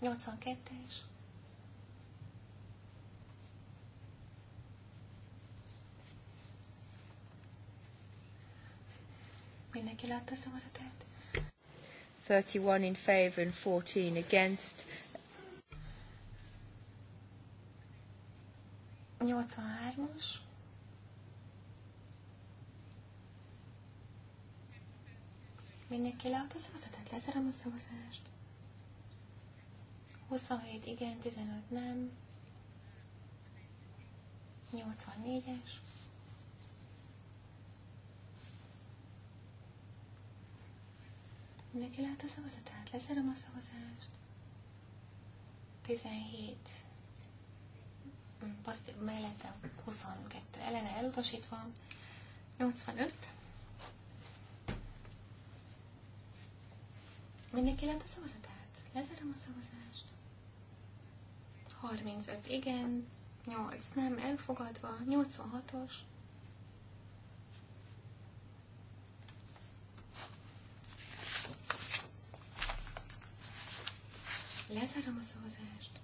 82-es. Mindenki látta a szavazatát? 31 in favor and 14 against. 83-as. Mindenki leadta a szavazatát, lezerem a szavazást. 27 igen, 15 nem. Hm, 84-es. Mindenki látta a szavazatát? lezerem a szavazást. 17 pozitív mellette 22 ellene elutasítva. 85 Mindenki lett a szavazatát? Lezárom a szavazást. 35 igen, 8 nem, elfogadva, 86-os. Lezárom a szavazást.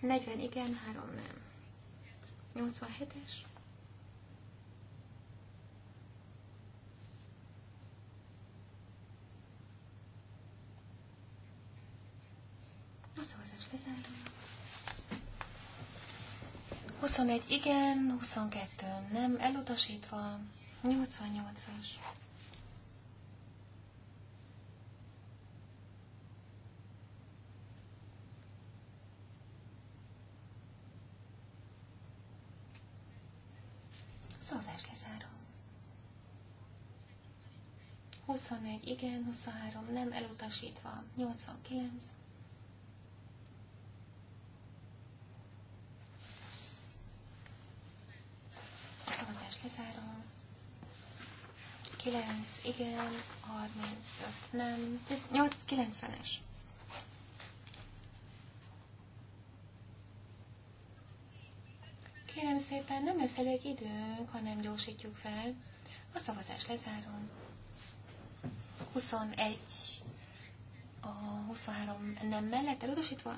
40 igen, 3 nem. 87-es. 21 igen, 22 nem, elutasítva. 88-as. Szózás lezárom. 21 igen, 23 nem elutasítva, 89. kizárom. 9, igen, 35, nem, 8, 90-es. Kérem szépen, nem lesz elég időnk, ha nem gyorsítjuk fel. A szavazást lezárom. 21, a 23 nem mellett elutasítva,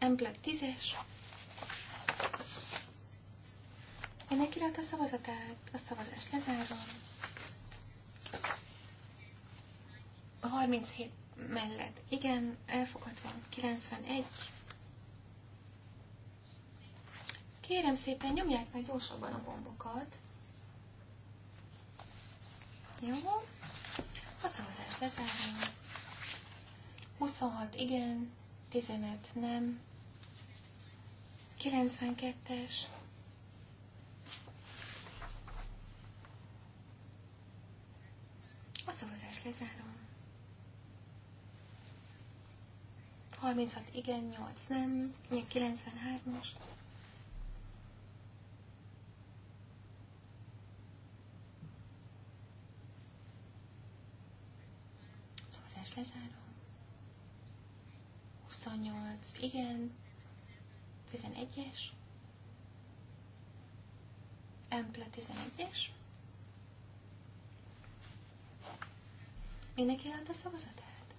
M 10-es. Mindenki lát a szavazatát, a szavazás lezárom. 37 mellett igen, elfogadva 91. Kérem szépen, nyomják meg gyorsabban a gombokat. Jó. A szavazás lezárom. 26 igen, 15 nem. 92-es. A szavazást lezárom. 36 igen, 8 nem, 93-as. Szavazást lezárom. 28, igen, 11-es, Empla 11-es, Mindenki leadta a szavazatát?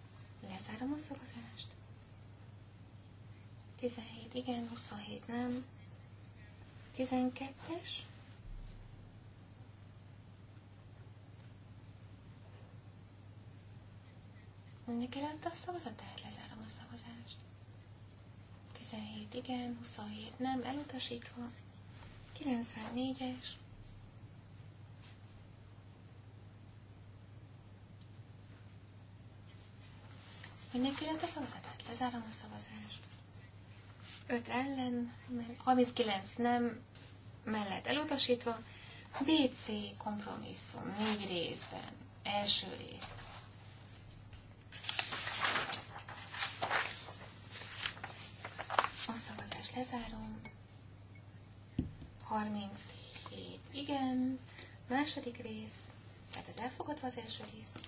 Lezárom a szavazást. 17 igen, 27 nem. 12-es. Mindenki leadta a szavazatát? Lezárom a szavazást. 17 igen, 27 nem, elutasítva. 94-es. Mindenki lehet a szavazatát? Lezárom a szavazást. 5 ellen, 39 nem, mellett elutasítva. BC kompromisszum, négy részben. Első rész. A szavazást lezárom. 37 igen, második rész, tehát ez elfogadva az első rész.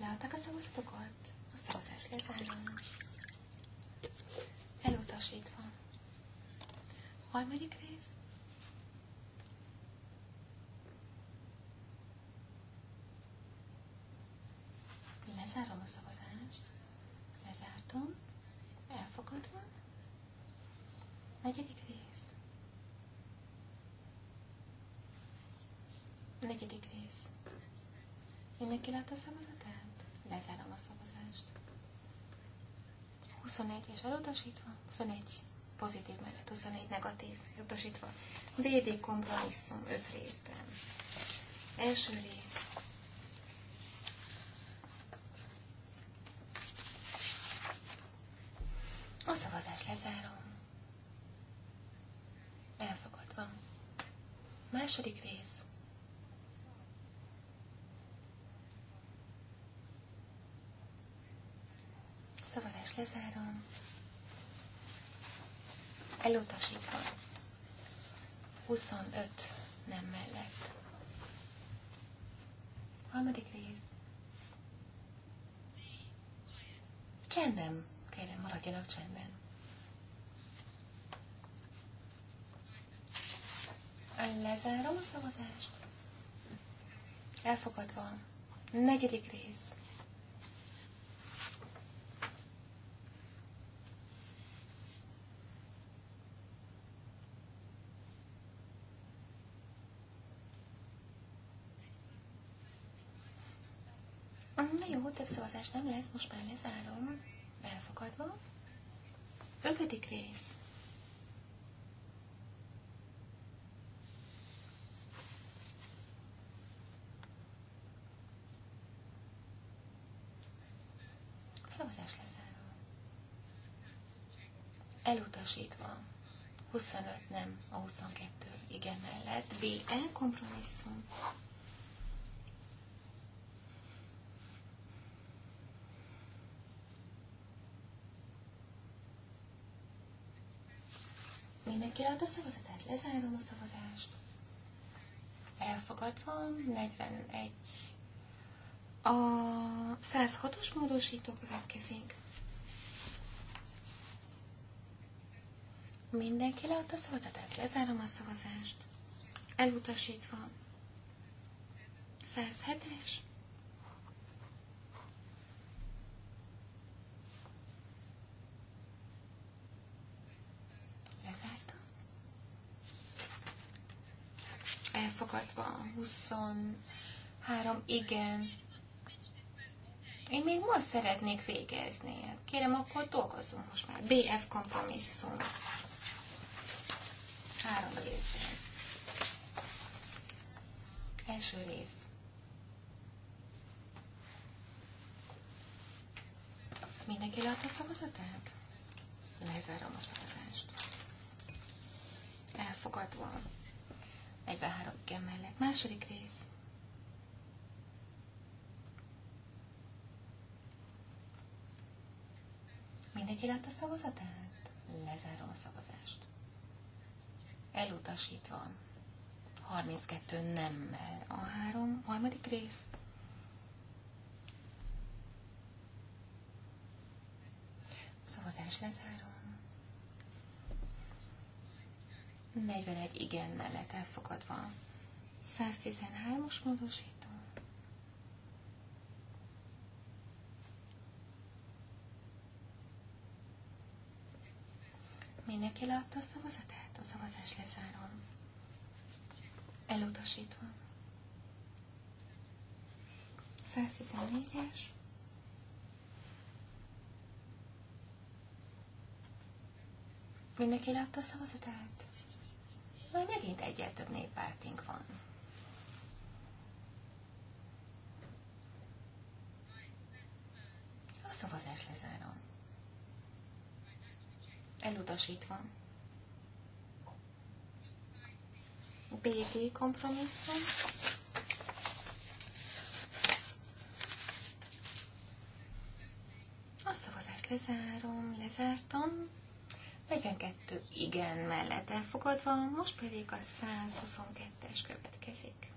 Leadták a szavazatokat? A szavazás lezárul. Elutasítva. Harmadik rész. Lezárom a szavazást. Lezártam. Elfogadva. Negyedik rész. Negyedik rész. Mindenki látta a szavazatát? Lezárom a szavazást. 21-es elutasítva, 21 pozitív mellett, 21 negatív elutasítva. BD kompromisszum 5 részben. Első rész elutasítva. 25 nem mellett. Harmadik rész. Csendem, kérem, maradjanak csendben. Lezárom a szavazást. Elfogadva. Negyedik rész. Jó, több szavazás nem lesz, most már lezárom. Elfogadva. Ötödik rész. Szavazás lezárom. Elutasítva. 25 nem, a 22 igen mellett. BE Elkompromisszum. Mindenki látta a szavazatát? Lezárom a szavazást. Elfogadva 41. A 106-os módosító következik. Mindenki leadta a szavazatát, lezárom a szavazást. Elutasítva. 107-es. 23 igen. Én még most szeretnék végezni. Kérem, akkor dolgozzunk most már. BF kompromisszum. Három részben. Első rész. Mindenki látta a szavazatát? Lezárom a szavazást. Elfogadva. 43 igen mellett. Második rész. Mindenki látta a szavazatát? Lezárom a szavazást. Elutasítva. 32 nemmel. A három, harmadik rész. Szavazás lezárom. 41 igen mellett elfogadva. 113 os módosító. Mindenki látta a szavazatát? A szavazás lezárom. Elutasítva. 114-es. Mindenki látta a szavazatát? Már megint egyet több néppártink van. A szavazás lezárom. Elutasítva. BG kompromisszum. A szavazást lezárom, lezártam. 42 igen mellett elfogadva, most pedig a 122-es következik.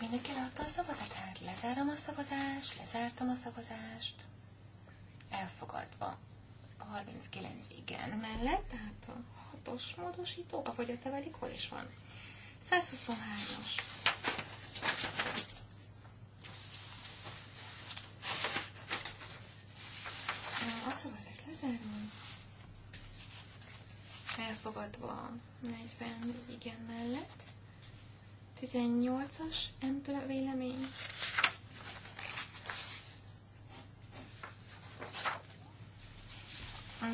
Mindenki látta a szavazatát, lezárom a szavazást, lezártam a szavazást. Elfogadva. 39 igen mellett, tehát a 6-os módosító, a tevelik, hol is van. 123-os. A szavazást Elfogadva 40 igen mellett. 18-as emple vélemény.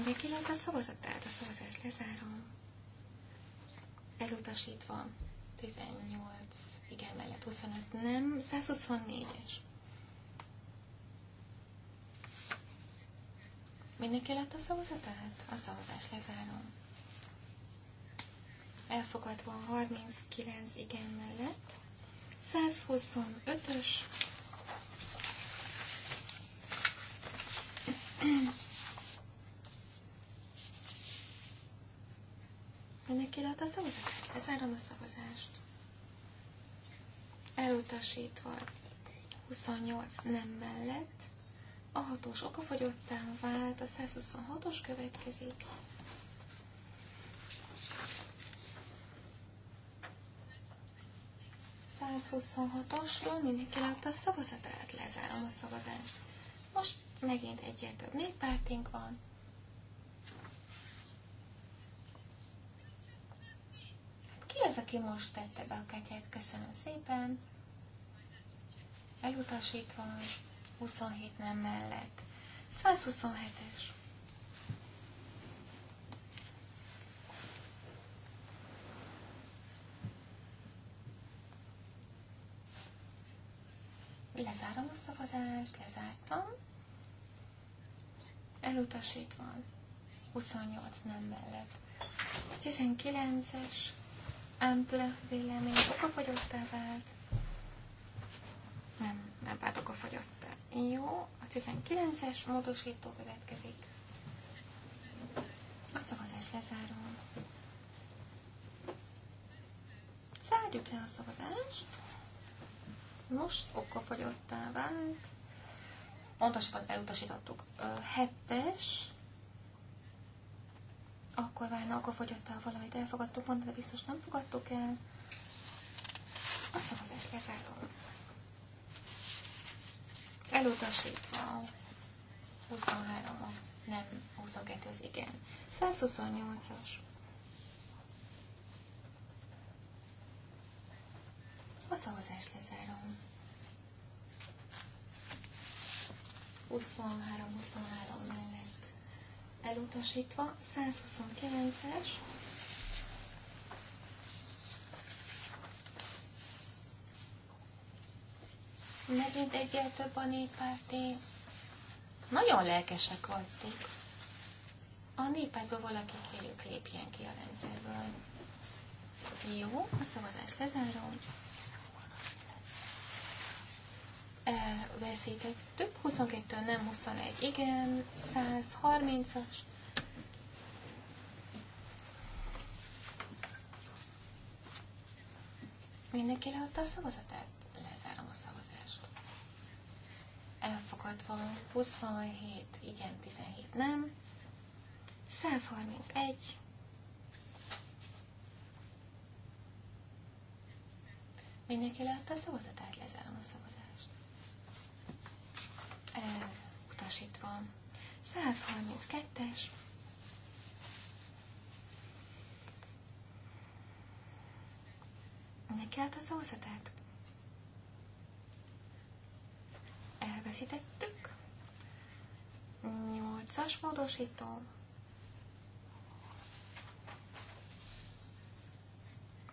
Végig a szavazatát, a szavazást lezárom. Elutasítva 18 igen mellett, 25 nem, 124-es. Mindenki lett a szavazatát? A szavazás lezárom. Elfogadva 39 igen mellett. 125-ös. Mindenki lett a szavazatát? Lezárom a szavazást. Elutasítva 28 nem mellett. A hatós okafogyottá vált, a 126-os következik. A 126-osról mindenki látta a szavazatát, lezárom a szavazást. Most megint egyet több négy néppártink van, Ki az, aki most tette be a ketyet? Köszönöm szépen. Elutasítva. 27 nem mellett. 127-es. Lezárom a szavazást, lezártam. Elutasítva. 28 nem mellett. 19-es ample vélemény okafogyottá vált. Nem, nem vált okafogyott. Jó, a 19-es módosító következik. A szavazás lezárom. Zárjuk le a szavazást. Most okafogyottá vált. Pontosabban elutasítottuk. 7 hetes. Akkor válna okafogyottá valamit elfogadtuk, mondta, de biztos nem fogadtuk el. A szavazást lezárom elutasítva 23 a nem, 22 az igen. 128-as. A szavazást lezárom. 23-23 mellett elutasítva, 129-es, Megint egyel több a néppárti. Nagyon lelkesek vagytok. A néppártból valaki kérjük lépjen ki a rendszerből. Jó, a szavazás lezárom. Több 22 nem, 21 igen, 130-as. Mindenki leadta a szavazatát? van. 27, igen, 17 nem, 131, mindenki leadta a szavazatát, lezárom a szavazást. Elutasítva, 132-es, Mindenki állt a szavazatát? elveszítettük. 8-as módosító.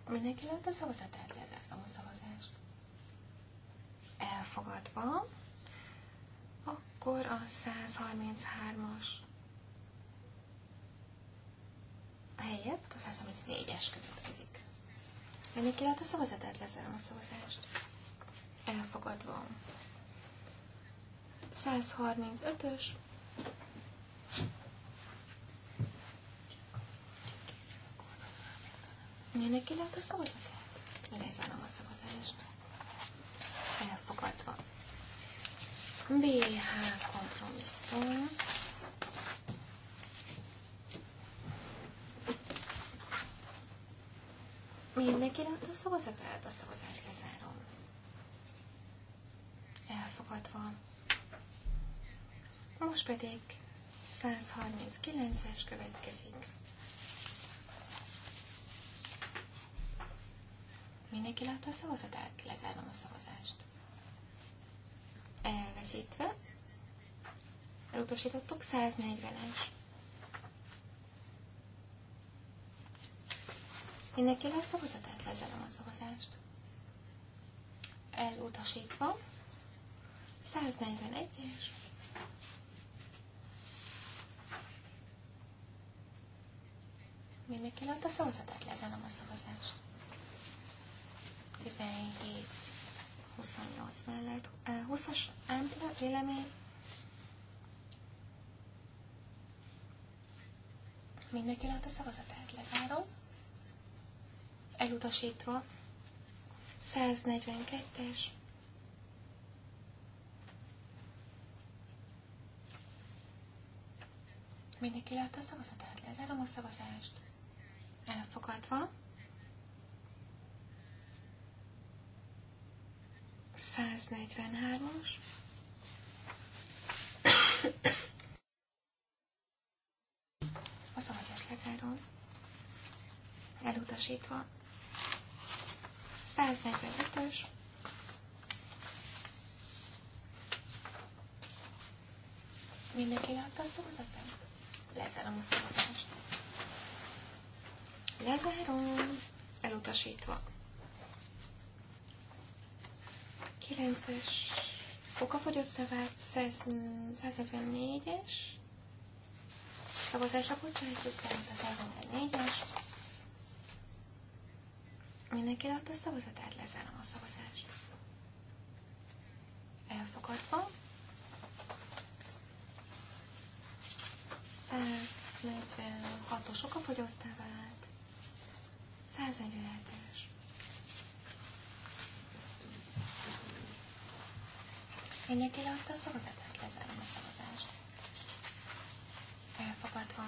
Mindenki lehet a szavazatát, lezárom a szavazást. Elfogadva, akkor a 133-as helyett a 134-es következik. Mindenki lehet a szavazatát, lezárom a szavazást. Elfogadva. 135-ös. Mindenki lehet a szavazatát? Lezárom a szavazást. Elfogadva. BH kompromisszum. Mindenki lehet a szavazatát? A szavazást lezárom. Elfogadva. Most pedig 139-es következik. Mindenki látta a szavazatát? Lezárom a szavazást. Elveszítve. Elutasítottuk 140-es. Mindenki a szavazatát? Lezárom a szavazást. Elutasítva. 141-es. Mindenki látta a szavazatát, lezárom a szavazást. 17, 28 mellett, 20-as vélemény. Mindenki látta a szavazatát, lezárom. Elutasítva. 142-es. Mindenki látta a szavazatát, lezárom a szavazást elfogadva. 143-as. A szavazás lezárom. Elutasítva. 145-ös. Mindenki látta a szavazatát? Lezárom a szavazást. Lezárom, elutasítva. 9-es, okafogyottá vált 144-es, szavazásra bocsájtjuk, tehát az elvonal 4-es. Mindenki adta a szavazatát, lezárom a szavazást. Elfogadva. 146-os okafogyottá vált. 147-es. Mindenki leadta a szavazatát, lezárom a szavazást. Elfogadva.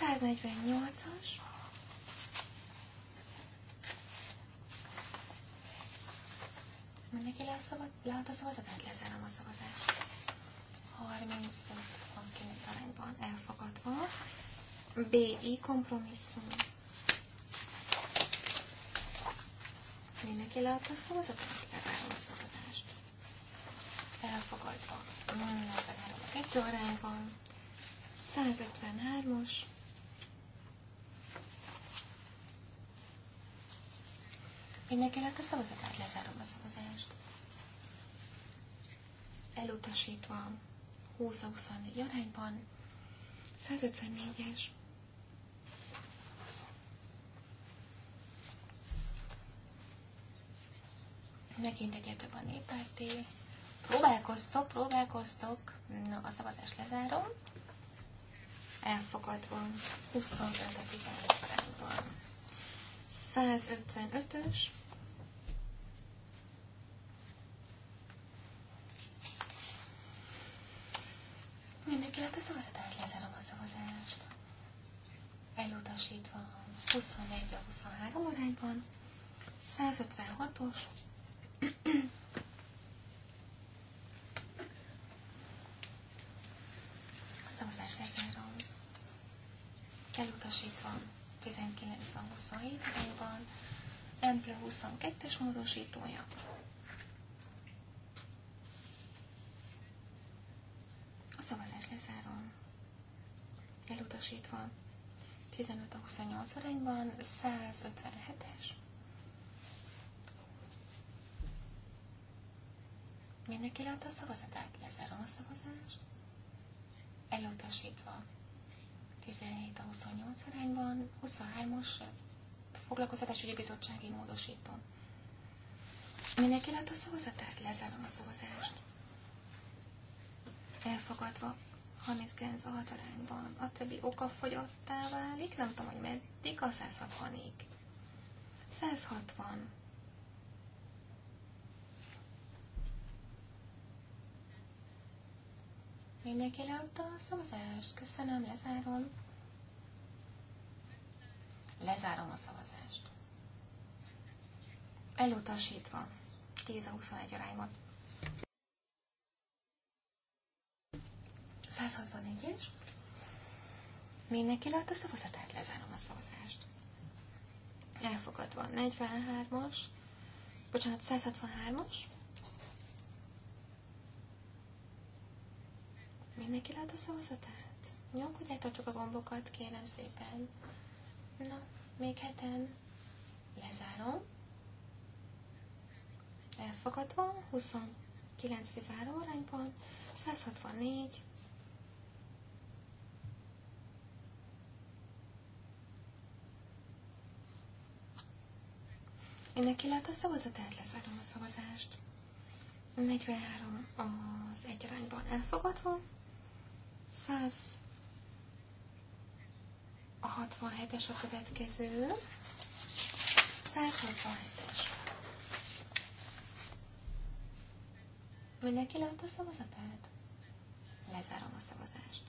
148-as. Mindenki leadta a szavazatát, lezárom a szavazást. 35 van arányban elfogadva. BI kompromisszum. Mindenki leadta a szavazatát, lezárom a szavazást. Elfogadva. Legalább a kettő arányban. 153-os. Mindenki lehet a szavazatát, lezárom a szavazást. Elutasítva. 20-24 arányban. 154-es. Megint egyre több a néppárti. Próbálkoztok, próbálkoztok. Na, a szavazás lezárom. Elfogadva. 25 a 15 van. 155-ös. Mindenki lett a szavazatát, lezárom a szavazást. Elutasítva 21 a 23 arányban. 156-os. A szavazás lezárom. Elutasítva 19 a 27 arányban, Emple 22-es módosítója. A szavazás lezárom. Elutasítva 15 a 28 arányban, 157-es. Mindenki lehet a szavazatát? Lezárom a szavazást. Elutasítva. 17 a 28 arányban, 23-as os ügyi bizottsági módosító. Mindenki lehet a szavazatát? Lezárom a szavazást. Elfogadva 39 a hat arányban. A többi oka fogyottá válik, nem tudom, hogy meddig, a 160-ig. 160. Mindenki leadta a szavazást. Köszönöm, lezárom. Lezárom a szavazást. Elutasítva. 10 a 21 arányban. 161-es. Mindenki látta a szavazatát, lezárom a szavazást. Elfogadva. 43-as. Bocsánat, 163-as. Mindenki lát a szavazatát? Nyomkodják, csak a gombokat, kérem szépen. Na, még heten. Lezárom. Elfogadva, 29 záró arányban, 164, Mindenki lát a szavazatát, lezárom a szavazást. 43 az arányban elfogadva, 100 a 67-es a következő. 167-es. Mindenki lehet a szavazatát? Lezárom a szavazást.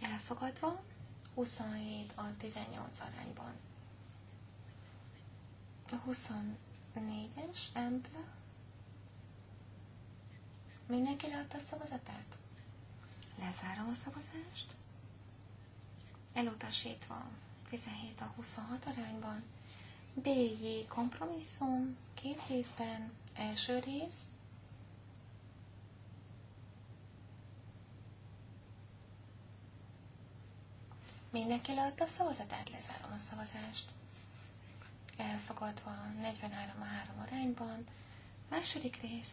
Elfogadva, 27 a 18 arányban. A 24-es, Emple. Mindenki lehet a szavazatát? Lezárom a szavazást. Elutasítva 17 a 26 arányban. BJ kompromisszum két részben. Első rész. Mindenki leadta a szavazatát, lezárom a szavazást. Elfogadva 43 a 3 arányban. Második rész.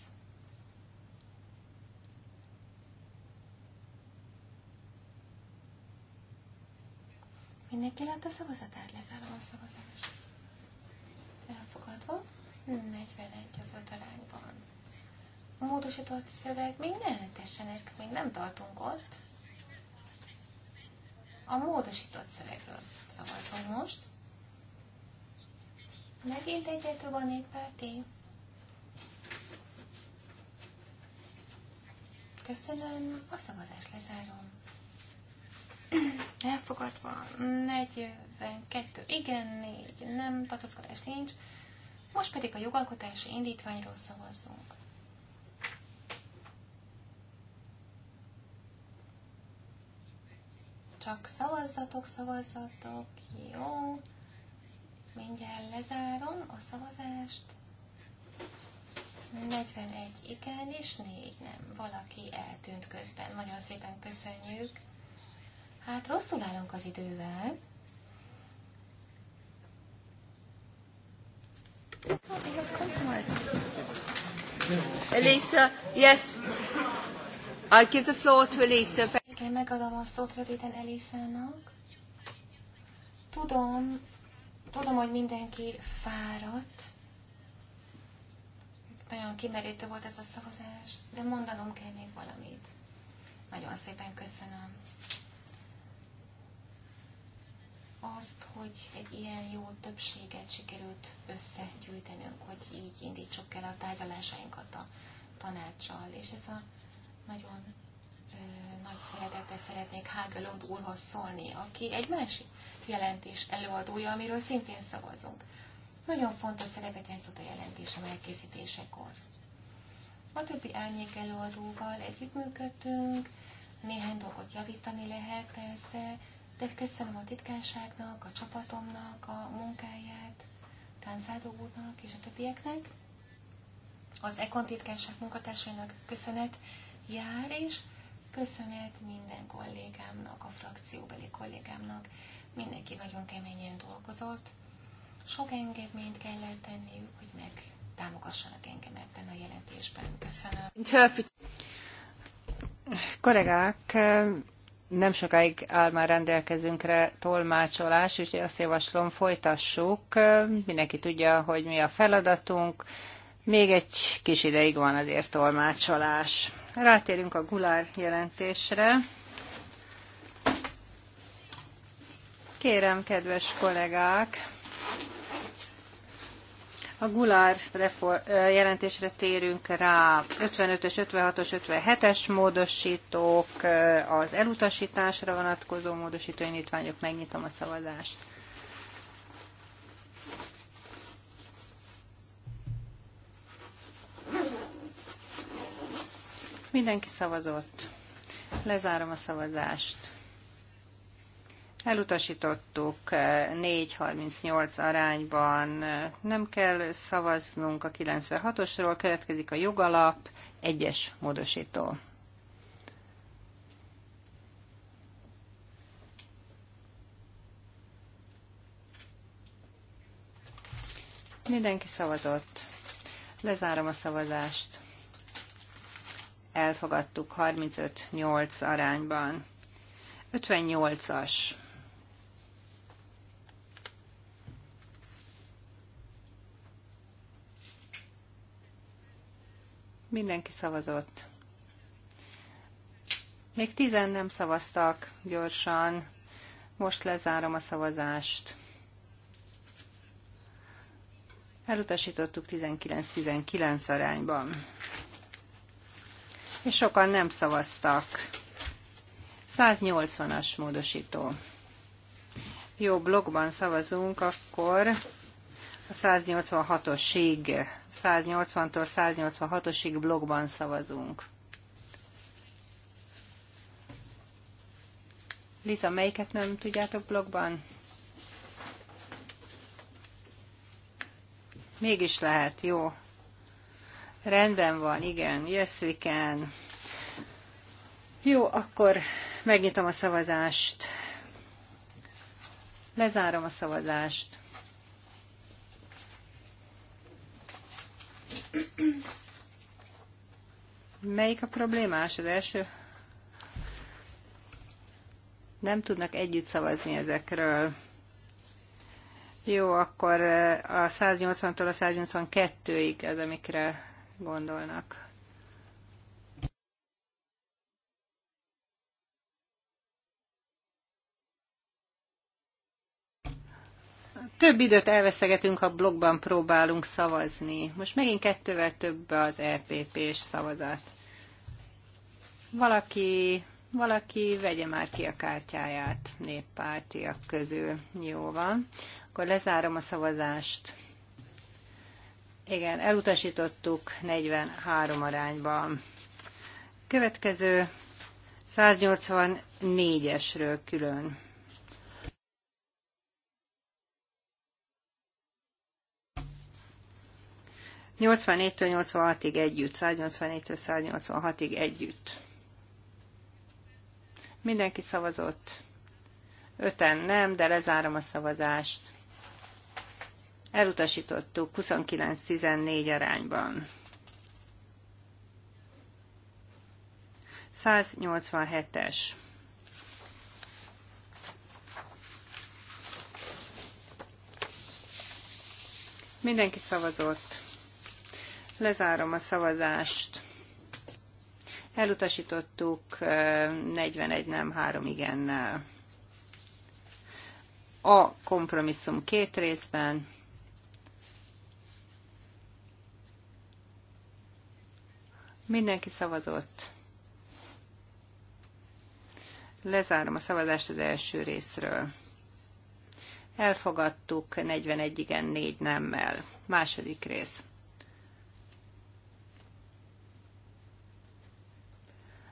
Mindenki látta a szavazatát? Lezárom a szavazást. Elfogadva. 41 az öt arányban. Módosított szöveg, még ne tessenek, még nem tartunk ott. A módosított szövegről szavazom most. Megint egyet van néppárti. Köszönöm, a szavazást lezárom elfogadva, 42, igen, 4, nem, tartózkodás nincs. Most pedig a jogalkotási indítványról szavazzunk. Csak szavazzatok, szavazzatok, jó. Mindjárt lezárom a szavazást. 41 igen és 4 nem. Valaki eltűnt közben. Nagyon szépen köszönjük. Hát rosszul állunk az idővel. Elisa, yes. I give the floor to Elisa. Igen, megadom a szót röviden Elisának. Tudom, tudom, hogy mindenki fáradt. Nagyon kimerítő volt ez a szavazás, de mondanom kell még valamit. Nagyon szépen köszönöm azt, hogy egy ilyen jó többséget sikerült összegyűjtenünk, hogy így indítsuk el a tárgyalásainkat a tanácssal. És ez a nagyon ö, nagy szeretettel szeretnék Hágelund úrhoz szólni, aki egy másik jelentés előadója, amiről szintén szavazunk. Nagyon fontos szerepet játszott a a megkészítésekor. A többi árnyék előadóval együttműködtünk, néhány dolgot javítani lehet persze, tehát köszönöm a titkárságnak, a csapatomnak a munkáját, Tánzádó úrnak és a többieknek. Az Ekon titkárság munkatársainak köszönet jár, és köszönet minden kollégámnak, a frakcióbeli kollégámnak. Mindenki nagyon keményen dolgozott. Sok engedményt kellett tenniük, hogy meg támogassanak engem ebben a jelentésben. Köszönöm. Kollégák, nem sokáig áll már rendelkezünkre tolmácsolás, úgyhogy azt javaslom, folytassuk. Mindenki tudja, hogy mi a feladatunk. Még egy kis ideig van azért tolmácsolás. Rátérünk a Gulár jelentésre. Kérem, kedves kollégák, a Gulár jelentésre térünk rá. 55-ös, 56-os, 57-es módosítók, az elutasításra vonatkozó módosító indítványok. Megnyitom a szavazást. Mindenki szavazott. Lezárom a szavazást. Elutasítottuk 4-38 arányban, nem kell szavaznunk a 96-osról, következik a jogalap, egyes módosító. Mindenki szavazott. Lezárom a szavazást. Elfogadtuk 35-8 arányban. 58-as. Mindenki szavazott. Még tizen nem szavaztak gyorsan. Most lezárom a szavazást. Elutasítottuk 19-19 arányban. És sokan nem szavaztak. 180-as módosító. Jó, blogban szavazunk, akkor a 186-osig 180-tól 186-osig blogban szavazunk. Lisa melyiket nem tudjátok blogban? Mégis lehet, jó. Rendben van, igen. Yes, we can. Jó, akkor megnyitom a szavazást. Lezárom a szavazást. Melyik a problémás? Az első? Nem tudnak együtt szavazni ezekről. Jó, akkor eh, a 180-tól a 182-ig az, amikre gondolnak. több időt elveszegetünk, ha blogban próbálunk szavazni. Most megint kettővel több az EPP-s szavazat. Valaki, valaki vegye már ki a kártyáját néppártiak közül. Jó van. Akkor lezárom a szavazást. Igen, elutasítottuk 43 arányban. Következő 184-esről külön 84-től 86-ig együtt, 184-től 186-ig együtt. Mindenki szavazott. Öten nem, de lezárom a szavazást. Elutasítottuk 29-14 arányban. 187-es. Mindenki szavazott. Lezárom a szavazást. Elutasítottuk 41 nem, 3 igennel. A kompromisszum két részben. Mindenki szavazott. Lezárom a szavazást az első részről. Elfogadtuk 41 igen, 4 nemmel. Második rész.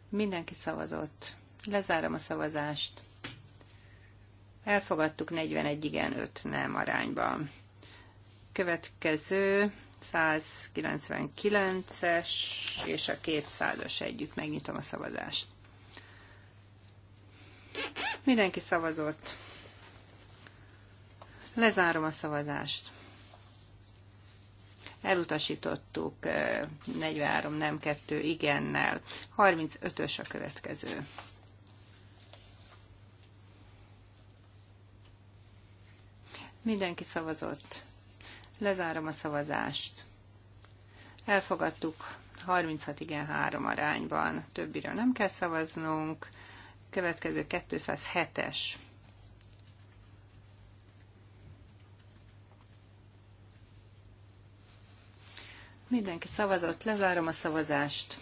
Mindenki szavazott. Lezárom a szavazást. Elfogadtuk 41 igen, 5 nem arányban. Következő 199-es és a 200-as együtt. Megnyitom a szavazást. Mindenki szavazott. Lezárom a szavazást elutasítottuk 43 nem 2 igennel. 35-ös a következő. Mindenki szavazott. Lezárom a szavazást. Elfogadtuk 36 igen 3 arányban. Többiről nem kell szavaznunk. Következő 207-es. Mindenki szavazott, lezárom a szavazást.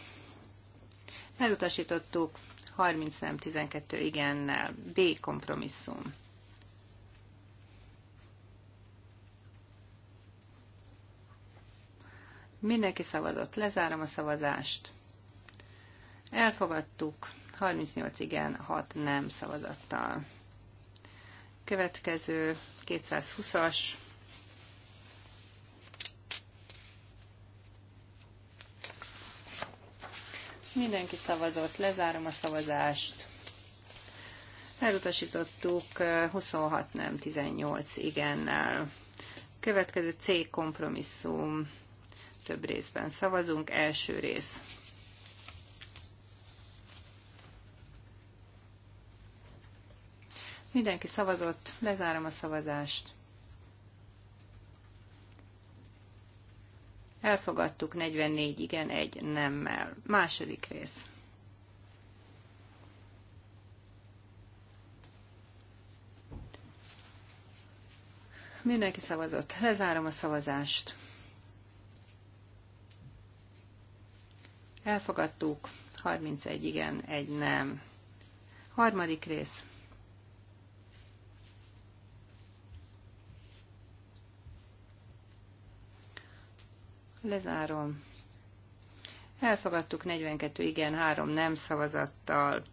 Elutasítottuk 30 nem 12 igennel. B kompromisszum. Mindenki szavazott, lezárom a szavazást. Elfogadtuk 38 igen, 6 nem szavazattal. Következő 220-as. Mindenki szavazott, lezárom a szavazást. Elutasítottuk 26 nem, 18 igennel. Következő C kompromisszum. Több részben szavazunk. Első rész. Mindenki szavazott, lezárom a szavazást. Elfogadtuk 44 igen, egy nemmel. Második rész. Mindenki szavazott. Lezárom a szavazást. Elfogadtuk. 31 igen, egy nem. Harmadik rész. Lezárom. Elfogadtuk 42 igen, 3 nem szavazattal.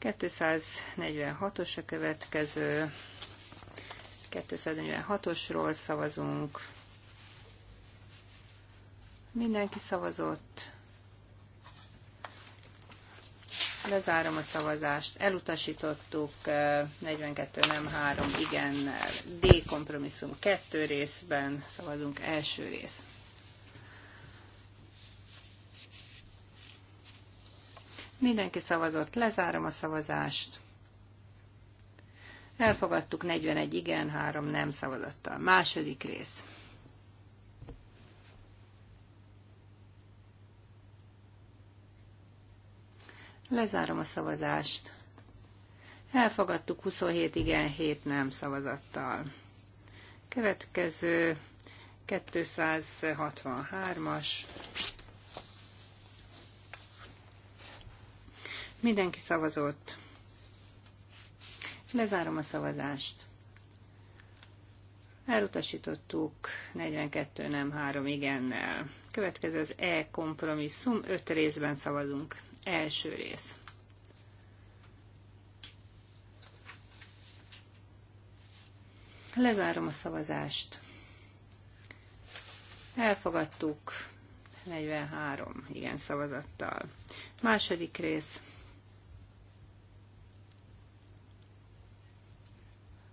246-os a következő. 246-osról szavazunk. Mindenki szavazott. Lezárom a szavazást. Elutasítottuk 42 nem 3 igen. D kompromisszum kettő részben. Szavazunk első rész. Mindenki szavazott. Lezárom a szavazást. Elfogadtuk 41 igen, 3 nem szavazattal. Második rész. Lezárom a szavazást. Elfogadtuk 27 igen, 7 nem szavazattal. Következő 263-as. Mindenki szavazott. Lezárom a szavazást. Elutasítottuk 42 nem, 3 igennel. Következő az E kompromisszum, 5 részben szavazunk első rész. Lezárom a szavazást. Elfogadtuk 43 igen szavazattal. Második rész.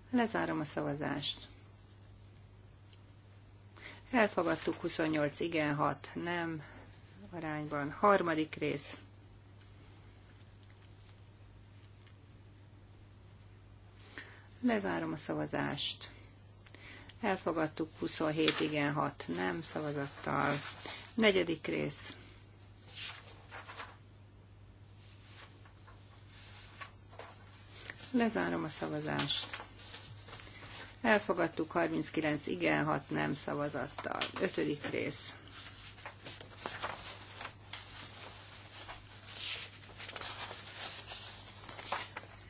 Lezárom a szavazást. Elfogadtuk 28 igen, 6 nem arányban. Harmadik rész. Lezárom a szavazást. Elfogadtuk 27 igen, 6 nem szavazattal. Negyedik rész. Lezárom a szavazást. Elfogadtuk 39 igen, 6 nem szavazattal. Ötödik rész.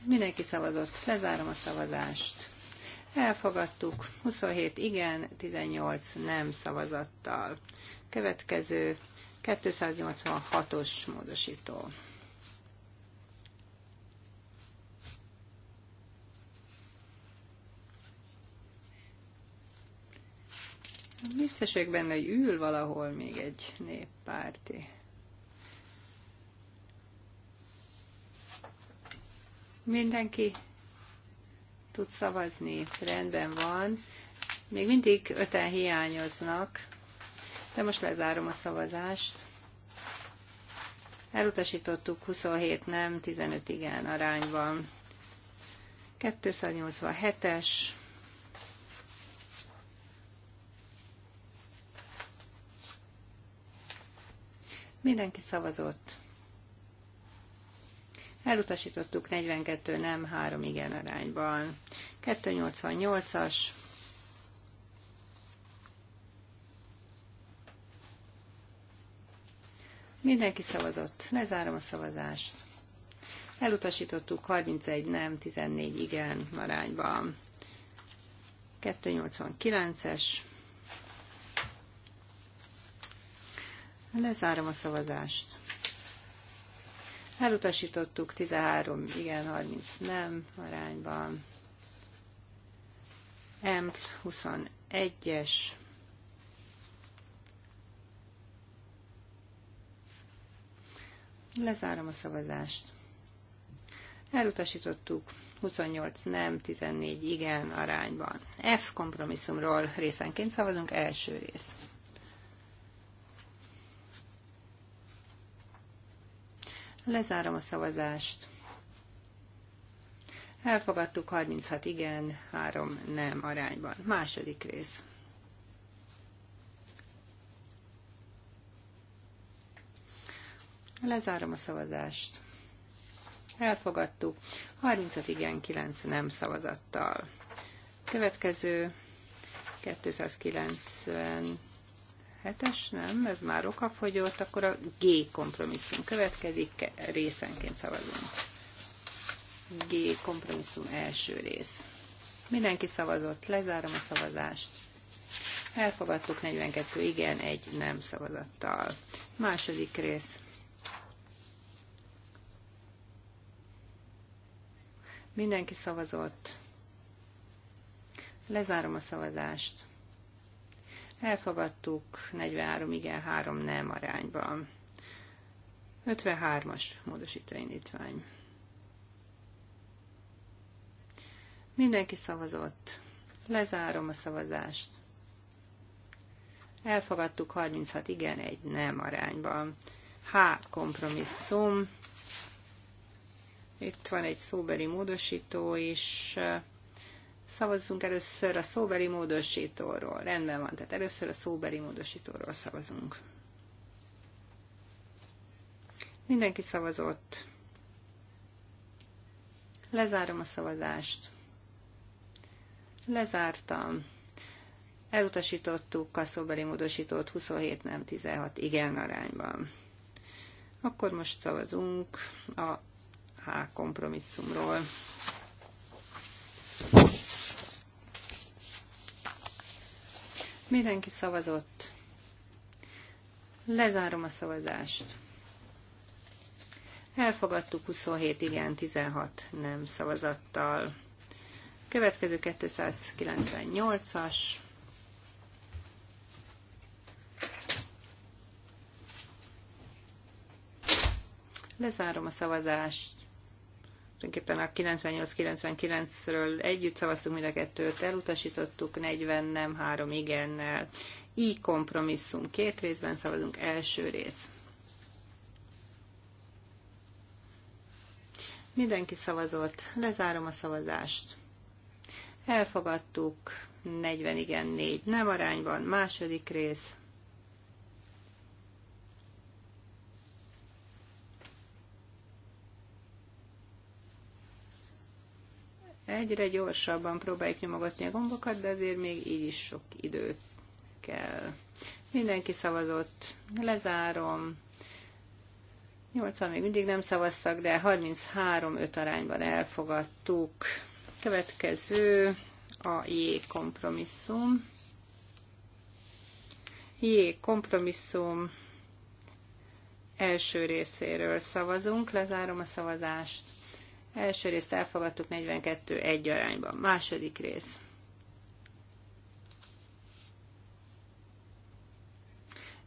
Mindenki szavazott. Lezárom a szavazást. Elfogadtuk. 27 igen, 18 nem szavazattal. Következő 286-os módosító. Biztos vagyok benne, hogy ül valahol még egy néppárti. Mindenki tud szavazni, rendben van. Még mindig öten hiányoznak, de most lezárom a szavazást. Elutasítottuk 27 nem, 15 igen arányban. 287-es. Mindenki szavazott. Elutasítottuk 42 nem, 3 igen arányban. 288-as. Mindenki szavazott. Lezárom a szavazást. Elutasítottuk 31 nem, 14 igen arányban. 289-es. Lezárom a szavazást. Elutasítottuk 13 igen, 30 nem arányban. M 21-es. Lezárom a szavazást. Elutasítottuk 28 nem, 14 igen arányban. F kompromisszumról részenként szavazunk, első rész. Lezárom a szavazást. Elfogadtuk 36 igen, 3 nem arányban. Második rész. Lezárom a szavazást. Elfogadtuk 36 igen, 9 nem szavazattal. Következő 290 hetes, nem, ez már okafogyott, akkor a G kompromisszum következik, részenként szavazunk. G kompromisszum első rész. Mindenki szavazott, lezárom a szavazást. Elfogadtuk 42 igen, egy nem szavazattal. Második rész. Mindenki szavazott. Lezárom a szavazást. Elfogadtuk 43 igen, 3 nem arányban. 53-as módosítóindítvány. Mindenki szavazott. Lezárom a szavazást. Elfogadtuk 36 igen, egy nem arányban. H. Kompromisszum. Itt van egy szóbeli módosító is. Szavazzunk először a szóbeli módosítóról. Rendben van, tehát először a szóbeli módosítóról szavazunk. Mindenki szavazott. Lezárom a szavazást. Lezártam. Elutasítottuk a szóbeli módosítót 27 nem 16 igen arányban. Akkor most szavazunk a H kompromisszumról. Mindenki szavazott. Lezárom a szavazást. Elfogadtuk 27 igen, 16 nem szavazattal. Következő 298-as. Lezárom a szavazást tulajdonképpen a 98-99-ről együtt szavaztunk mind a kettőt, elutasítottuk, 40 nem, 3 igennel. Így kompromisszum, két részben szavazunk, első rész. Mindenki szavazott, lezárom a szavazást. Elfogadtuk, 40 igen, 4 nem arányban, második rész. Egyre gyorsabban próbáljuk nyomogatni a gombokat, de azért még így is sok idő kell. Mindenki szavazott, lezárom. 80 még mindig nem szavaztak, de 33-5 arányban elfogadtuk. Következő a J kompromisszum. J kompromisszum első részéről szavazunk, lezárom a szavazást. Első részt elfogadtuk 42 egy arányban. Második rész.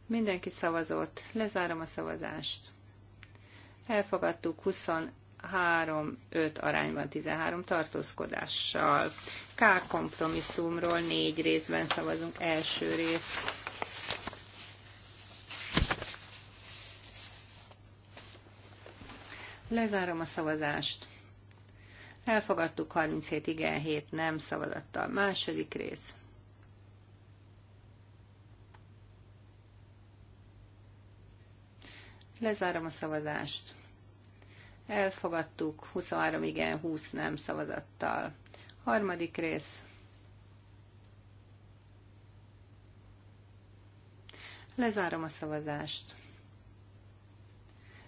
Mindenki szavazott. Lezárom a szavazást. Elfogadtuk 23-5 arányban 13 tartózkodással. K kompromisszumról négy részben szavazunk. Első rész. Lezárom a szavazást. Elfogadtuk 37 igen, 7 nem szavazattal. Második rész. Lezárom a szavazást. Elfogadtuk 23 igen, 20 nem szavazattal. Harmadik rész. Lezárom a szavazást.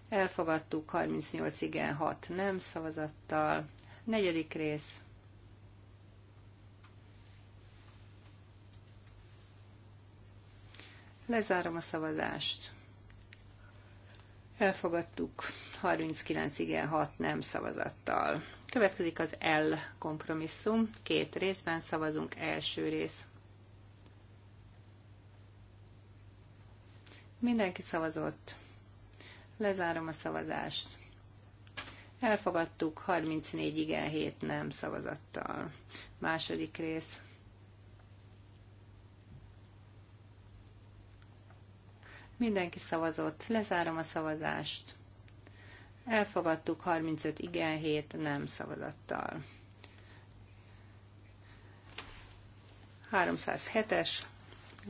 Elfogadtuk 38 igen, 6 nem szavazattal. Negyedik rész. Lezárom a szavazást. Elfogadtuk 39 igen, 6 nem szavazattal. Következik az L kompromisszum. Két részben szavazunk. Első rész. Mindenki szavazott. Lezárom a szavazást. Elfogadtuk 34 igen, 7 nem szavazattal. Második rész. Mindenki szavazott. Lezárom a szavazást. Elfogadtuk 35 igen, 7 nem szavazattal. 307-es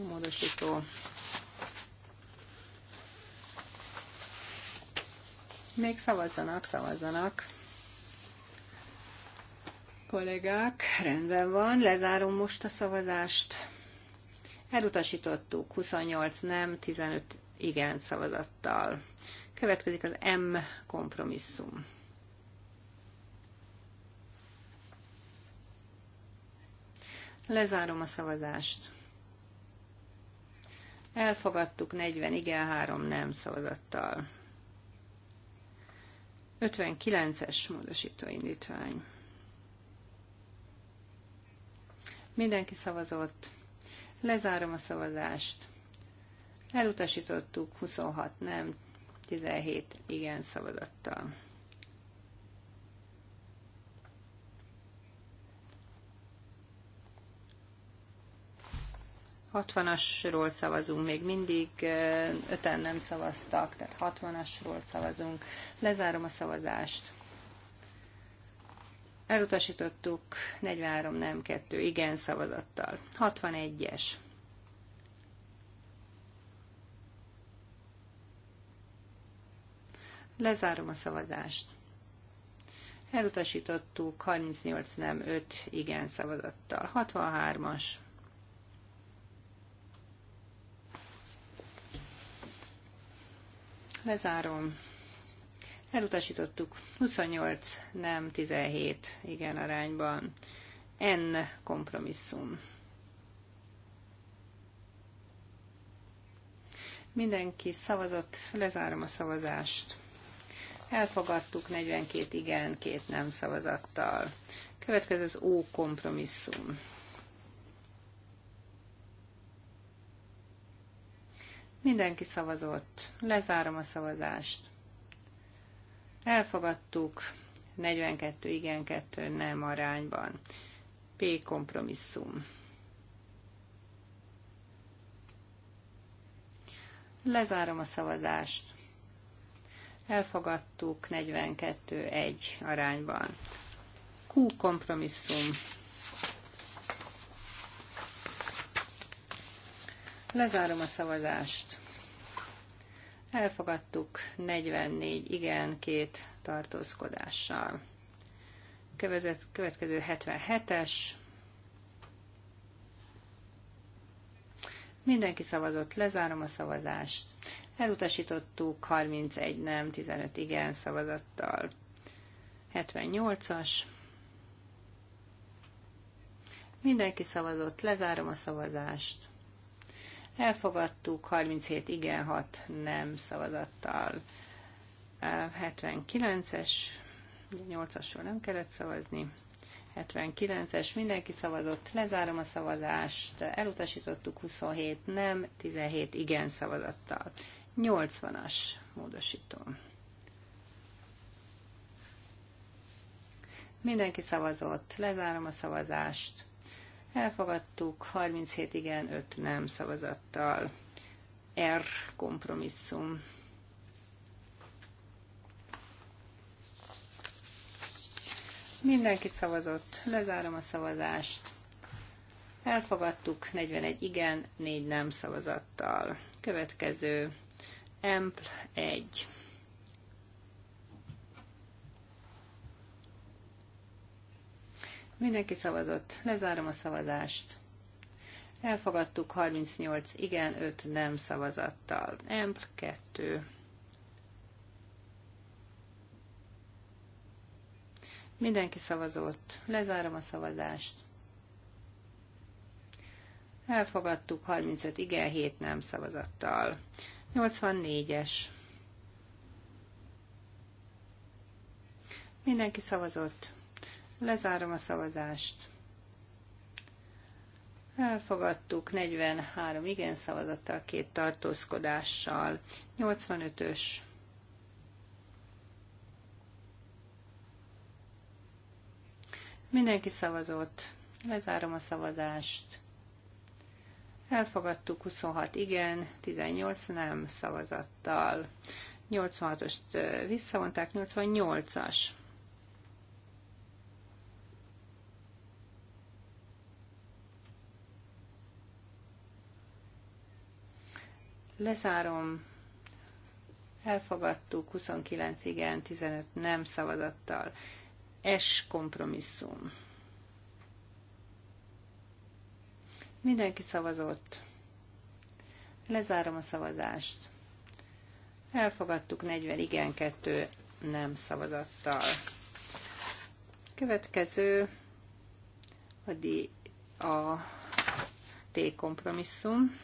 módosító Még szavazzanak, szavazzanak. Kollégák, rendben van, lezárom most a szavazást. Elutasítottuk 28 nem, 15 igen szavazattal. Következik az M kompromisszum. Lezárom a szavazást. Elfogadtuk 40 igen, 3 nem szavazattal. 59-es módosító indítvány. Mindenki szavazott. Lezárom a szavazást. Elutasítottuk 26 nem, 17 igen szavazattal. 60-asról szavazunk, még mindig öten nem szavaztak, tehát 60-asról szavazunk. Lezárom a szavazást. Elutasítottuk 43 nem 2 igen szavazattal. 61-es. Lezárom a szavazást. Elutasítottuk 38 nem 5 igen szavazattal. 63-as. Lezárom. Elutasítottuk. 28, nem 17, igen arányban. N kompromisszum. Mindenki szavazott, lezárom a szavazást. Elfogadtuk 42 igen, két nem szavazattal. Következő az O kompromisszum. Mindenki szavazott. Lezárom a szavazást. Elfogadtuk 42 igen, 2 nem arányban. P kompromisszum. Lezárom a szavazást. Elfogadtuk 42-1 arányban. Q kompromisszum. Lezárom a szavazást. Elfogadtuk 44 igen, két tartózkodással. Következő 77-es. Mindenki szavazott, lezárom a szavazást. Elutasítottuk 31 nem, 15 igen szavazattal. 78-as. Mindenki szavazott, lezárom a szavazást. Elfogadtuk 37 igen, 6 nem szavazattal. 79-es, 8-asról nem kellett szavazni. 79-es, mindenki szavazott, lezárom a szavazást, elutasítottuk 27 nem, 17 igen szavazattal. 80-as módosító. Mindenki szavazott, lezárom a szavazást, Elfogadtuk 37 igen, 5 nem szavazattal. R kompromisszum. Mindenki szavazott. Lezárom a szavazást. Elfogadtuk 41 igen, 4 nem szavazattal. Következő. Empl 1. Mindenki szavazott. Lezárom a szavazást. Elfogadtuk 38 igen, 5 nem szavazattal. Empl 2. Mindenki szavazott. Lezárom a szavazást. Elfogadtuk 35 igen, 7 nem szavazattal. 84-es. Mindenki szavazott. Lezárom a szavazást. Elfogadtuk 43 igen szavazattal, két tartózkodással. 85-ös. Mindenki szavazott. Lezárom a szavazást. Elfogadtuk 26 igen, 18 nem szavazattal. 86-ost visszavonták, 88-as. Lezárom. Elfogadtuk 29 igen, 15 nem szavazattal. Es kompromisszum. Mindenki szavazott. Lezárom a szavazást. Elfogadtuk 40 igen, 2 nem szavazattal. Következő a, D, a T kompromisszum.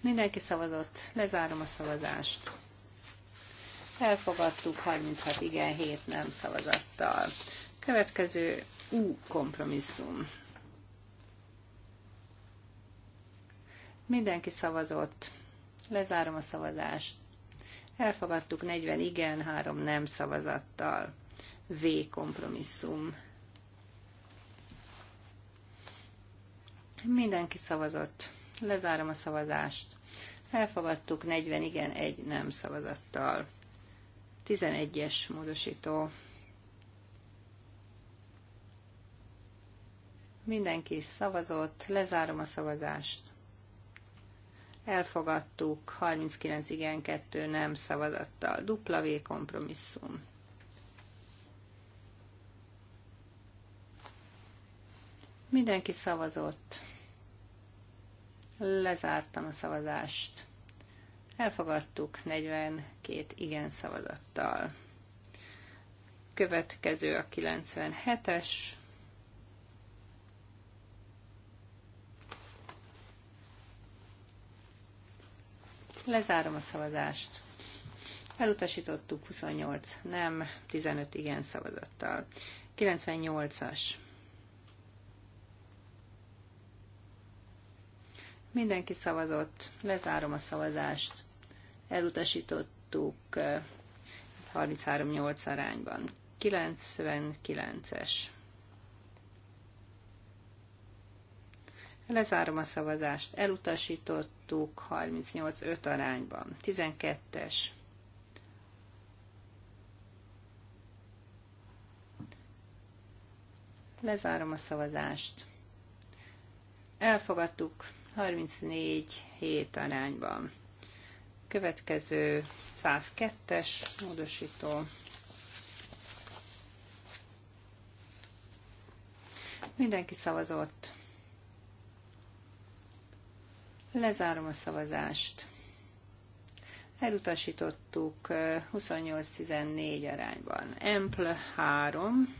Mindenki szavazott, lezárom a szavazást. Elfogadtuk 36 igen, 7 nem szavazattal. Következő U kompromisszum. Mindenki szavazott. Lezárom a szavazást. Elfogadtuk 40 igen, 3 nem szavazattal. V kompromisszum. Mindenki szavazott. Lezárom a szavazást. Elfogadtuk 40 igen, egy nem szavazattal. 11-es módosító. Mindenki szavazott, lezárom a szavazást. Elfogadtuk 39 igen, 2 nem szavazattal. Dupla V kompromisszum. Mindenki szavazott. Lezártam a szavazást. Elfogadtuk 42 igen szavazattal. Következő a 97-es. Lezárom a szavazást. Elutasítottuk 28 nem, 15 igen szavazattal. 98-as. Mindenki szavazott. Lezárom a szavazást. Elutasítottuk 33-8 arányban. 99-es. Lezárom a szavazást. Elutasítottuk 38-5 arányban. 12-es. Lezárom a szavazást. Elfogadtuk 34 hét arányban. Következő 102-es módosító. Mindenki szavazott. Lezárom a szavazást. Elutasítottuk 28-14 arányban. Ample 3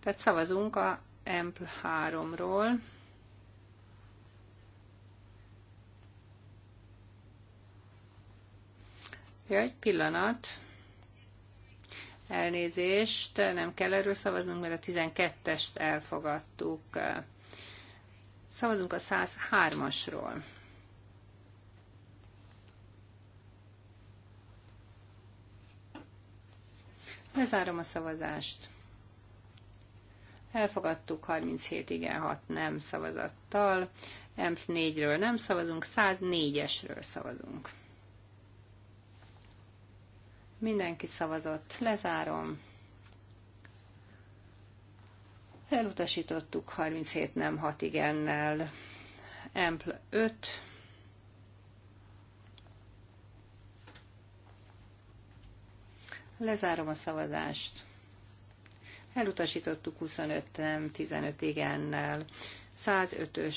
Tehát szavazunk a M3-ról. Ja, egy pillanat. Elnézést, nem kell erről szavaznunk, mert a 12-est elfogadtuk. Szavazunk a 103-asról. Lezárom a szavazást elfogadtuk 37 igen, 6 nem szavazattal, EMP 4-ről nem szavazunk, 104-esről szavazunk. Mindenki szavazott, lezárom. Elutasítottuk 37 nem 6 igennel. EMP 5, Lezárom a szavazást. Elutasítottuk 25 nem, 15 igennel. 105-ös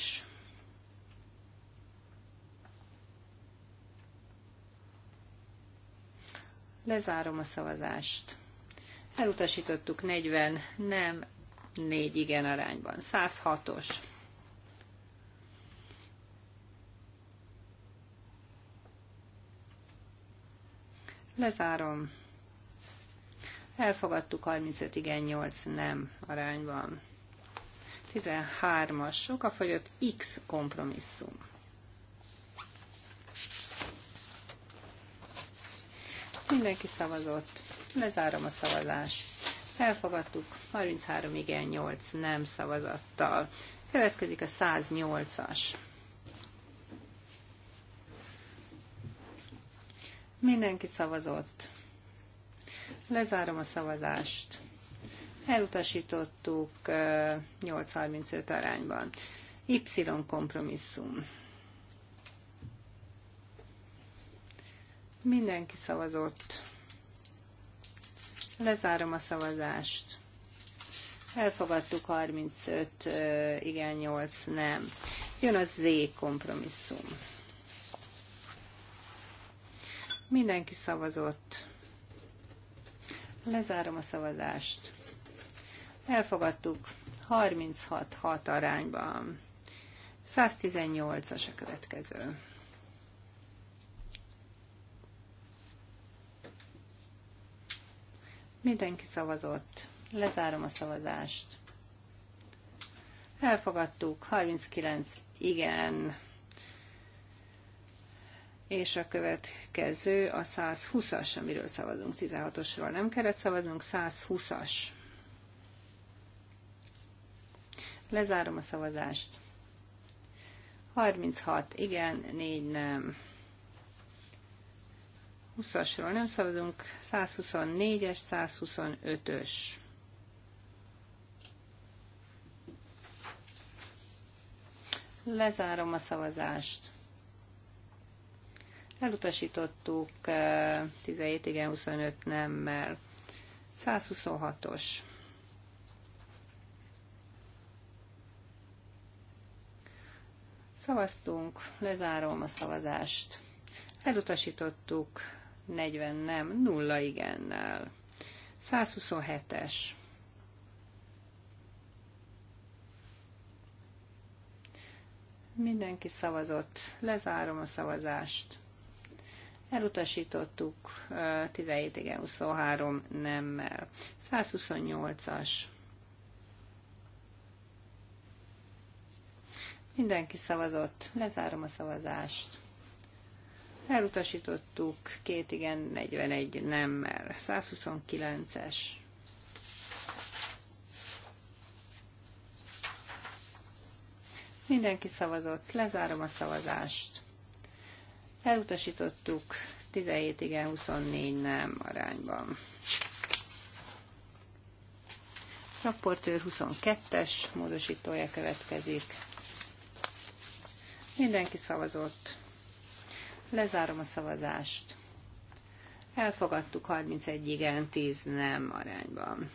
Lezárom a szavazást. Elutasítottuk 40 nem, 4 igen arányban. 106-os. Lezárom. Elfogadtuk 35 igen, 8 nem arányban. 13-as sokafogyott X kompromisszum. Mindenki szavazott. Lezárom a szavazást. Elfogadtuk 33 igen, 8 nem szavazattal. Következik a 108-as. Mindenki szavazott. Lezárom a szavazást. Elutasítottuk 8.35 arányban. Y kompromisszum. Mindenki szavazott. Lezárom a szavazást. Elfogadtuk 35, igen, 8 nem. Jön a Z kompromisszum. Mindenki szavazott. Lezárom a szavazást. Elfogadtuk 36-6 arányban. 118-as a következő. Mindenki szavazott. Lezárom a szavazást. Elfogadtuk. 39 igen és a következő a 120-as, amiről szavazunk, 16-osról nem kellett szavaznunk, 120-as. Lezárom a szavazást. 36, igen, 4 nem. 20-asról nem szavazunk, 124-es, 125-ös. Lezárom a szavazást. Elutasítottuk 17 igen, 25 nemmel. 126-os. Szavaztunk, lezárom a szavazást. Elutasítottuk 40 nem, 0 igennel. 127-es. Mindenki szavazott. Lezárom a szavazást. Elutasítottuk 17 igen, 23 nemmel. 128-as. Mindenki szavazott. Lezárom a szavazást. Elutasítottuk két igen, 41 nemmel. 129-es. Mindenki szavazott. Lezárom a szavazást. Elutasítottuk 17 igen, 24 nem arányban. Rapportőr 22-es módosítója következik. Mindenki szavazott. Lezárom a szavazást. Elfogadtuk 31 igen, 10 nem arányban.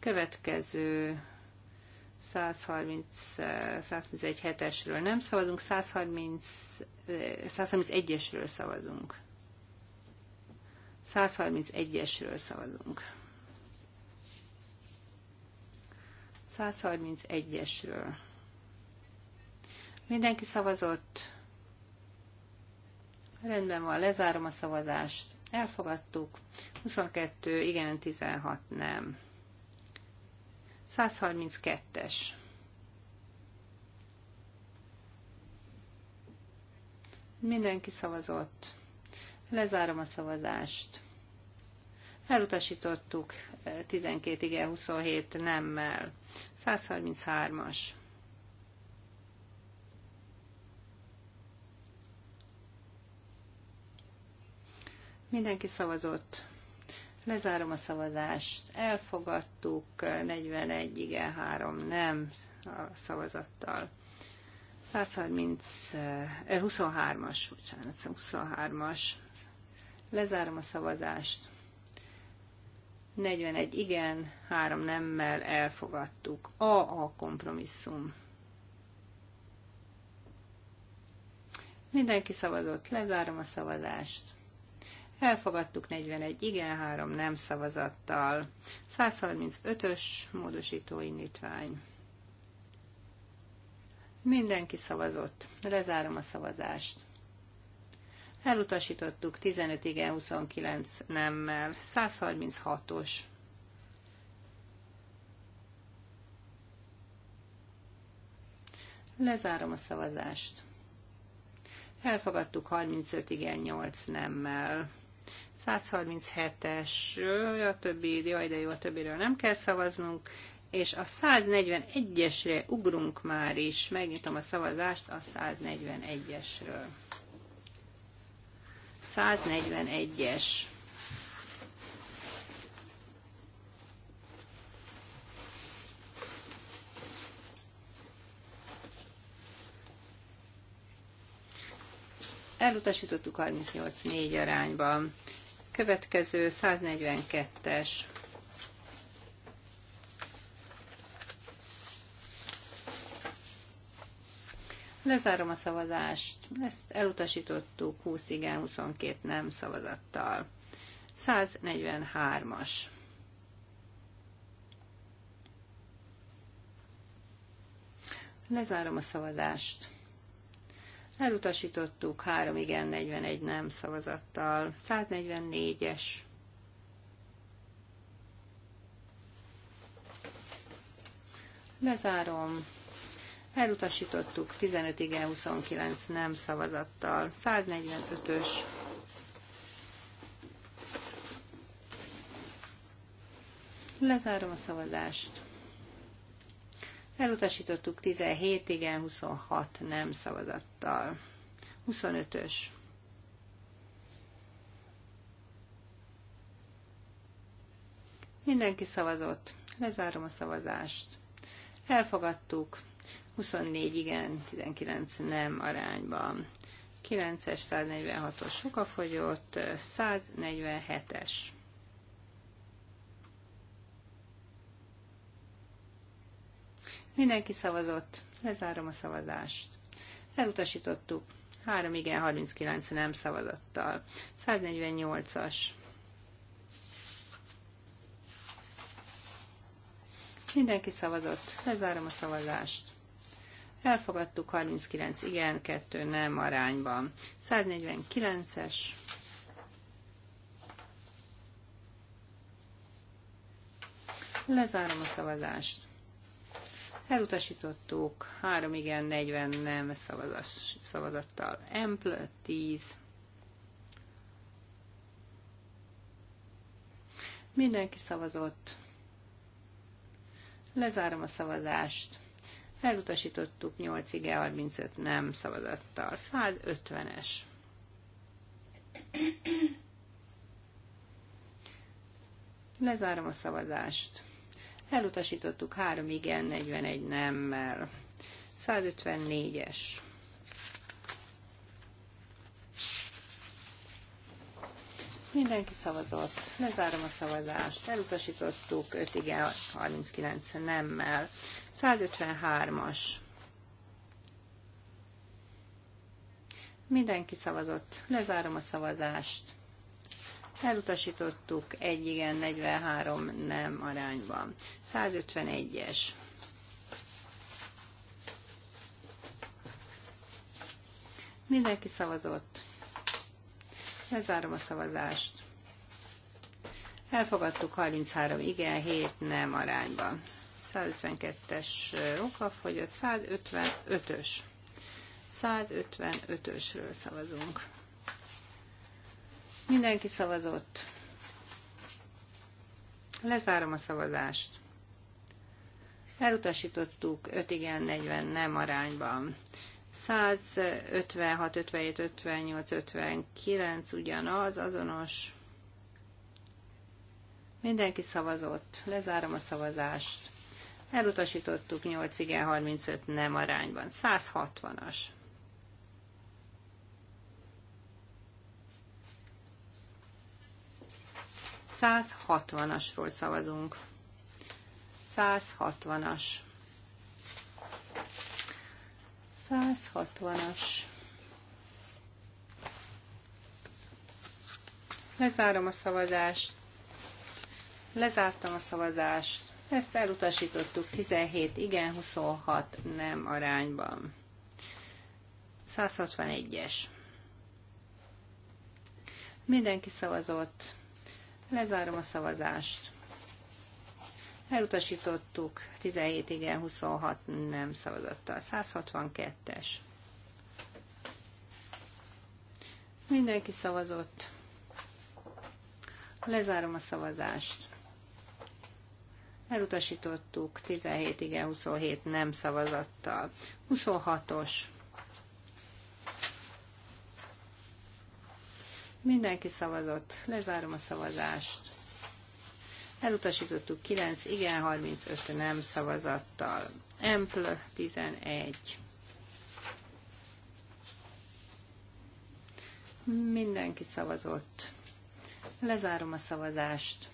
Következő 131 hetesről nem szavazunk, 130, 131-esről eh, szavazunk. 131-esről szavazunk. 131-esről. Mindenki szavazott. Rendben van, lezárom a szavazást. Elfogadtuk. 22 igen, 16 nem. 132-es. Mindenki szavazott. Lezárom a szavazást. Elutasítottuk 12 eh, igen, 27 nemmel. 133-as. Mindenki szavazott. Lezárom a szavazást. Elfogadtuk 41 igen, 3 nem a szavazattal. 123 23-as, bocsánat, 23-as. Lezárom a szavazást. 41 igen, 3 nemmel elfogadtuk. A a kompromisszum. Mindenki szavazott, lezárom a szavazást. Elfogadtuk 41 igen, 3 nem szavazattal. 135-ös módosító indítvány. Mindenki szavazott. Lezárom a szavazást. Elutasítottuk 15 igen, 29 nemmel. 136-os. Lezárom a szavazást. Elfogadtuk 35 igen, 8 nemmel. 137-es, a többi, jaj de jó, a többiről nem kell szavaznunk, és a 141-esre ugrunk már is. Megnyitom a szavazást a 141-esről. 141-es. Elutasítottuk 38-4 arányban. Következő 142-es. Lezárom a szavazást. Ezt elutasítottuk 20 igen, 22 nem szavazattal. 143-as. Lezárom a szavazást. Elutasítottuk 3 igen, 41 nem szavazattal. 144-es. Lezárom. Elutasítottuk 15 igen, 29 nem szavazattal. 145-ös. Lezárom a szavazást. Elutasítottuk 17, igen, 26 nem szavazattal. 25-ös. Mindenki szavazott. Lezárom a szavazást. Elfogadtuk. 24 igen, 19 nem arányban. 9-es, 146-os sokafogyott, 147-es. Mindenki szavazott. Lezárom a szavazást. Elutasítottuk. 3 igen, 39 nem szavazattal. 148-as. Mindenki szavazott. Lezárom a szavazást. Elfogadtuk 39 igen, 2 nem arányban. 149-es. Lezárom a szavazást. Elutasítottuk 3 igen, 40 nem szavazas, szavazattal. Empl 10. Mindenki szavazott. Lezárom a szavazást. Elutasítottuk 8 igen, 35 nem szavazattal. 150-es. Lezárom a szavazást. Elutasítottuk 3 igen, 41 nemmel. 154-es. Mindenki szavazott. Lezárom a szavazást. Elutasítottuk 5 igen, 39 nemmel. 153-as. Mindenki szavazott. Lezárom a szavazást. Elutasítottuk egy igen, 43 nem arányban. 151-es. Mindenki szavazott. Lezárom a szavazást. Elfogadtuk 33 igen, 7 nem arányban. 152-es okafogyott, 155-ös. 155-ösről szavazunk. Mindenki szavazott. Lezárom a szavazást. Elutasítottuk 5 igen, 40 nem arányban. 156, 57, 58, 59 ugyanaz, azonos. Mindenki szavazott. Lezárom a szavazást. Elutasítottuk 8 igen, 35 nem arányban. 160-as. 160-asról szavazunk. 160-as. 160-as. Lezárom a szavazást. Lezártam a szavazást. Ezt elutasítottuk 17 igen, 26 nem arányban. 161-es. Mindenki szavazott. Lezárom a szavazást. Elutasítottuk 17 igen, 26 nem a 162-es. Mindenki szavazott. Lezárom a szavazást. Elutasítottuk 17 igen, 27 nem szavazattal. 26-os. Mindenki szavazott. Lezárom a szavazást. Elutasítottuk 9, igen, 35 nem szavazattal. Empl 11. Mindenki szavazott. Lezárom a szavazást.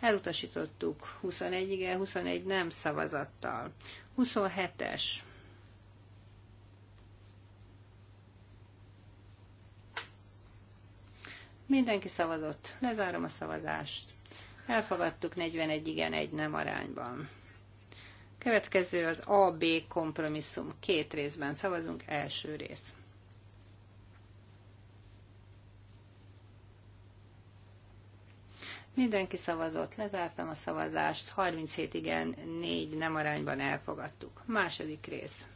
Elutasítottuk 21 igen, 21 nem szavazattal. 27-es. Mindenki szavazott. Lezárom a szavazást. Elfogadtuk 41 igen, egy nem arányban. Következő az AB kompromisszum. Két részben szavazunk. Első rész. Mindenki szavazott, lezártam a szavazást, 37 igen, 4 nem arányban elfogadtuk. Második rész.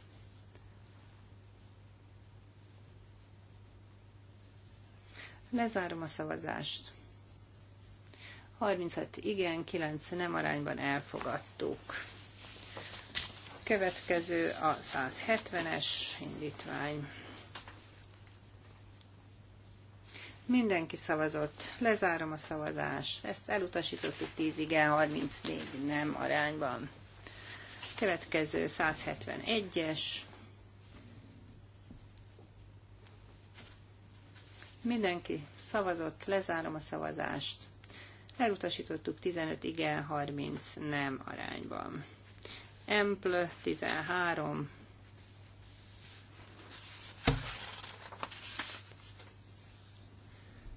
Lezárom a szavazást. 36 igen, 9 nem arányban elfogadtuk. Következő a 170-es indítvány. Mindenki szavazott. Lezárom a szavazást. Ezt elutasítottuk 10 igen, 34 nem arányban. Következő 171-es. Mindenki szavazott, lezárom a szavazást. Elutasítottuk 15 igen, 30 nem arányban. Empl 13.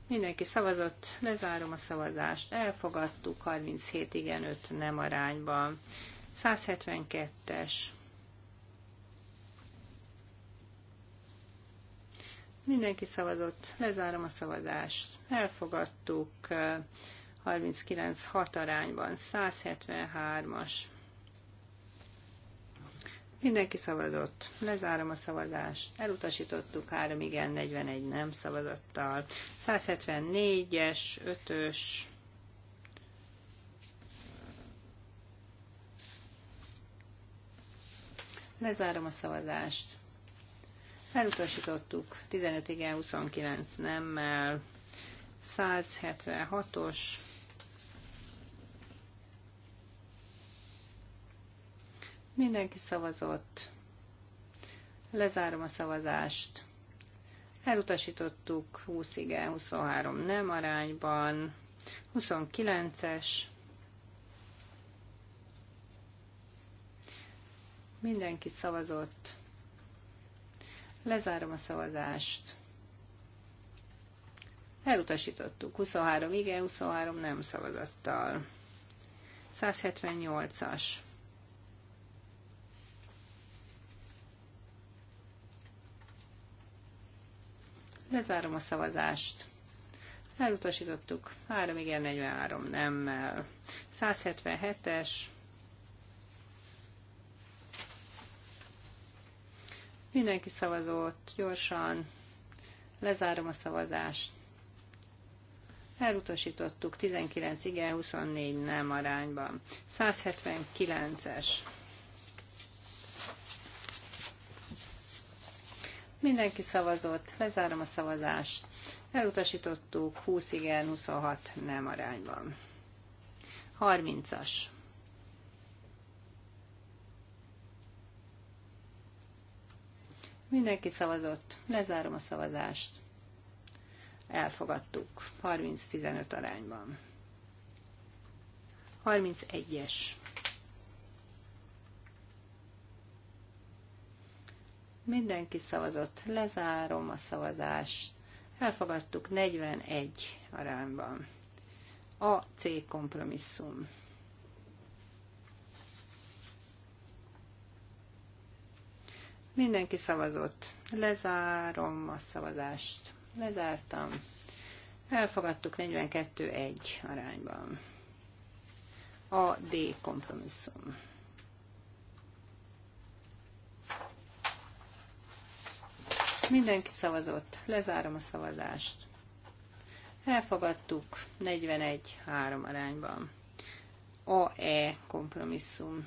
Mindenki szavazott, lezárom a szavazást. Elfogadtuk 37 igen, 5 nem arányban. 172-es. Mindenki szavazott, lezárom a szavazást. Elfogadtuk 39-6 arányban, 173-as. Mindenki szavazott, lezárom a szavazást. Elutasítottuk 3 igen, 41 nem szavazattal. 174-es, 5-ös. Lezárom a szavazást Elutasítottuk 15 igen, 29 nemmel. 176-os. Mindenki szavazott. Lezárom a szavazást. Elutasítottuk 20 igen, 23 nem arányban. 29-es. Mindenki szavazott. Lezárom a szavazást. Elutasítottuk. 23 igen, 23 nem szavazattal. 178-as. Lezárom a szavazást. Elutasítottuk. 3 igen, 43 nemmel. 177-es. Mindenki szavazott, gyorsan. Lezárom a szavazást. Elutasítottuk 19 igen, 24 nem arányban. 179-es. Mindenki szavazott, lezárom a szavazást. Elutasítottuk 20 igen, 26 nem arányban. 30-as. Mindenki szavazott. Lezárom a szavazást. Elfogadtuk. 30-15 arányban. 31-es. Mindenki szavazott. Lezárom a szavazást. Elfogadtuk 41 arányban. A C kompromisszum. Mindenki szavazott. Lezárom a szavazást. Lezártam. Elfogadtuk 42-1 arányban. A D kompromisszum. Mindenki szavazott. Lezárom a szavazást. Elfogadtuk 41-3 arányban. A E kompromisszum.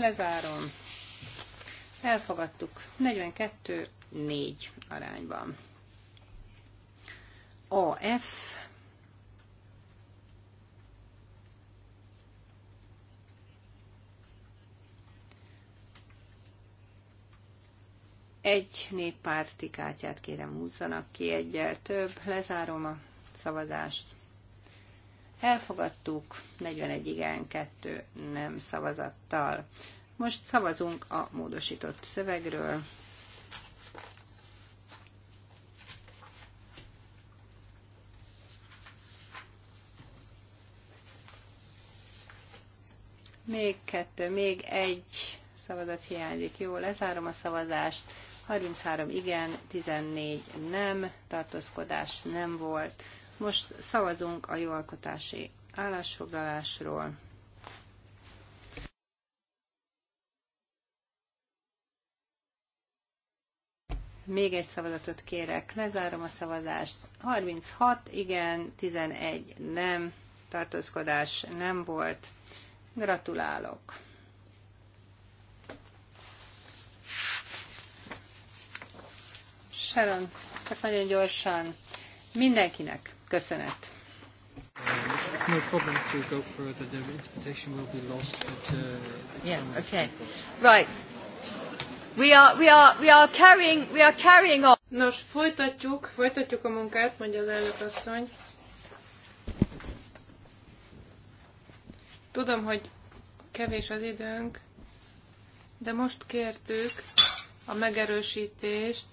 Lezárom. Elfogadtuk. 42-4 arányban. AF egy néppárti kártyát kérem húzzanak ki egyel több. Lezárom a szavazást. Elfogadtuk 41 igen, 2 nem szavazattal. Most szavazunk a módosított szövegről. Még kettő, még egy szavazat hiányzik. Jó, lezárom a szavazást. 33 igen, 14 nem, tartózkodás nem volt. Most szavazunk a jóalkotási állásfoglalásról. Még egy szavazatot kérek, lezárom a szavazást. 36 igen, 11 nem, tartózkodás nem volt. Gratulálok! Sharon, csak nagyon gyorsan mindenkinek Köszönet. no problem to go further. The interpretation will be lost. But, uh, yeah. Okay. Right. We are, we are, we are carrying, we are carrying on. Nos, folytatjuk, folytatjuk a munkát, mondja az elnök asszony. Tudom, hogy kevés az időnk, de most kértük a megerősítést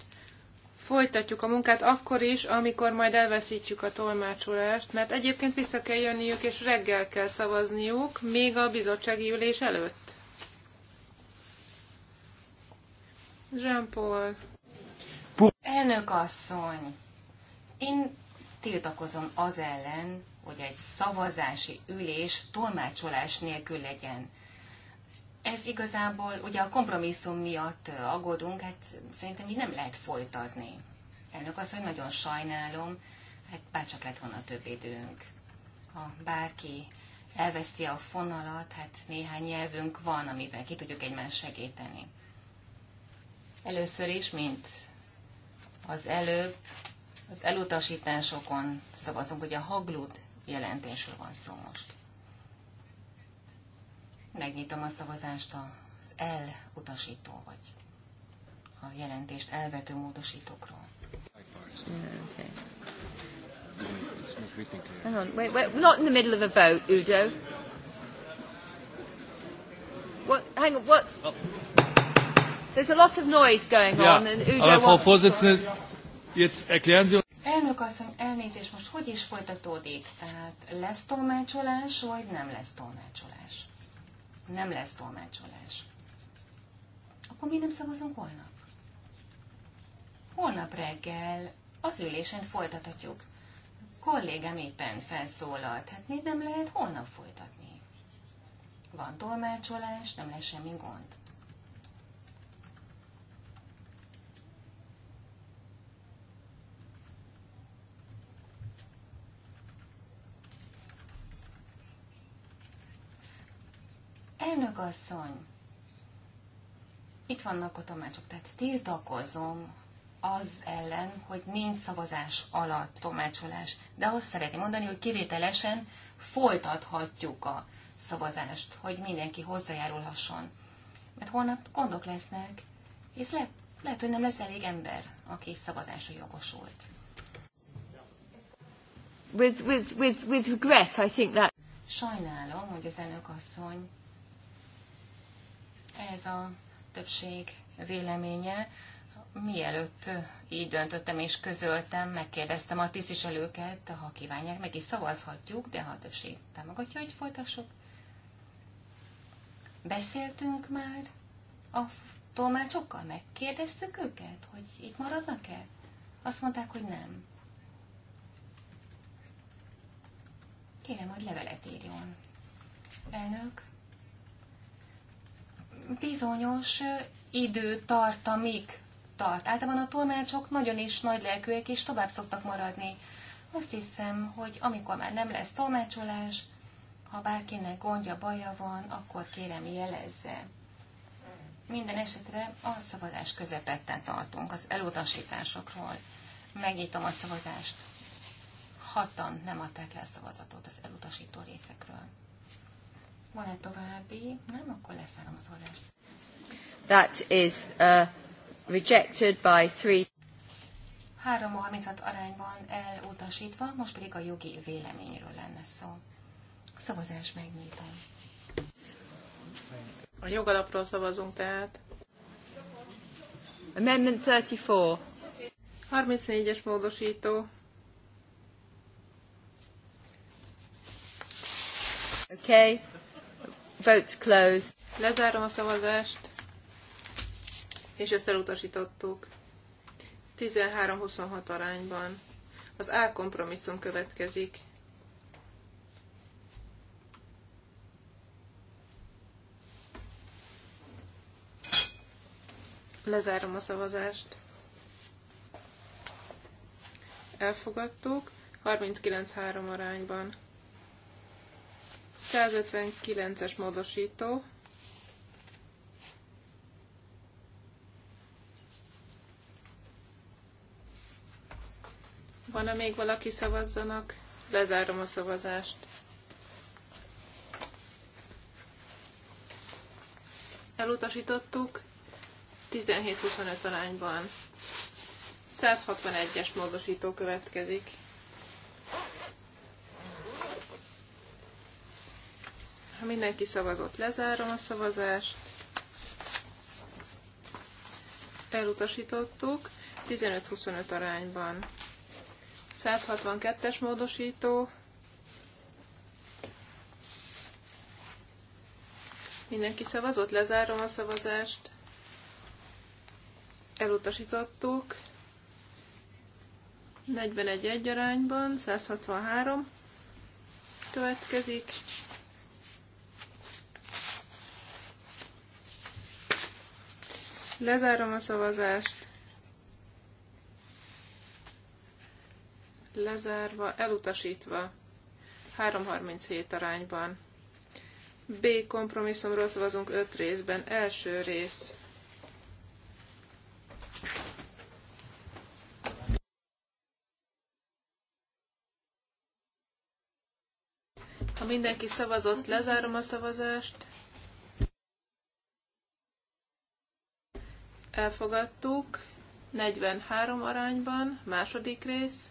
folytatjuk a munkát akkor is, amikor majd elveszítjük a tolmácsolást, mert egyébként vissza kell jönniük, és reggel kell szavazniuk, még a bizottsági ülés előtt. Jean-Paul. Elnök asszony, én tiltakozom az ellen, hogy egy szavazási ülés tolmácsolás nélkül legyen ez igazából, ugye a kompromisszum miatt aggódunk, hát szerintem így nem lehet folytatni. Elnök az hogy nagyon sajnálom, hát bárcsak lett volna több időnk. Ha bárki elveszi a fonalat, hát néhány nyelvünk van, amivel ki tudjuk egymást segíteni. Először is, mint az előbb, az elutasításokon szavazunk, ugye a haglud jelentésről van szó most. Megnyitom a szavazást az elutasító, vagy a jelentést elvető módosítókról. Okay. Hang on, wait, wait, we're not in the middle of a vote, Udo. What, hang on, what's... There's a lot of noise going on, and Udo aber Frau Vorsitzende, jetzt erklären Sie uns... Elnök asszony, elnézést, most hogy is folytatódik? Tehát lesz tolmácsolás, vagy nem lesz tolmácsolás? nem lesz tolmácsolás. Akkor mi nem szavazunk holnap? Holnap reggel az ülésen folytatjuk. Kollégám éppen felszólalt, hát miért nem lehet holnap folytatni? Van tolmácsolás, nem lesz semmi gond. Elnök asszony, itt vannak a tomácsok, tehát tiltakozom az ellen, hogy nincs szavazás alatt tomácsolás. De azt szeretném mondani, hogy kivételesen folytathatjuk a szavazást, hogy mindenki hozzájárulhasson. Mert holnap gondok lesznek, és lehet, lehet, hogy nem lesz elég ember, aki szavazásra jogosult. With, with, with, with regret, I think that... Sajnálom, hogy az elnök asszony ez a többség véleménye. Mielőtt így döntöttem és közöltem, megkérdeztem a tisztviselőket, ha kívánják, meg is szavazhatjuk, de ha a többség támogatja, hogy folytassuk. Beszéltünk már a tolmácsokkal, megkérdeztük őket, hogy itt maradnak-e? Azt mondták, hogy nem. Kérem, hogy levelet írjon. Elnök, bizonyos időtartamig tart. Általában a tolmácsok nagyon is nagy lelkűek, és tovább szoktak maradni. Azt hiszem, hogy amikor már nem lesz tolmácsolás, ha bárkinek gondja, baja van, akkor kérem jelezze. Minden esetre a szavazás közepette tartunk, az elutasításokról. Megnyitom a szavazást. Hatan nem adták le a szavazatot az elutasító részekről. Van-e további? Nem, akkor leszárom az szavazást. That is uh, rejected by three. 3-36 arányban elutasítva, most pedig a jogi véleményről lenne szó. A szavazás megnyitom. A jogalapról szavazunk tehát. Amendment 34. 34-es módosító. Okay. Votes closed. Lezárom a szavazást, és ezt elutasítottuk. 13-26 arányban. Az A kompromisszum következik. Lezárom a szavazást. Elfogadtuk. 39-3 arányban. 159-es módosító. Van-e még valaki szavazzanak? Lezárom a szavazást. Elutasítottuk 17-25 arányban. 161-es módosító következik. Ha mindenki szavazott, lezárom a szavazást. Elutasítottuk 15-25 arányban. 162-es módosító. Mindenki szavazott, lezárom a szavazást. Elutasítottuk. 41 egy arányban, 163 következik. Lezárom a szavazást. Lezárva, elutasítva. 3.37 arányban. B kompromisszumról szavazunk 5 részben. Első rész. Ha mindenki szavazott, lezárom a szavazást. elfogadtuk, 43 arányban, második rész.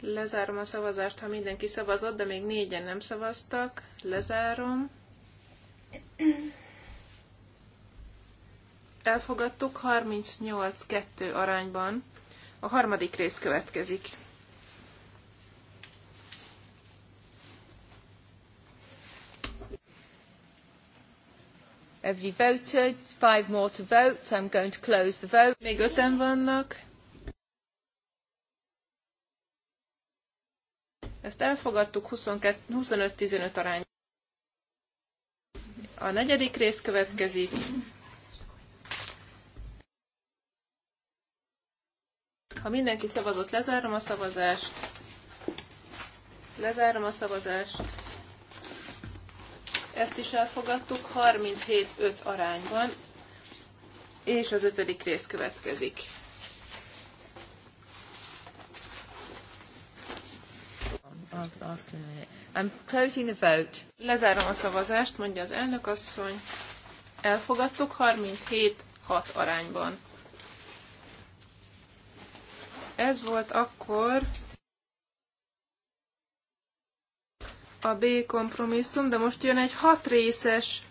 Lezárom a szavazást, ha mindenki szavazott, de még négyen nem szavaztak. Lezárom elfogadtuk 38-2 arányban. A harmadik rész következik. Every voted, five more to vote. I'm going to close the vote. Még öten vannak. Ezt elfogadtuk 25-15 arány. A negyedik rész következik. Ha mindenki szavazott, lezárom a szavazást. Lezárom a szavazást. Ezt is elfogadtuk 37-5 arányban, és az ötödik rész következik. I'm closing the vote. Lezárom a szavazást, mondja az elnök asszony. Elfogadtuk 37-6 arányban. Ez volt akkor a B kompromisszum, de most jön egy hat részes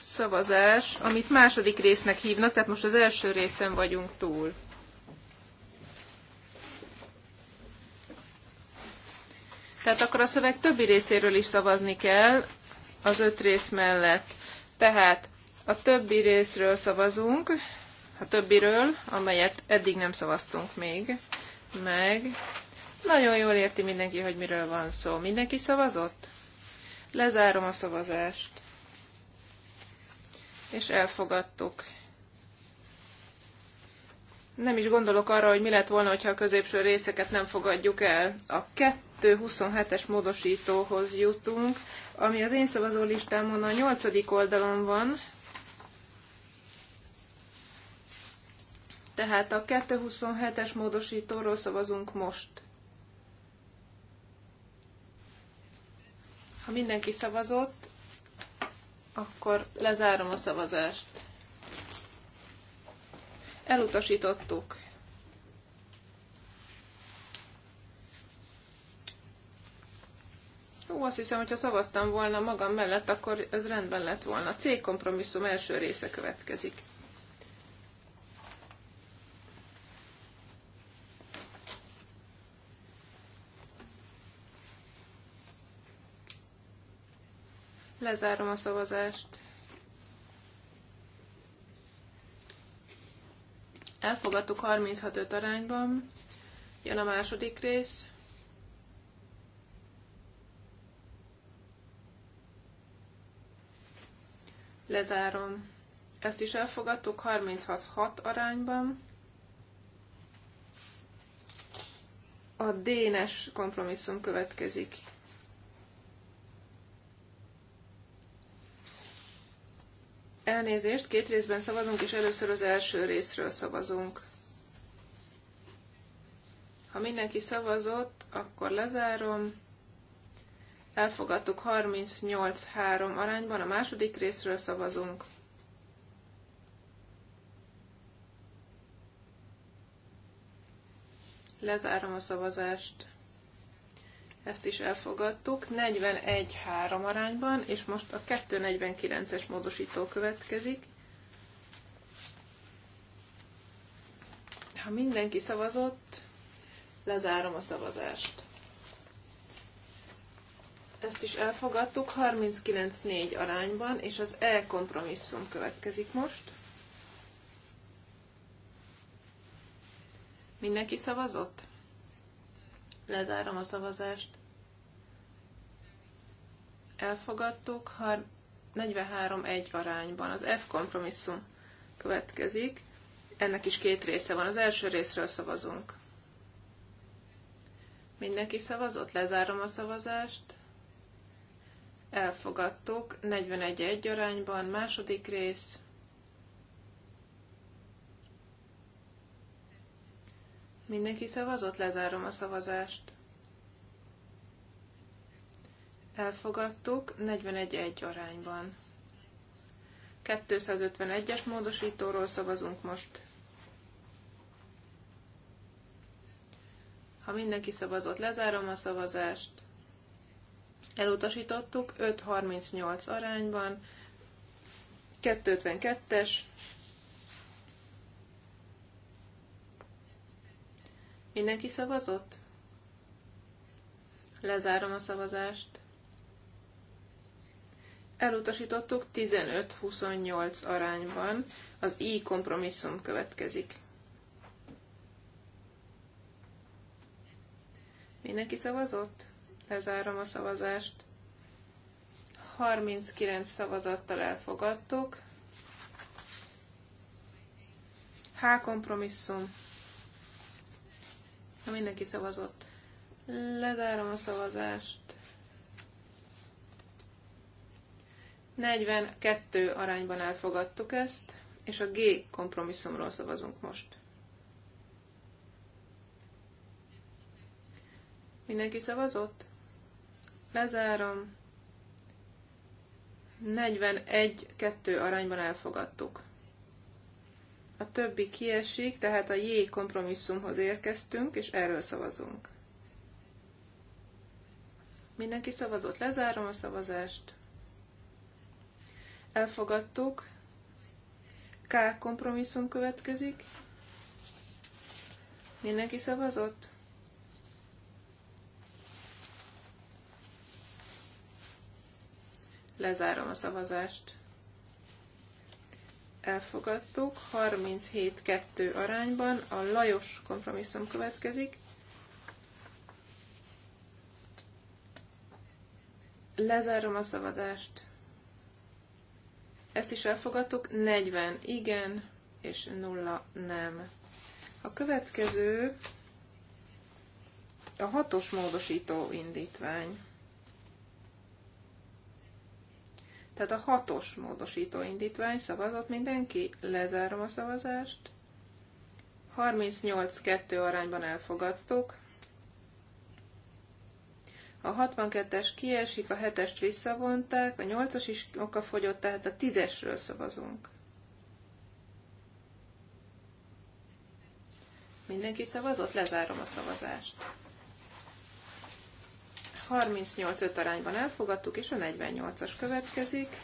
szavazás, amit második résznek hívnak, tehát most az első részen vagyunk túl. Tehát akkor a szöveg többi részéről is szavazni kell az öt rész mellett. Tehát a többi részről szavazunk, a többiről, amelyet eddig nem szavaztunk még, meg. Nagyon jól érti mindenki, hogy miről van szó. Mindenki szavazott? Lezárom a szavazást. És elfogadtuk. Nem is gondolok arra, hogy mi lett volna, hogyha a középső részeket nem fogadjuk el. A 227-es módosítóhoz jutunk, ami az én szavazólistámon a 8. oldalon van, Tehát a 227-es módosítóról szavazunk most. Ha mindenki szavazott, akkor lezárom a szavazást. Elutasítottuk. Ó, azt hiszem, hogyha szavaztam volna magam mellett, akkor ez rendben lett volna. C kompromisszum első része következik. Lezárom a szavazást. Elfogadtuk 36-5 arányban. Jön a második rész. Lezárom. Ezt is elfogadtuk 36-6 arányban. A dénes kompromisszum következik. Elnézést, két részben szavazunk, és először az első részről szavazunk. Ha mindenki szavazott, akkor lezárom. Elfogadtuk 38-3 arányban, a második részről szavazunk. Lezárom a szavazást ezt is elfogadtuk, 41-3 arányban, és most a 249-es módosító következik. Ha mindenki szavazott, lezárom a szavazást. Ezt is elfogadtuk 39-4 arányban, és az E kompromisszum következik most. Mindenki szavazott? Lezárom a szavazást. Elfogadtuk 43-1 arányban. Az F kompromisszum következik. Ennek is két része van. Az első részről szavazunk. Mindenki szavazott? Lezárom a szavazást. Elfogadtuk 41-1 arányban. Második rész. Mindenki szavazott, lezárom a szavazást. Elfogadtuk 41-1 arányban. 251-es módosítóról szavazunk most. Ha mindenki szavazott, lezárom a szavazást. Elutasítottuk 5-38 arányban. 252-es Mindenki szavazott? Lezárom a szavazást. Elutasítottuk 15-28 arányban. Az I kompromisszum következik. Mindenki szavazott? Lezárom a szavazást. 39 szavazattal elfogadtuk. H kompromisszum ha mindenki szavazott, lezárom a szavazást. 42 arányban elfogadtuk ezt, és a G kompromisszumról szavazunk most. Mindenki szavazott? Lezárom. 41-2 arányban elfogadtuk a többi kiesik, tehát a J kompromisszumhoz érkeztünk, és erről szavazunk. Mindenki szavazott, lezárom a szavazást. Elfogadtuk. K kompromisszum következik. Mindenki szavazott? Lezárom a szavazást elfogadtuk, 37-2 arányban a Lajos kompromisszum következik. Lezárom a szavazást. Ezt is elfogadtuk, 40 igen és 0 nem. A következő a hatos módosító indítvány. Tehát a hatos módosító indítvány szavazott mindenki, lezárom a szavazást. 38-2 arányban elfogadtuk. A 62-es kiesik, a 7-est visszavonták, a 8-as is oka fogyott, tehát a 10-esről szavazunk. Mindenki szavazott? Lezárom a szavazást. 38-5 arányban elfogadtuk, és a 48-as következik.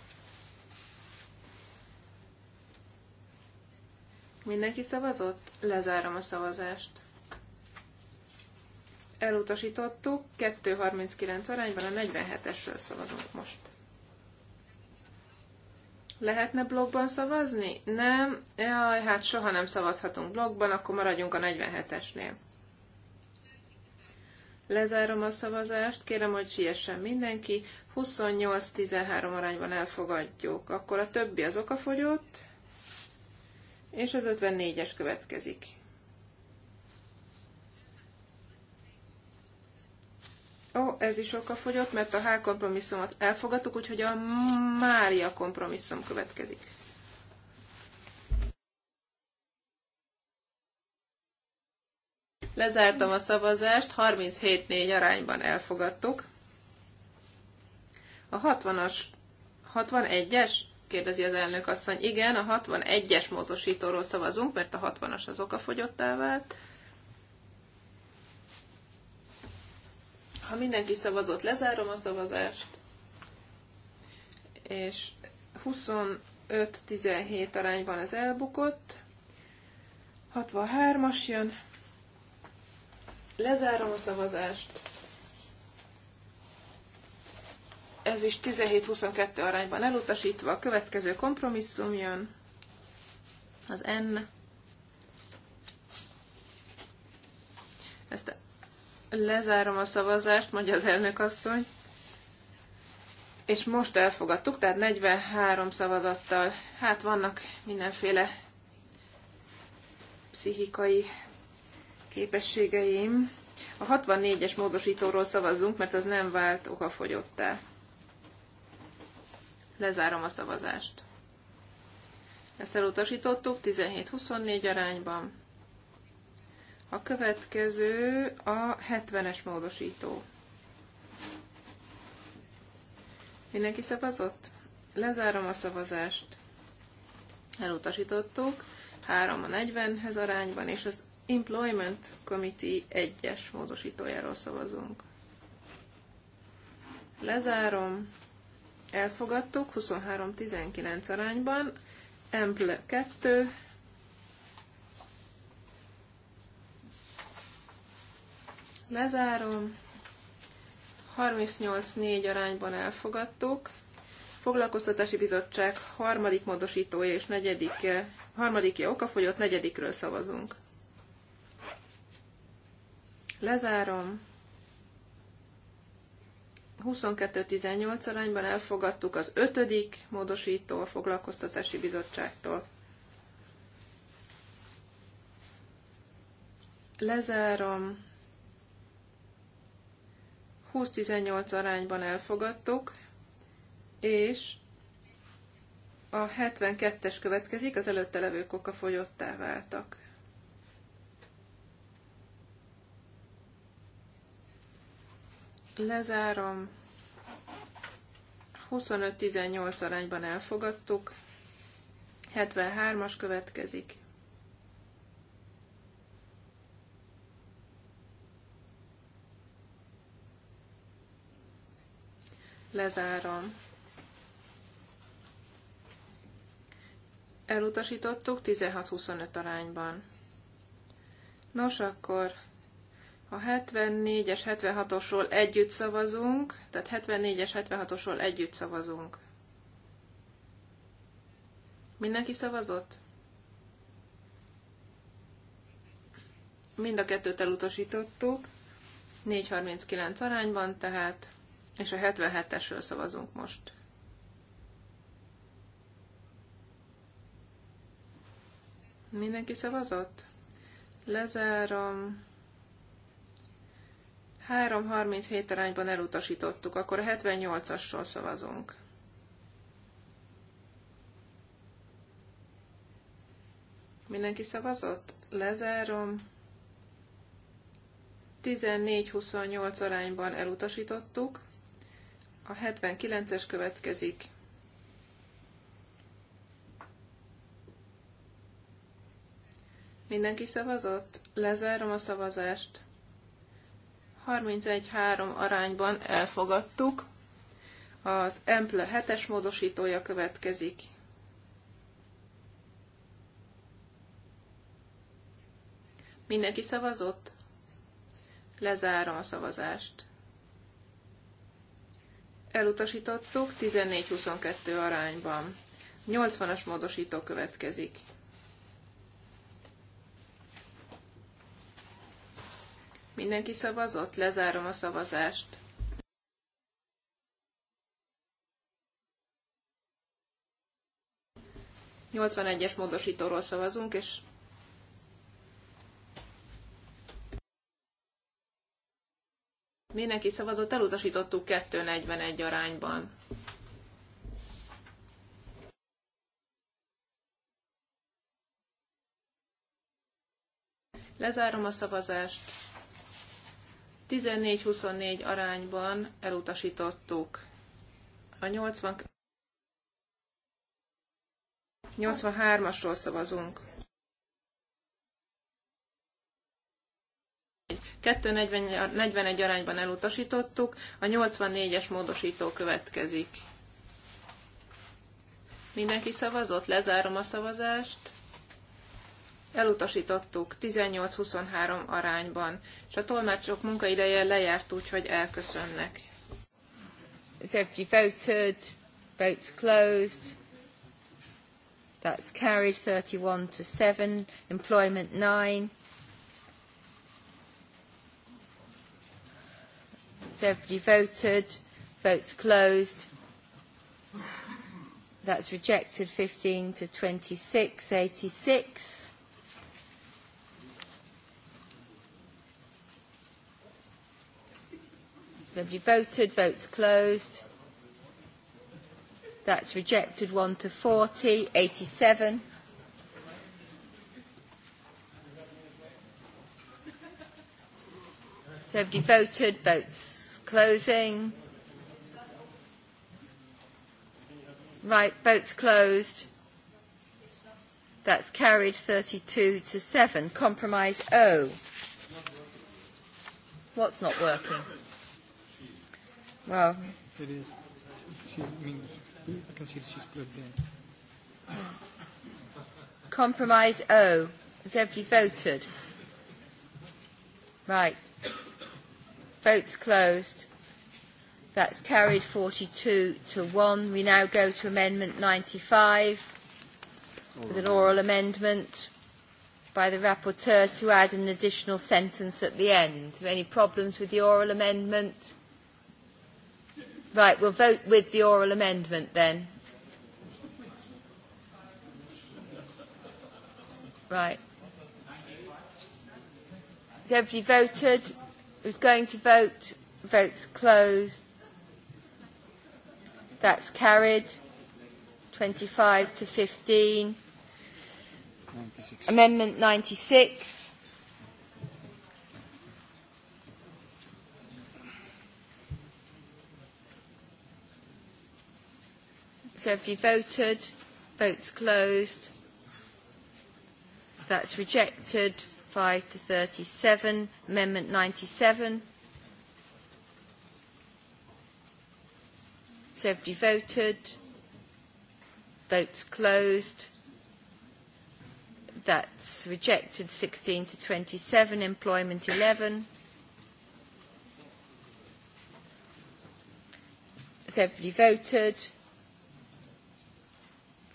Mindenki szavazott? Lezárom a szavazást. Elutasítottuk, 2.39 arányban a 47-esről szavazunk most. Lehetne blogban szavazni? Nem. Jaj, hát soha nem szavazhatunk blogban, akkor maradjunk a 47-esnél. Lezárom a szavazást, kérem, hogy siessen mindenki. 28-13 arányban elfogadjuk. Akkor a többi az okafogyott, és az 54-es következik. Ó, ez is okafogyott, mert a H kompromisszumot elfogadtuk, úgyhogy a Mária kompromisszum következik. Lezártam a szavazást, 37-4 arányban elfogadtuk. A 60-as, 61-es? kérdezi az elnök asszony. Igen, a 61-es módosítóról szavazunk, mert a 60-as az okafogyottá vált. Ha mindenki szavazott, lezárom a szavazást. És 25-17 arányban ez elbukott. 63-as jön. Lezárom a szavazást. Ez is 17-22 arányban elutasítva. A következő kompromisszum jön. Az N. Ezt lezárom a szavazást, mondja az elnök asszony. És most elfogadtuk, tehát 43 szavazattal. Hát vannak mindenféle pszichikai képességeim. A 64-es módosítóról szavazzunk, mert az nem vált okafogyottá. Lezárom a szavazást. Ezt elutasítottuk 17-24 arányban. A következő a 70-es módosító. Mindenki szavazott? Lezárom a szavazást. Elutasítottuk. 3 a 40-hez arányban, és az Employment Committee 1-es módosítójáról szavazunk. Lezárom. Elfogadtuk 23-19 arányban. Emple 2. Lezárom. 38-4 arányban elfogadtuk. Foglalkoztatási Bizottság harmadik módosítója és negyedike, harmadikja okafogyott, negyedikről szavazunk. Lezárom. 22-18 arányban elfogadtuk az ötödik módosító a foglalkoztatási bizottságtól. Lezárom. 20-18 arányban elfogadtuk, és a 72-es következik, az előtte levők fogyottá váltak. Lezárom. 25-18 arányban elfogadtuk. 73-as következik. Lezárom. Elutasítottuk 16-25 arányban. Nos, akkor a 74-es, 76-osról együtt szavazunk, tehát 74-es, 76-osról együtt szavazunk. Mindenki szavazott? Mind a kettőt elutasítottuk, 4.39 arányban, tehát, és a 77-esről szavazunk most. Mindenki szavazott? Lezárom. 3-37 arányban elutasítottuk, akkor a 78-asról szavazunk. Mindenki szavazott? Lezárom. 14-28 arányban elutasítottuk. A 79-es következik. Mindenki szavazott? Lezárom a szavazást. 31-3 arányban elfogadtuk. Az Emple 7-es módosítója következik. Mindenki szavazott? Lezárom a szavazást. Elutasítottuk 14-22 arányban. 80-as módosító következik. Mindenki szavazott? Lezárom a szavazást. es módosítóról szavazunk, és mindenki szavazott, elutasítottuk 241 arányban. Lezárom a szavazást. 14-24 arányban elutasítottuk. A 80... 83-asról szavazunk. 241 arányban elutasítottuk, a 84-es módosító következik. Mindenki szavazott? Lezárom a szavazást elutasítottuk 18-23 arányban, és a tolmácsok munkaideje lejárt úgyhogy elköszönnek. Has voted? Votes closed. That's carried 31 to 7. Employment 9. Has everybody voted? Votes closed. That's rejected 15 to 26, 86. Nobody voted. Votes closed. That's rejected. 1 to 40. 87. So everybody voted. Votes closing. Right, votes closed. That's carried 32 to 7. Compromise O. What's not working? Well. It is. She, I mean, I can see that she's plugged in. Compromise O. Has everybody voted? Right. Votes closed. That's carried 42 to 1. We now go to Amendment 95 oral with an oral amendment amendment by the rapporteur to add an additional sentence at the end. Any problems with the oral amendment? Right, we'll vote with the oral amendment then. Right. Has everybody voted? Who's going to vote? Votes closed. That's carried. 25 to 15. 96. Amendment 96. Have you voted? Votes closed. That's rejected. 5 to 37. Amendment 97. So have you voted? Votes closed. That's rejected. 16 to 27. Employment 11. Has you voted?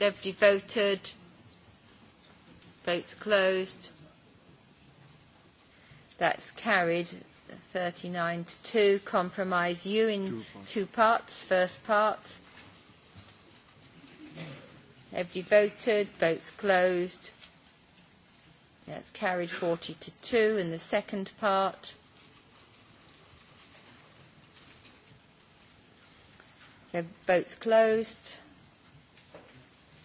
Deputy voted. Votes closed. That's carried 39 to 2. Compromise you in two parts. Two parts first part. Everybody voted. Votes closed. That's carried 40 to 2 in the second part. The votes closed.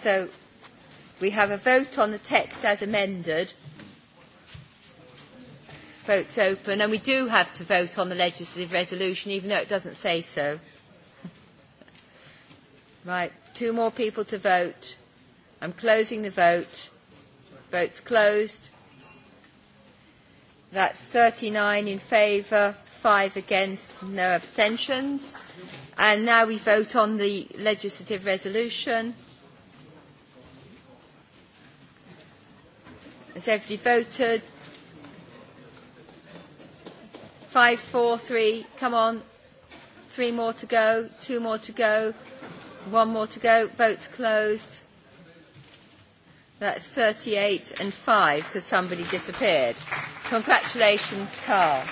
So we have a vote on the text as amended. Vote's open, and we do have to vote on the legislative resolution, even though it doesn't say so. Right, two more people to vote. I'm closing the vote. Vote's closed. That's 39 in favour, 5 against, no abstentions. And now we vote on the legislative resolution. Has everybody voted? Five, four, three. Come on. Three more to go. Two more to go. One more to go. Votes closed. That's 38 and five because somebody disappeared. Congratulations, Carl.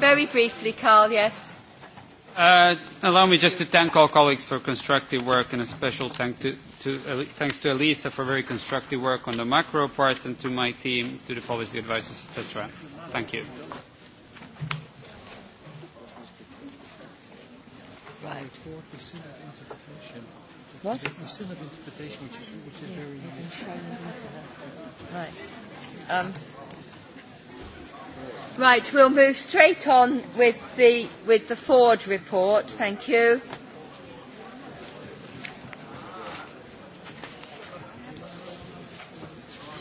Very briefly, Carl, yes. Uh, allow me just to thank all colleagues for constructive work and a special thank to, to, uh, thanks to Elisa for very constructive work on the macro part and to my team, to the policy advisors, etc. Thank you. What? We still have interpretation, which is, which is very useful. Right. Um, right, we'll move straight on with the, with the Ford report. Thank you.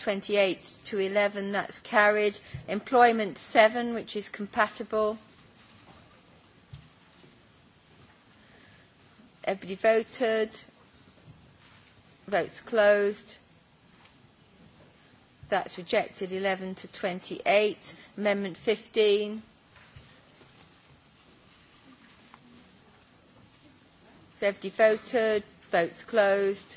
28 to 11, that's carried. Employment 7, which is compatible. Everybody voted. Votes closed. That's rejected, 11 to 28. Amendment 15. Has everybody voted? Votes closed.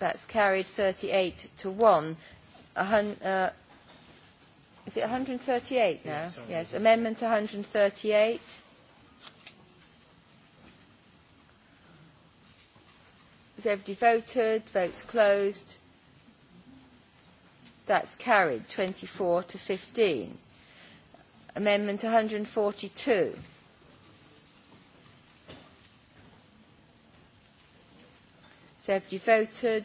That's carried 38 to 1. uh, is it 138 now? Yeah, sorry. yes, Amendment 138. Has everybody voted? Votes closed. That's carried 24 to 15. Amendment 142. So everybody voted?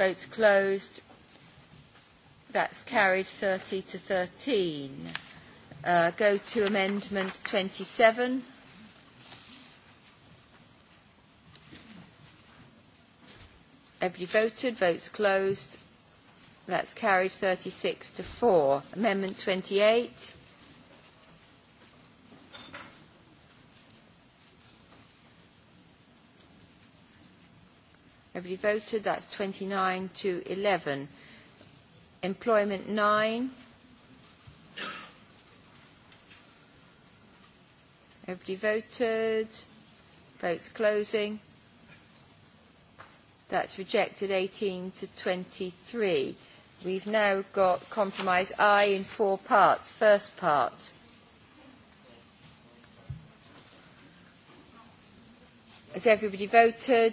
Votes closed. That's carried 30 to 13. Uh, go to amendment 27. Everybody voted. Votes closed. That's carried 36 to 4. Amendment 28. Everybody voted. That's 29 to 11. Employment 9. Everybody voted. Votes closing. That's rejected 18 to 23. We've now got compromise I in four parts. First part. Has everybody voted?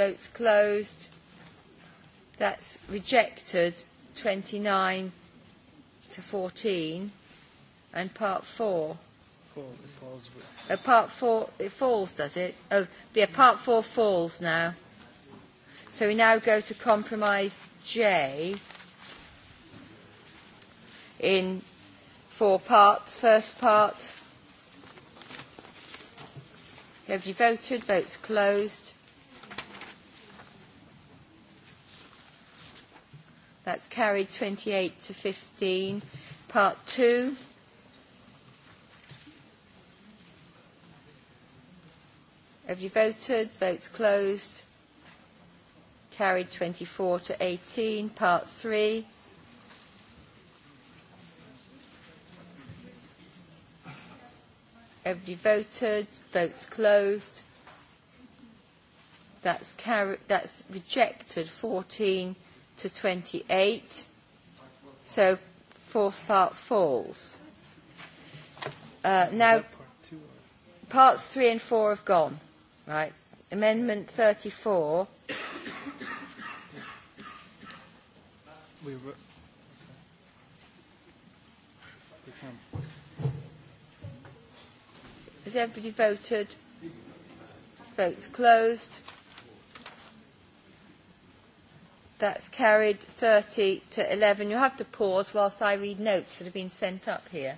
Votes closed. That's rejected. 29 to 14. And part four. Fall, Oh, uh, part four, it falls, does it? Oh, yeah, part four falls now. So we now go to compromise J in four parts. First part. Have you voted? Votes closed. That's carried 28 to 15. Part 2. Have you voted? Votes closed. Carried 24 to 18. Part 3. Everybody voted. Votes closed. That's, carried, that's rejected. 14 to 28. So fourth part falls. Uh, now, parts three and four have gone, right? Amendment 34. We were, Has everybody voted? Votes closed. That's carried 30 to 11. You'll have to pause whilst I read notes that have been sent up here.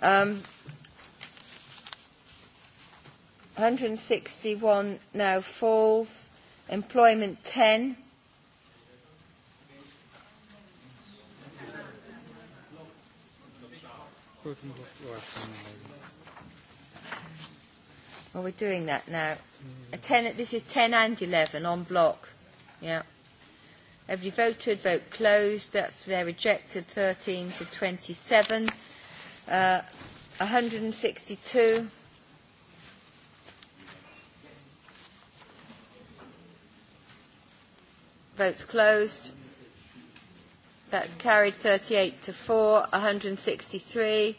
Um, 161 now falls. Employment 10. Both Well, we're doing that now. A ten, this is 10 and 11 on block. Yeah. you voted, vote closed. That's they're rejected, 13 to 27. Uh, 162. Votes closed. That's carried 38 to 4. 163.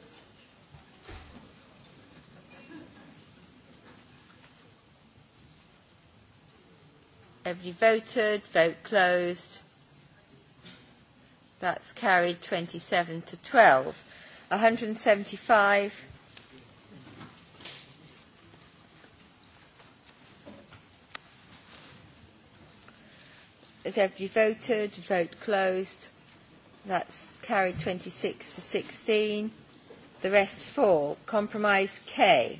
Everybody voted. Vote closed. That's carried 27 to 12. 175. Has everybody voted? Vote closed. That's carried 26 to 16. The rest four. Compromise K.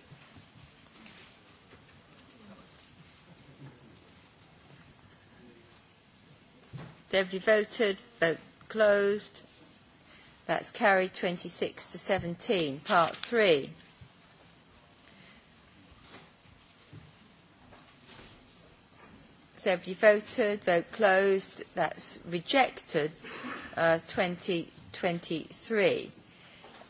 be voted. Vote closed. That's carried 26 to 17. Part 3. So everybody voted, vote closed, that's rejected, uh, 2023. 20,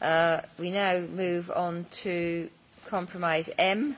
uh, we now move on to compromise M.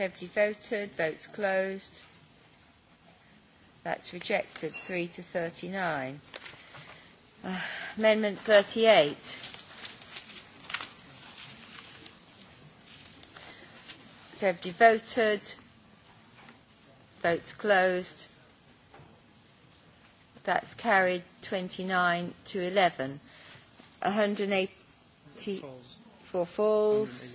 Everybody voted. Votes closed. That's rejected. 3 to 39. Uh, amendment 38. Everybody voted. Votes closed. That's carried 29 to 11. 184 falls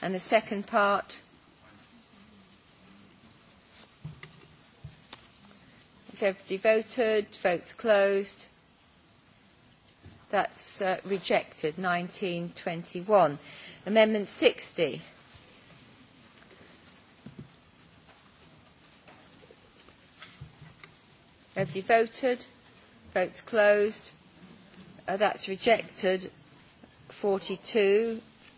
And the second part is everybody voted? Votes closed. That's uh, rejected. 1921. Amendment 60. Everybody voted? Votes closed. Uh, that's rejected. 42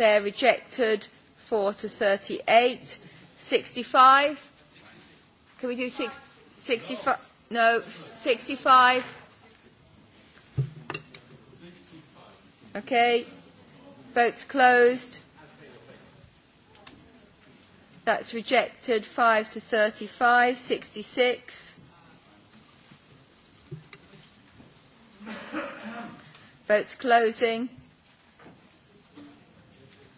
are rejected. 4 to 38. 65. Can we do six, 65? No, 65. Okay. Votes closed. That's rejected. 5 to 35. 66. Votes closing.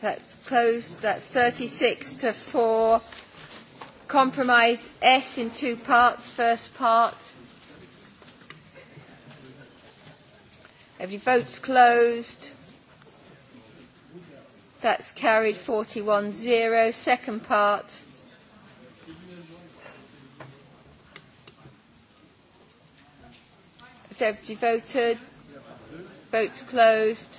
That's closed. That's 36 to 4. Compromise S in two parts. First part. Every vote's closed. That's carried 41-0. Second part. have you voted? Votes closed.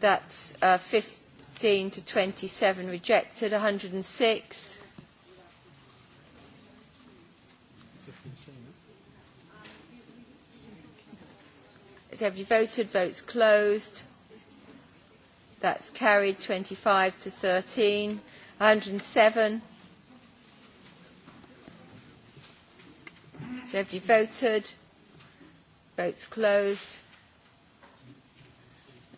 That's uh, 15 to 27 rejected. 106. have you voted? Votes closed. That's carried 25 to 13. 107. have you voted? Votes closed.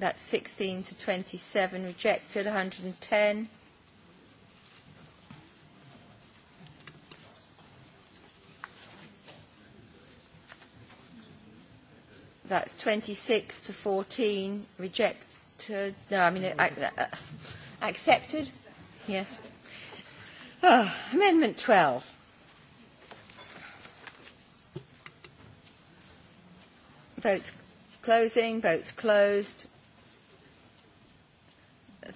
That's 16 to 27 rejected, 110. That's 26 to 14 rejected. No, I mean, ac- uh, accepted. Yes. Oh, amendment 12. Votes closing, votes closed.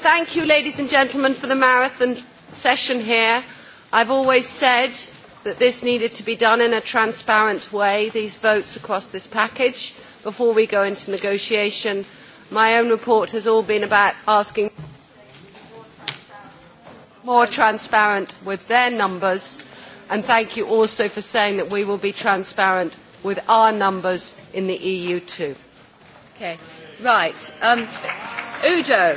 Thank you, ladies and gentlemen, for the marathon session here. I have always said that this needed to be done in a transparent way, these votes across this package, before we go into negotiation. My own report has all been about asking more transparent with their numbers, and thank you also for saying that we will be transparent with our numbers in the EU too. Okay, right. Um, Udo.